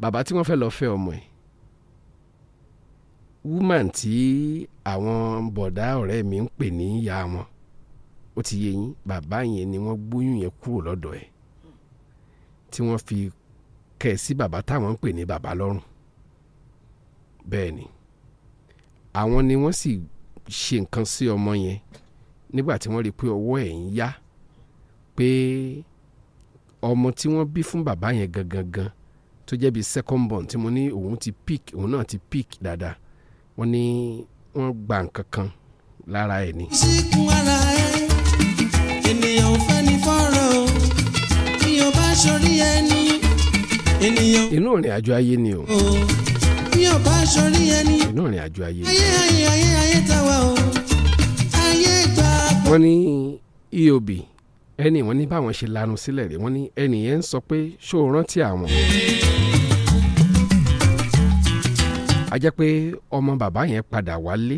bàbá tí wọ́n fẹ́ lọ fẹ́ ọmọ ẹ̀ woman tí àwọn bọ̀dá ọ̀rẹ́ mi ń pè ní ìyá wọn ó ti yé yín bàbá yẹn ni wọ́n gbóyún yẹn kúrò lọ́dọ̀ ẹ̀ tí wọ́n fi kẹ̀ sí bàbá táwọn ń pè ní bàbá lọ́rùn bẹ́ẹ̀ ni àwọn ni wọ́n sì ṣe nǹkan sí ọmọ yẹn nígbà tí wọ́n rí pé ọwọ́ ẹ̀ ń yá pé ọmọ tí wọ́n bí fún bàbá yẹn gangan tó jẹ́ bíi second born tí mo ní òun ti pick òun náà ti pick dáadáa wọ́n ní wọ́n gba nǹkan kan lára ẹ̀ ni. síkùn ara sórí ẹni ènìyàn. inú ìrìn àjò ayé ni o. Oh, bí o bá sórí ẹni. inú ìrìn àjò ayé. ayé ayé ayé ayé ta wa o ayé ta. wọ́n ní eob ẹni wọ́n ní báwọn ṣe lanu sílẹ̀ rẹ̀ wọ́n ní ẹni yẹn ń sọ pé ṣó o rántí àwọn. a jẹ́ pé ọmọ bàbá yẹn padà wálé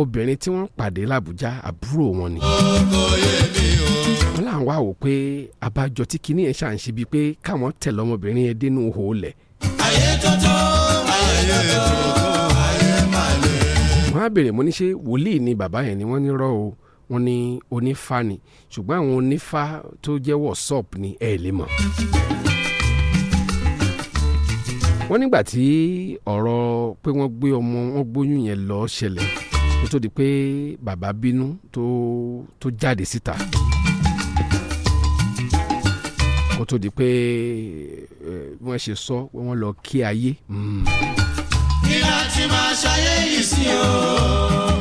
obìnrin tí wọ́n pàdé làbújá àbúrò wọn ni. wọ́n là ń wá wò pé abájọ tí kinní yẹn ṣà ń ṣe bíi pé káwọn tẹ̀lé ọmọbìnrin yẹn dénú ihò lẹ̀. ayé tọ́tọ́ ayé tọ́tọ́ ayé màlẹ́. wọ́n á béèrè mo ní ṣe wòlíì ni bàbá yẹn ni wọ́n ní rọ́ o wọ́n ní onífá ni ṣùgbọ́n àwọn onífá tó jẹ́ wọ́sọ̀p ni ẹ̀ lè mọ̀ wọ́n nígbà tí ọ̀rọ̀ pé wọ́n gbé ọmọ wọn gbóyún yẹn lọ ṣẹlẹ̀ kó tó di pé bàbá bínú tó tó jáde síta kó tó di pé eh, wọ́n ṣe sọ pé wọ́n lọ kí ayé. Hmm. kí láti máa ṣayé yìí sí o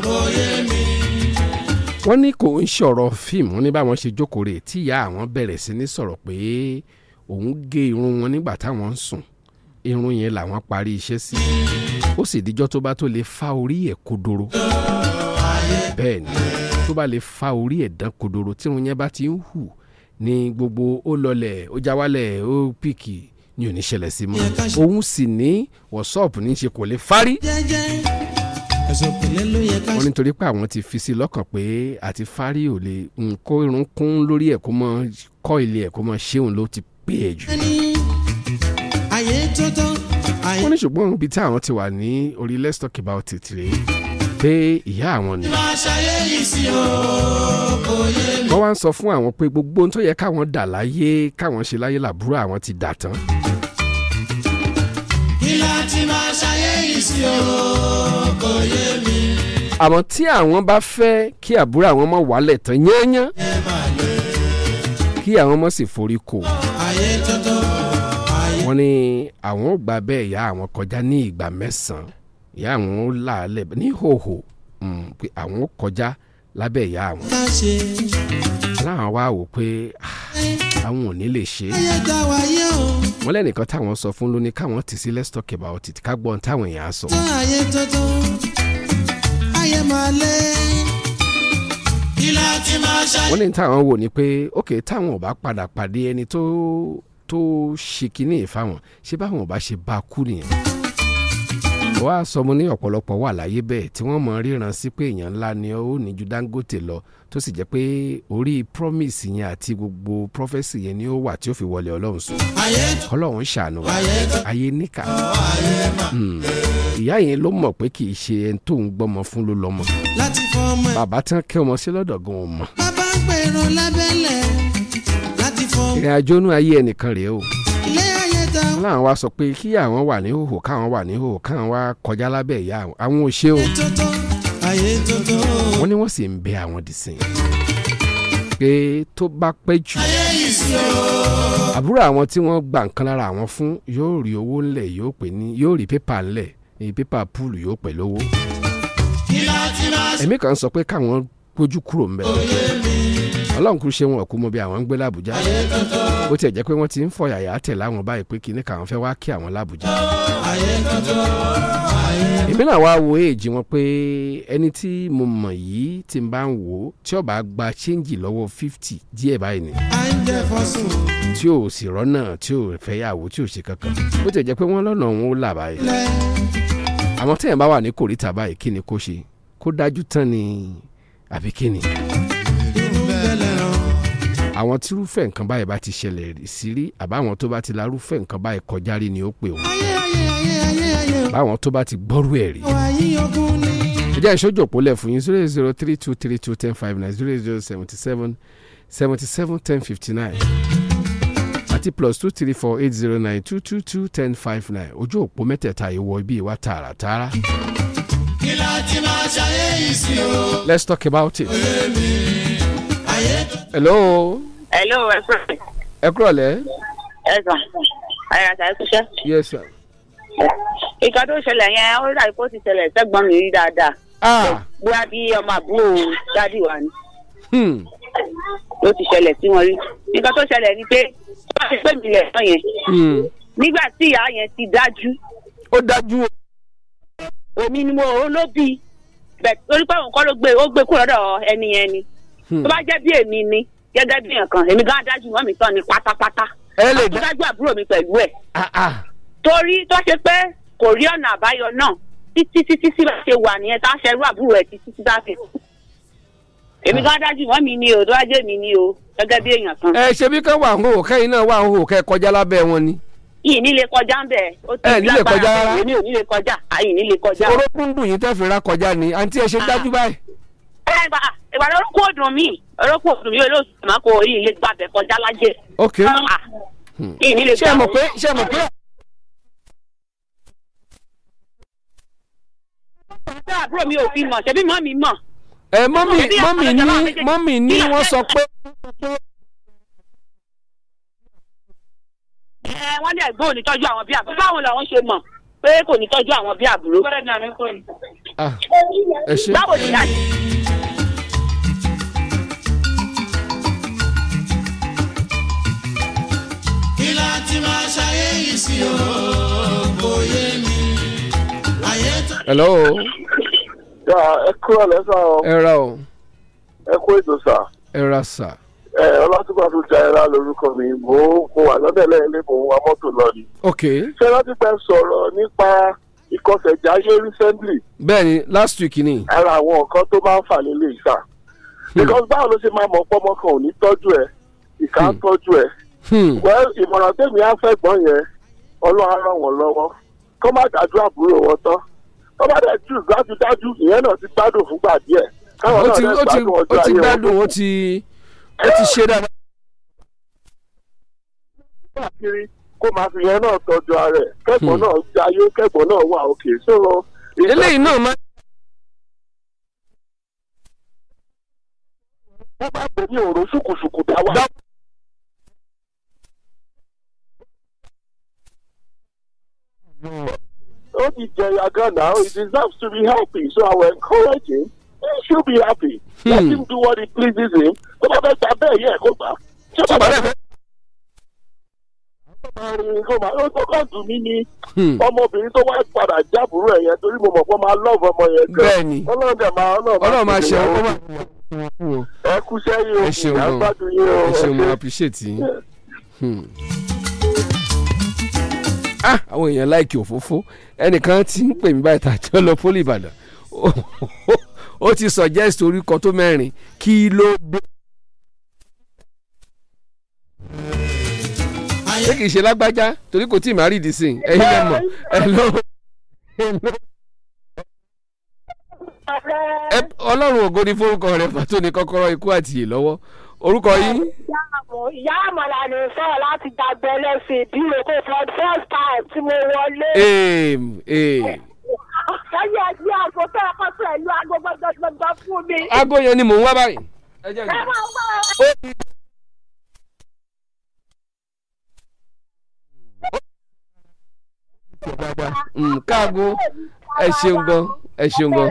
òye mi. wọ́n ní kò ń ṣọ̀rọ̀ fíìmù ní báwọn ṣe jókòó rè tí ìyá àwọn bẹ̀rẹ̀ sí ní sọ̀rọ̀ pé òun gé irun wọn nígbà táwọn ń sùn irun yẹn làwọn parí iṣẹ́ sí ó sì díjọ́ tó bá tó lè fa orí ẹ̀ kodoro bẹ́ẹ̀ ni tó bá lè fa orí ẹ̀ dán kodoro tí irun yẹn bá ti ń hù ní gbogbo ó lọlẹ̀ ó jáwálẹ̀ ó pìkì ní oníṣẹ̀lẹ̀ sí mọ́ òun sì ní wọ́sọ́ọ̀pù ní í ṣe kò lè fárí wọ́n nítorí pé àwọn ti fi sí lọ́kàn pé àti fárí ò lè nǹkó irun kún lórí ẹ̀ kó mọ kọ́ ilé ẹ̀ kó mọ ṣéun ló ti pè é jù ayé tó wọ́n ní ṣùgbọ́n ibi tí àwọn ti wà ní orí let's talk about it rèé pé ìyá àwọn ni. wọ́n wá ń sọ fún àwọn pé gbogbo ohun tó yẹ káwọn dà láyé káwọn ṣe láyé làbúrò àwọn ti dà tán. kí la ti máa ṣayé yìí sí o kò yé mi. àmọ́ tí àwọn bá fẹ́ kí àbúrò àwọn ọmọ wálẹ̀ tán yányán kí àwọn ọmọ sì forí kò. ayé tuntun wọ́n ní àwọn ò gba bẹ́ẹ̀ ìyá àwọn kọjá ní ìgbà mẹ́sàn-án ìyá àwọn ó làálẹ̀ ní hòhò um, pé àwọn ó kọjá lábẹ́ ìyá àwọn. láwọn wá wò pé ah, àwọn ò ní lè ṣe é. wọ́n lẹ́nìkan táwọn sọ fún ló káwọn tì sí let's talk about it ká gbọ́n táwọn èèyàn á sọ. ayé tuntun ayé máa lé kí láti máa ṣàyẹ̀. wọ́n ní táwọn wò ní pé ókè táwọn ò bá padà pàdé ẹni tó tó ṣe kínní ìfáwọn ṣé báwọn ò bá ṣe bá a kú nìyẹn. wọ́n sọ mo ní ọ̀pọ̀lọpọ̀ wà láyé bẹ́ẹ̀ tí wọ́n mọ̀ ríran sí pé èèyàn ńlá ni ó ní ju Dangote lọ tó sì jẹ́ pé orí promise yẹn àti gbogbo prophesy yẹn ni ó wà tí ó fi wọlé ọlọ́run sùn. ọlọ́run ń ṣàánú ayé níkà. Hmm. ìyá yẹn ló mọ̀ pé kì í ṣe ẹni tó ń gbọ́mọ fún ló lọ́mọ. bàbá tán kẹ́ ọmọ sí lọ́dọ̀ gan-an mọ̀. bàbá ń lábẹ́lẹ̀ ìrìn àjò inú ayé ẹnìkan rèé o wọn làwọn sọ pé kí àwọn wà ní hòhò káwọn wà ní hòhò káwọn wá kọjá lábẹ́ ìyá àwọn àwọn o wọ́n ní wọ́n sì ń bẹ àwọn dìsìn pé tó bá pẹ́ jù àbúrò àwọn tí wọ́n gba nǹkan lára àwọn fún yóò rí owó ńlẹ̀ yóò pè ní yóò rí pépà ńlẹ̀ ní pépà púùlù yóò pè lówó èmi kan sọ pé káwọn gbójú kúrò ńbẹ̀ ọlọ́run kò ṣe wọn ọ̀kú mọ́ bí àwọn ń gbé làbújá ó tiẹ̀ jẹ́ pé wọ́n ti ń fọ̀yàyà tẹ̀ láwọn báyìí pé kinní kan fẹ́ wá kí àwọn làbújá. èmi náà wáá wo èèjì wọn pé ẹni tí mo mọ̀ yìí ti bá ń wò ó tí ó bá gba ṣéǹjì lọ́wọ́ fífítì díẹ̀ báyìí ni tí ò sì rọ́nà tí ò fẹ́ yàwó tí ò ṣe kankan ó tiẹ̀ jẹ́ pé wọ́n lọ́nà òun ó là báyìí àmọ́ tẹ́yìn bá wà ní kòríta báyìí kí ni kó ṣe kó dájú tán ni àbí kí ni àwọn tírúfẹ́ nǹkan báyìí bá ti ṣẹlẹ̀ sí rí àbáwọn tó bá ti larúfẹ́ nǹkan báyìí kọjá rí ni ó pè wọ́n báwọn tó bá ti gbọ́rú ẹ̀ rí. ẹ jẹ́ ìṣojòpó lẹ̀ fún yín zero zero three two three two ten five nine zero zero seventy seven seventy seven ten fifty nine àti plus two three four eight zero nine two two two ten five nine ojú òpó mẹ́tẹ̀ẹ̀ta ìwọ ibi ìwà tààràtààrà. kí la ti máa ṣayé yìí sí o. let's talk about it. hello hello ẹ kúrò lẹ. ẹ kúrò lẹ. ẹ sàn ayé àti àyè kúṣẹ́. yes sir. ìka tó ṣẹlẹ̀ yẹn ó dà kó ti ṣẹlẹ̀ sẹ́gbọ́n mi rí dáadáa. Ah. bóyá bí ọmọ àbúrò dádì wa ni. Hmm. ló ti ṣẹlẹ̀ sí wọn rí. ìka tó ṣẹlẹ̀ ni pé wọ́n ti pè mí lẹ̀ sọ yẹn. Hmm. nígbà tí ìyá yẹn ti dájú. ó dájú o. omi ni mo ló bí bẹ̀ẹ̀ torí pé òun kọ́ ló gbé ó gbé kúrò lọ́dọ̀ ẹni yẹn ni. Hmm. tó bá jẹ́ bí èmi ni gẹ́gẹ́ bí nǹkan èmi gan adájú wọn mi tán ni pátápátá àtúndájú àbúrò mi pẹ̀lú ẹ̀ ah, ah. torí tó ṣe pé kò rí ọ̀nà àbáyọ náà títí títí sí bá ṣe wà nìyẹn tá a ṣe rú àbúrò ẹ̀ títí bá fi èmi ah. gan adájú wọn mi ni o tó ajé mi ni o gẹ́gẹ́ bí èèyàn kan. ẹ ṣe bí kẹ́ wà ń hò kẹ́yìn náà wà ń hò kẹ́ kọjá lábẹ́ wọn ni. yìí nílé kọjá ń bẹ̀ ó ti ní agbára mi nílé kọjá àyìn nílé kọjá. orókùn dùn tẹ́ fi ra kọjá ni àǹtí ẹ ṣe dájú báyìí. Ah, ìgbà ìgbà lórúkọ ọdún mi orúkọ ọdún mi olóòtú màá kó orí ilé gbàbẹ kọjá lájẹ. ok ah, ah. ṣé mọ̀ pé ṣé mọ̀ pé. ọ̀sẹ̀ àbúrò mi ò fi mọ̀ ṣebí mọ́ mọ̀. ẹ mọ́mì mọ́mì ní mọ́mì ní wọ́n sọ pé. ẹ wọ́n ní ẹ̀gbọ́n ò ní tọ́jú àwọn bíi àbúrò báwo làwọn ṣe mọ̀ pé kò ní tọ́jú àwọn bí àbúrò. Ah, báwo ni a. kí la ti máa ṣayé sí o kò yé mi hello. ẹ kúrò lẹ́sàn-án. ẹ ra o. ẹ kú ètò sà. ẹ ra sà ọlọ́túnbà tó jẹ́ ẹ̀rá lórúkọ mi mò mo wà lọ́dẹ̀lẹ̀ ilé mò ń mọ́tò lọ ni. ok ṣé láti pẹ́ sọ̀rọ̀ nípa ìkọsẹ̀jáyé recently. bẹ́ẹ̀ni last week ni. ara àwọn nǹkan tó máa ń fà nílé ìsà. Hmm. because báwo ló ṣe máa mọ̀ pọ́mọ kan ò ní tọ́jú ẹ̀ ìkà hmm. tọ́jú ẹ̀. Hmm. well ìmọ̀ràn tèmi á fẹ́ gbọ́n yẹn ọlọ́run á ràn wọ́n lọ́wọ́ kó má dájú àbúrò wọn tán kó má dẹ̀ jù dájúdájú ìyẹn náà ti gbádùn fúngbà díẹ̀ káwọn náà dẹ̀ gbádùn ọjọ́ ayé wọn. ó ti gbádùn ó ti ẹ ti ṣe dáadáa. káàkiri kó máa fi yẹn náà tọ́jú ara ẹ̀ kẹ́kọ̀ọ́ náà hmm. jayé kẹ́kọ̀ọ́ náà wà òkè sọ̀rọ̀. eléyìí náà máa. wọ́n bá pè ní òró ṣùkùṣùkù dá wa. ó ti jẹ̀yà gan-an now deserves to be happy so I will encourage him. he should be happy. Hmm. Let him do what he pleases him. Tó bá fẹ́ gbà bẹ́ẹ̀ yẹ kó gbà. Ṣé bàbá rẹ̀ fẹ́? ó tó kàn dùn mí ni ọmọbìnrin tó wá padà jábùrú ẹ̀ yẹn torí mo mọ̀ pé máa lọ́ọ̀bù ọmọ yẹn gan. bẹ́ẹ̀ni ọlọ́run dẹ̀ máa ọlọ́run máa ṣe ọkọ máa. ẹ kú sẹ́yìn o ìyá ń gbádùn yín o. ẹ ṣeun mo appreciate yín. ah àwọn èèyàn láìkì òfófó ẹnìkan ti ń pè mí báyìí tàjọ́ lọ pólì Ìbàdàn ó ti suggest orúkọ tó mẹ́rin kí ló dé. ṣé kìí ṣe lágbájá torí kò tí ì má rí ìdísìn ẹ̀yin lè mọ̀ ẹ ló. ọlọ́run ògo ni forúkọ rẹ̀ pàtó ni kọ́kọ́rọ́ ikú àtìyè lọ́wọ́ orúkọ yín. ìyá àmàlà ni sọ̀rọ̀ láti dàgbẹ́ lẹ́sìn ìdílé kó fọ́ first time tí mo wọlé ẹyẹ ẹdí aago tẹ ẹ kọ sí ẹlú aago gbọgbọgbọ fún mi. aago yẹn ni mò ń wá báyìí. ẹ jẹ́ ìgbà. Hmm, káàgó ẹ ṣeun gan ẹ ṣeun gan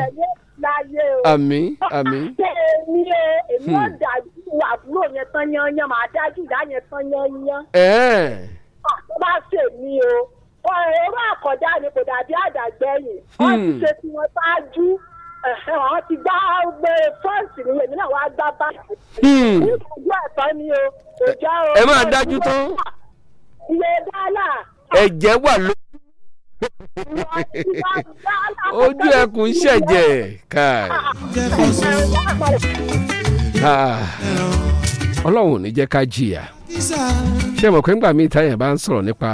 àmì àmì. èmi ò èmi ò hmm. dájú àbúrò yẹn tán yán yán màá dájú ìdá yẹn tán yán yán. Ah, tó bá ṣe mí o. èrò àkọjá ni kò dàbí àdàgbẹ̀yìn hmm. wọ́n ti ṣe tí wọ́n jú àwọn ti gbá gbé fọ́ọ̀sì ní èmi náà wàá gbá báyìí hmm. ẹ̀tọ́ ni o kò já o. ẹ máa dájú tán. iye dọ́là. ẹ̀jẹ̀ wà ló. ojú ẹkùn ṣẹ̀jẹ̀ káì. Ah. ọlọ́run ò ní jẹ́ ká jìyà. ṣé mọ̀ pé ńgbà míì táyà bá ń sọ̀rọ̀ nípa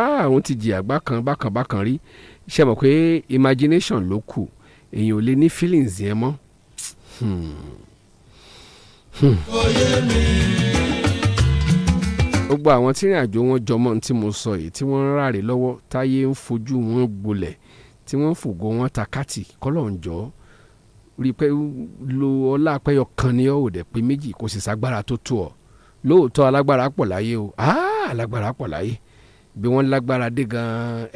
àwọn ti jìyà bákan bákan bákan rí ṣé mọ̀ pé imagination ló kù èèyàn ò lè ní feelings yẹn mọ́. Hmm. Hmm. gbogbo àwọn tí ìrìn àjò wọn jọmọ tí mo sọ yìí tí wọ́n ń ráre lọ́wọ́ táyé ń fojú wọn gbolẹ̀ tí wọ́n ń fògo wọn takátì kọ́lọ́ọ̀njọ́ rí i pé lo ọlá àpẹyọ kan ní ọ̀ òdẹ̀ pé méjì kò sì ságbára tó tó ọ̀ lóòótọ́ alágbára pọ̀ láyé o ah, alágbára pọ̀ láyé bí wọ́n lágbára dé gan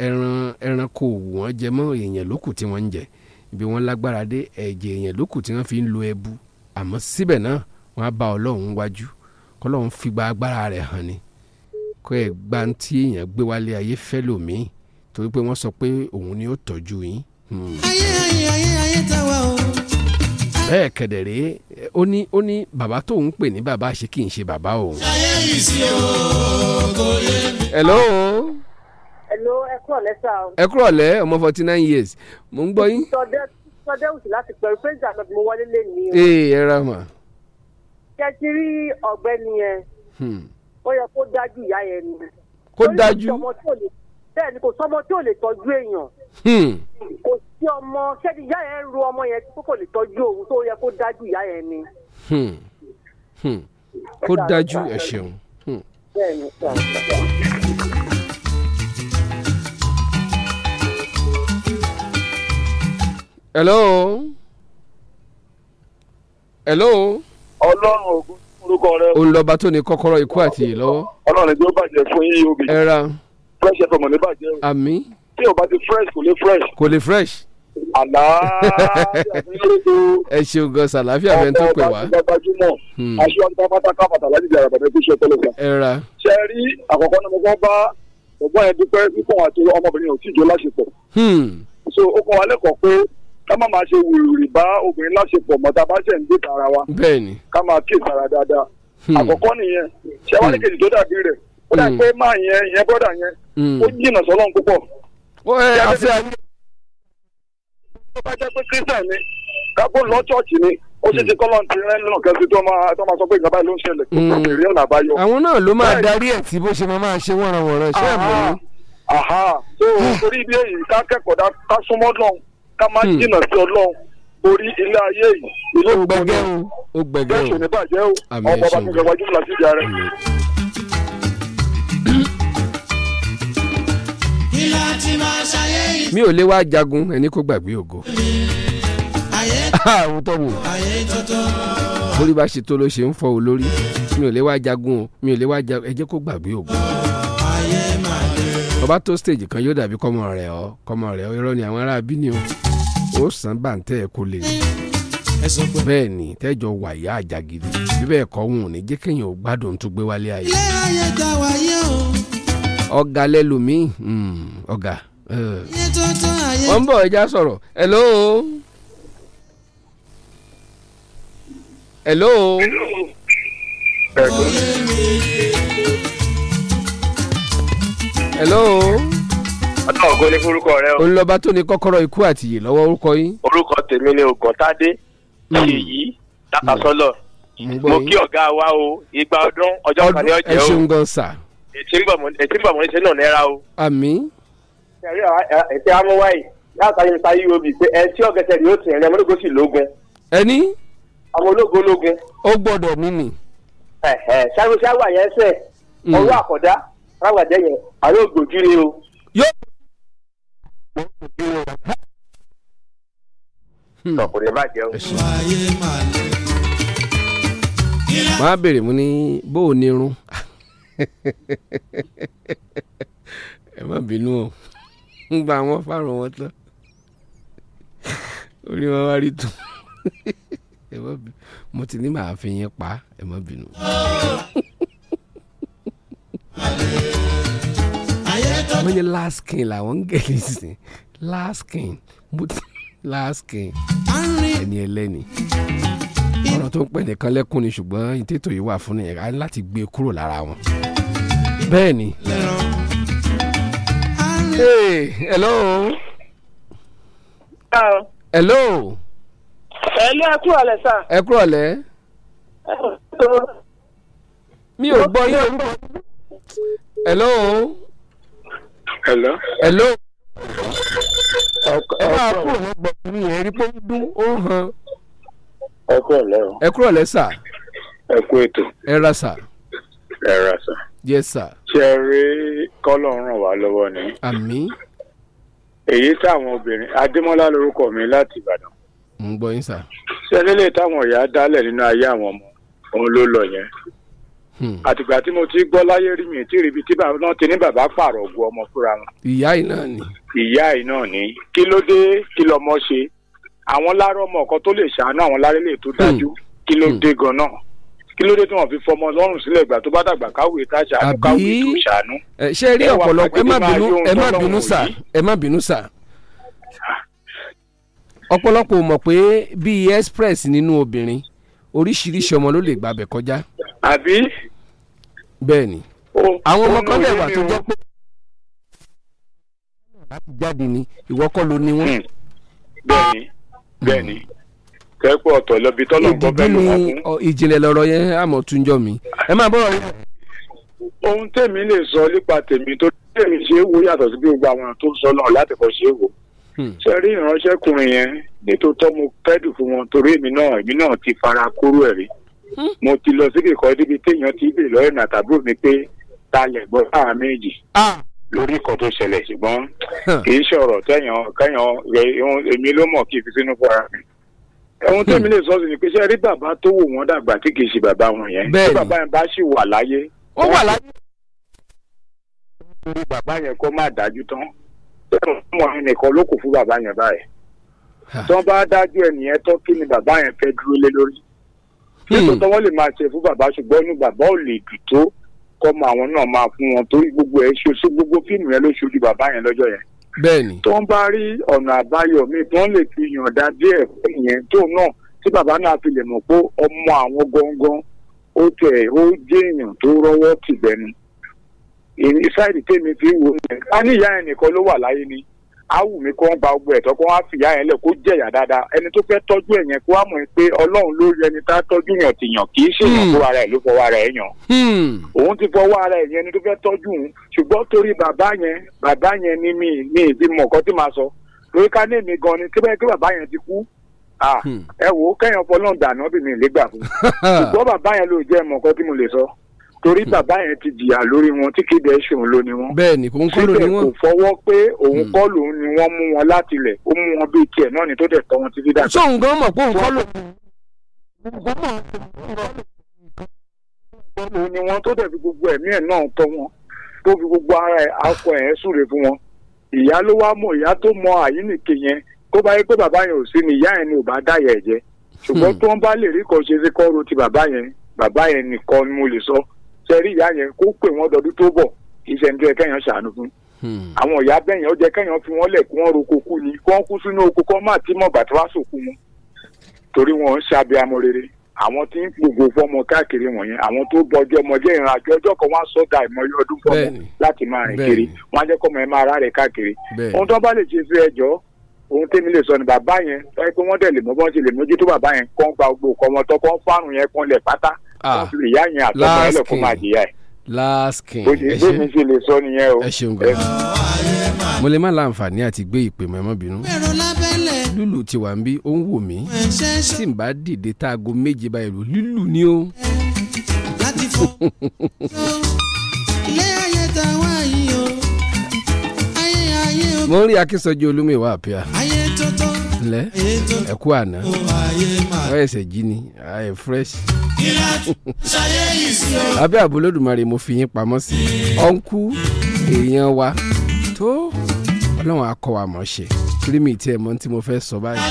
ẹran ẹranko òwò wọn jẹ mọ́ èèyàn lókù tí wọ́n ń jẹ bí wọ́n lágbára dé ẹ̀jẹ̀ èèyàn lókù tí wọ́n fi ń lo ẹbu àmọ́ síbẹ̀ náà wọ́n á bá ọlọ́run wájú kọ́lọ́run fi gba agbára rẹ̀ hàn ni kó ẹ̀ gba tí èèyàn gbé wálé ayé fẹ́ lòmíì torí pé wọ́n sọ pé òun ni ó tọ́jú yín. Hmm. ayé ayé ayé ayé tá a o. bẹ́ẹ̀ kẹ̀dẹ̀ rèé ó ní ó ní bàbá tóun pè ní bàbá ṣe kì í ṣe bàbá òun. hello. hello ẹ kúrọ̀lẹ́ sá o. ẹ kúrọ̀lẹ́ ọmọ forty nine years mo ń gbọ́ yín. sọdẹ sọdẹ òsì láti pẹ̀lú pé ìjà náà mo wọlé lé ní. ee ẹ ra mà. kẹ́sì rí ọ̀gbẹ́ni yẹn hmm. ó yẹ kó dájú ìyá yẹn ni. kó dájú. ó ìjọmọ tó lè bẹ́ẹ̀ ni kò sọ́mọ tí ò lè tọ́jú èèyàn hmm. kò sí ọmọ ṣẹ́ni ìyá yẹn ń ro ọmọ yẹn tí kò lè tọ́jú òun tó yẹ kó dájú ìyá yẹn ni. Hmm. Hmm. kó dájú ẹ ṣeun. hello hello. ọlọ́run ògùn orúkọ rẹ. òun lọ́ba tó ní kọ́kọ́rọ́ ikú àti ìlọ́wọ́. ọlọ́run ni tí ó bàjẹ́ fún yíyí obìnrin. ẹ ra fresh fm ò ní bàjẹ́ o. àmín. tí o bá ti fresh kò lè fresh. kò lè fresh. àlàáfíà mi ló tó. ẹ ṣeun gan sàlàáfíà fẹ́ tó pè wá. ọ̀pọ̀ ọba ti gbàgbájúmọ̀ hmm. aṣọ àti pátá káfàtà láti di àràbàdàn tó ṣe tẹ́lẹ̀ kan. ẹ ra. ṣe é rí àkọ́kọ́ náà mo kọ́ bá ọgbọ́n yẹn dúpẹ́ púpọ̀ àti ọmọbìnrin ò tíjọ láṣepọ̀. Hmm. so ó kọ́ wa lẹ́kọ̀ọ́ pé ká má máa ṣe wùrìwùrì bá obìnrin láṣepọ̀ mọ́ta bá ṣẹ̀ ń gbé tara wa. bẹ́ẹ̀ni. ká máa kí ìtara dáadáa. Hmm. àkọ́kọ́ nìyẹn ṣé wàá ní kejì tó dàbí rẹ̀ ó dà hmm. pé máa yẹn yẹn bọ́dà yẹn hmm. ó jìnnà sọ́lọ́n púpọ̀. yàtọ̀ tó bá jẹ́ pé christian ni kápó lọ chọ́ọ̀chì ni ó sì hmm. ti kọ́lọ́n ti rẹ́ nínú kẹ́sì tó máa tó máa sọ pé ìjọba ló ń ṣẹlẹ̀ kó tó rí ọ̀nà àbáyọ. àwọn náà ló máa darí ẹ̀ tí bó ṣe máa máa ṣe wọ̀nrànwọ̀nrán ṣé ẹ̀ mọ̀ ní. tó ah. torí ibi èyí ká kẹ́kọ̀ọ́ dá ká súnmọ́ Ọlọ́run ká má jìnnà sí Ọlọ́run orí ilé ayé yìí. ó gbẹgẹ́ o ó gbẹgẹ́ o bẹ́ẹ̀ sọ ní bàjẹ́ o ọmọ bàbá mi gbẹ wájú fúlàṣí ìjà rẹ̀ mi ò lè wá jagun ẹni kó gbàgbé ògo. àwọn tó wù. bórí bá ṣe tó ló ṣe ń fọ olórí mi ò lè wá jagun o mi ò lè wá jagun ẹ kó gbàgbé ògo. ọba tó stage kan yóò dàbí kọ́mọ rẹ̀ ọ́ kọ́mọ rẹ̀ ọ́ irọ́ ni àwọn ará bí ni o ó sàn bàǹtẹ́ ẹ̀ kó lè bẹ́ẹ̀ ni tẹ́jọ wàyà àjàgìrì bí bẹ́ẹ̀ wọn ò ní jẹ́ kéèyàn ó gbádùn tó gbé wálé ayé. ilé ayé ta wáyé ọ̀gá lẹ́lòmíì hmm, ọ̀gá. wọ́n ń bọ̀ ẹja sọ̀rọ̀ hello. hello. hello. hello ọlọ́run ògo ní forúkọ rẹ o. olùlọ́ba tó ní kọ́kọ́rọ́ ikú àti ìyè lọ́wọ́ orúkọ yín. orúkọ tèmi ni ògùntàdé hmm. ṣèyí dákàsọ́lọ̀ hmm. mo kí ọ̀gá wa o igba ọdún ọjọ́ kan ní ọjọ́ o. ẹ ṣeun gan sa. ètí ń bọ̀ mọ́ náà nẹ́ra o. àmín. ẹ̀rí ẹ̀tí amúwá yìí látàrí nípa pé ẹtí ọ̀gẹ̀tẹ̀ ni ó ti ọmọlógo sì lógun. ẹni. àwọn ó gbọ́dọ̀ mí nì. ṣáwó ṣáwó àyẹ̀ yẹn ògbójú ni o. ọkùnrin jẹun. máa mu ní bó ní ẹ má bínú o ń gba àwọn fáwọn wọn tán orí wọn wá rí tù mo ti ní màá fi yín pa ẹ má bínú. wọ́n yẹ last king làwọn ń gẹ̀lẹ́ sí last king last king ẹni ẹlẹ́ni ọ̀rọ̀ tó ń pè nìkan lẹ́kùn ni ṣùgbọ́n ìtètò yìí wà fún nìyẹn láti gbé e kúrò lára wọn. bẹ́ẹ̀ ni. hey hello. hello. hello ẹ kúrò sá. ẹ kúrò mi ò gbọ́ yín. hello. hello. hello. ẹ máa kúrò lọ́gbọ̀n mi yẹn rí pé ó dún ó hàn ẹ kúrò lẹ o. ẹ kúrò lẹ sà. ẹ kú ètò. ẹ ra sà. ẹ ra sà. yes sà. ṣe ẹ rí kọ́lọ̀ ń ràn wá lọ́wọ́ ni. àmì. èyí táwọn obìnrin adémọ́lá lorúkọ mi láti ìbàdàn. ń gbọ́ yín sà. ṣe nílé táwọn ìyá dálẹ̀ nínú ayé àwọn ọmọ òun ló lọ yẹn. Hmm. àtìgbà tí mo ti gbọ́ láyé rí mi tí ríbi tí bàbá náà ti ní bàbá pààrọ̀ ògùn ọmọ fúnra wọn. ìyá yìí àwọn lárọ ọmọ ọkọ tó lè ṣàánú àwọn lárẹ lè tó dájú hmm. kí ló hmm. dé ganan kí ló dé tí wọn fi fọmọ lọ́rùn sílẹ̀ ìgbà tó bá dàgbà káwé tá ṣàánú káwé tó ṣàánú. ṣé rí ọ̀pọ̀lọpọ̀ ẹ má bínú ẹ má bínú sà ẹ má bínú sà ọ̀pọ̀lọpọ̀ mọ̀ pé bíi express nínú obìnrin oríṣiríṣi ọmọ ló lè gbàbẹ̀ kọjá. àbí. bẹ́ẹ̀ ni àwọn ọmọ kan dẹ̀ wà tó jọ pé láti jáde ni ìwọ kọ́ ló ní wọn. Hmm. bẹ́ẹ̀ni bẹ́ẹ̀ni kẹ́kọ̀ọ́ ọ̀tọ̀ lọ́bi tọ́lọ̀ ń gbọ́ bẹ́ẹ̀ ló wà fún. ìjìnlẹ̀ lọ́rọ̀ yẹn àmọ́ tún jọ mi. ẹ máa bọ́ ọ̀rọ̀ yẹn. ohun tèmi lè sọ nípa tèmi tó tèmi ṣe é wo yàtọ̀ sí bí gbogbo àwọn tó ń sọ náà láti kọ́ ṣe é wo. Hmm. ṣe rí ìránṣẹ́kùnrin yẹn nítòótọ́ mo kẹ́dùn fún wọn torí èmi náà èmi náà ti fara kúrú ẹ̀ rí. Hmm. mo ti lọ sí kíkọ́ débi téèyàn ti bè lọ́ọ̀nà tàbí òmi pé ta lẹ̀ gbọ́ lórí nǹkan tó ṣẹlẹ̀ ṣùgbọ́n kì í ṣọ̀rọ̀ tẹ̀yàn kẹ̀yàn èmi ló mọ̀ kí n fi sínú fún ara mi. ohun tẹ́mi hmm. lè sọ sí ni pé ṣé rí bàbá tó wò wọ́n dàgbà tí kì í ṣe bàbá wọn yẹn tí bàbá yẹn bá ṣì wà láyé. ó wà láyé. irú bàbá yẹn kó má dájú tán tẹ́lẹ̀ fún wọn nìkan ló kù fún bàbá yẹn báyìí. tán bá dájú ẹnìyẹn tán kí ni bàbá yẹn fẹ́ dúró lé lórí. Hmm. nítorí tó kọ́mọ àwọn náà máa fún wọn torí gbogbo ẹ̀ ṣoṣo gbogbo fíìmù yẹn ló ṣojú bàbá yẹn lọ́jọ́ yẹn. bẹ́ẹ̀ni. tó ń bá rí ọ̀nà àbáyọ mi tó ń lè fi yànda díẹ̀ fún ìyẹn tó náà tí bàbá náà fi lè mọ̀ pé ọmọ àwọn gangan ó tẹ̀ ó jẹ́ èèyàn tó rọ́wọ́ tìbẹ̀nu. ìsáìdì tèmi fi wò ó. a ní ìyá ẹ̀ ló wà láyé ni áwù mi kó ń gba ọgbọ ẹ̀tọ́ kó wá fìyà yẹn lẹ̀ kó jẹ̀yà dáadáa ẹni tó fẹ́ tọ́jú ẹ̀ yẹn kó wá mọ̀ pé ọlọ́run ló ẹni tá tọ́jú yàn ti yàn kì í ṣe èèyàn fún hmm. ara ẹ̀ ló fọwọ́ ara ẹ̀ yàn. Hmm. òun ti fọwọ́ ara ẹ̀ yẹn ẹni tó fẹ́ tọ́jú òun ṣùgbọ́n torí bàbá yẹn bàbá yẹn ni mi mi ti mọ̀ kọ́ tí màá sọ lórí ká ní mi gan ni kí bẹ́ẹ̀ kí bàbá yẹn ti kú hmm. ẹ wò ó kẹ́yìn ọpọlọ́ọ̀dà náà bì mí lé gbà fún ṣùgbọ́n bàbá yẹn ló jẹ́ mọ̀ kọ́ tí mo lè sọ torí hmm. bàbá yẹn ti jìyà lórí wọn tí kéde ẹsùn ló ni wọn. bẹ́ẹ̀ni kò ń kúrò ní wọn. síbẹ̀ kò fọwọ́ pé òun hmm. kọ́ lòun ni wọ́n mú wọn láti lẹ̀ ó mú wọn bíi tiẹ̀ náà ni tó dẹ̀ tọ́ wọn títí dàgbà. sóun gan mọ̀ pé òun kọ́ lòun. òun kọ́ ni wọn tó dẹ̀ fi gbogbo ẹ̀mí ẹ̀ náà tọ́ wọn tó fi gbogbo ara ẹ̀ akọ ẹ̀ súre fún wọn. ìyá ló wá mọ̀ ìyá tó mọ àyínnìke yẹn tó bá yẹ pé bàbá yẹn ò sí ni ìyá yẹn ni ò bá dáyà ẹ̀ jẹ hmm. ṣùgbọ́n tó ń bá lè rí kan ṣe sí kọ́rọ̀ ti bàbá yẹn bàbá yẹn nìkan ni mo lè sọ. So sẹ́rí ìyá yẹn kó pè wọ́n dọdún tó bọ̀ ìṣẹ̀ǹdẹ̀ kẹ́yàn ṣàánú fún. Hmm. àwọn ìyá bẹ́yẹn ó jẹ́ kẹ́yàn fi wọ́n lẹ̀ kó wọ́n roko kú ni kó wọ́n kú sínú oko kó má tí mọ̀ bàtà wá sòkú wọn. torí wọn ń ṣàbẹ̀ amọ̀rere àwọn tí ń gbogbo fọmọ káàkiri wọ̀nyẹn àwọn tó bọjọ́ ọmọdé ìrìn ọjọ́ kan wá sọ́dà ìmọ̀ye ọdún fọmọ láti máa rìn kiri wọn á jẹ́ kọ́mọ ẹ̀ máa rárẹ̀ káàkiri. ohun tó bá lè ṣe sí ẹjọ́ ohun tẹ́mi lè sọ ni bàbá yẹn ẹ pé wọ́n dẹ̀ lè mọ́ bọ́n ṣe lè mójútó bàbá yẹn kán gba gbogbo ọkọ̀ wọn tọ́ kán fárùn yẹn kán lẹ̀ pátá Ah. ìyá yẹn àtọ́mọ ẹ lọ́kọ́ máa jìyà ẹ̀. laskin ẹ ṣe bómi ṣe lè sọ nìyẹn o. ẹ ṣeun gan. mo lè má láǹfààní àti gbé ìpè mọ́ ẹ mọ́ bínú. lùlù ti wà ń bí ó ń wò mí tí n bá dìde táago méje báyìí lò lùlù ni ó. mo ń rí akínsanjú olúmọ ìwà àpẹà ẹnlẹ́ ẹ̀kú àná ọ̀ ẹ̀sẹ̀ jí ni ẹ̀ fresh. abẹ́ àbúlódùmarè mo fi yín pamọ́ sí ọ̀nkú èèyàn wa tó ọlọ́run akọ wa mọ̀ ṣe kírímì tí ẹ̀ mọ́ tí mo fẹ́ sọ báyìí.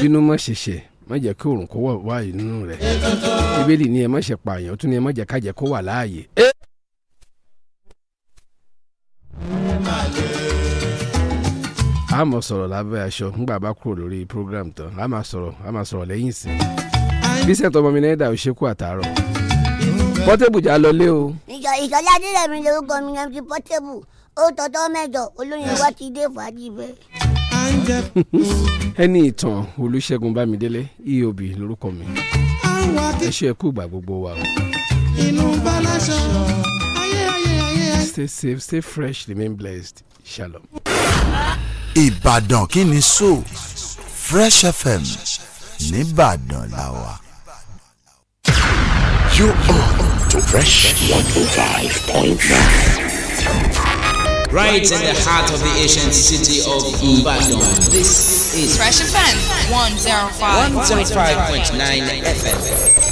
bínú mọ̀ ṣẹ̀ṣẹ̀ má jẹ́ kí oòrùn kó wà wá inú rẹ̀ bíbélì ni ẹ má ṣe pààyàn ó tún ni ẹ má jẹ́ kájẹ́ kó wà láàyè. a máa sọ̀rọ̀ lábẹ́ aṣọ nígbà bá kúrò lórí program tán a máa sọ̀rọ̀ a máa sọ̀rọ̀ lẹ́yìn sí i bísẹ̀ tọmọ mi náà dà ó ṣekú àtàárọ̀ Portable já lọlé o. ìjọ ìjọlá adílẹ̀ mi lórúkọ mi náà ti Portable ó tọ́tọ́ mẹ́jọ olóyin wá ti dé fàájì bẹ́ẹ̀. ẹni ìtàn Olúṣẹ́gun Bámidélé EOB lórúkọ mi ẹ ṣe ẹkú ìgbà gbogbo wa o. inú bá ayé ayé ayé. stay safe stay fresh remain blessed shalom. Ìbàdàn kí ni so Fresh FM nìbàdàn la wà. You are to Fresh 105.9. Right in the heart of the ancient city of Ibadan. This is Fresh FM 105.9 FM.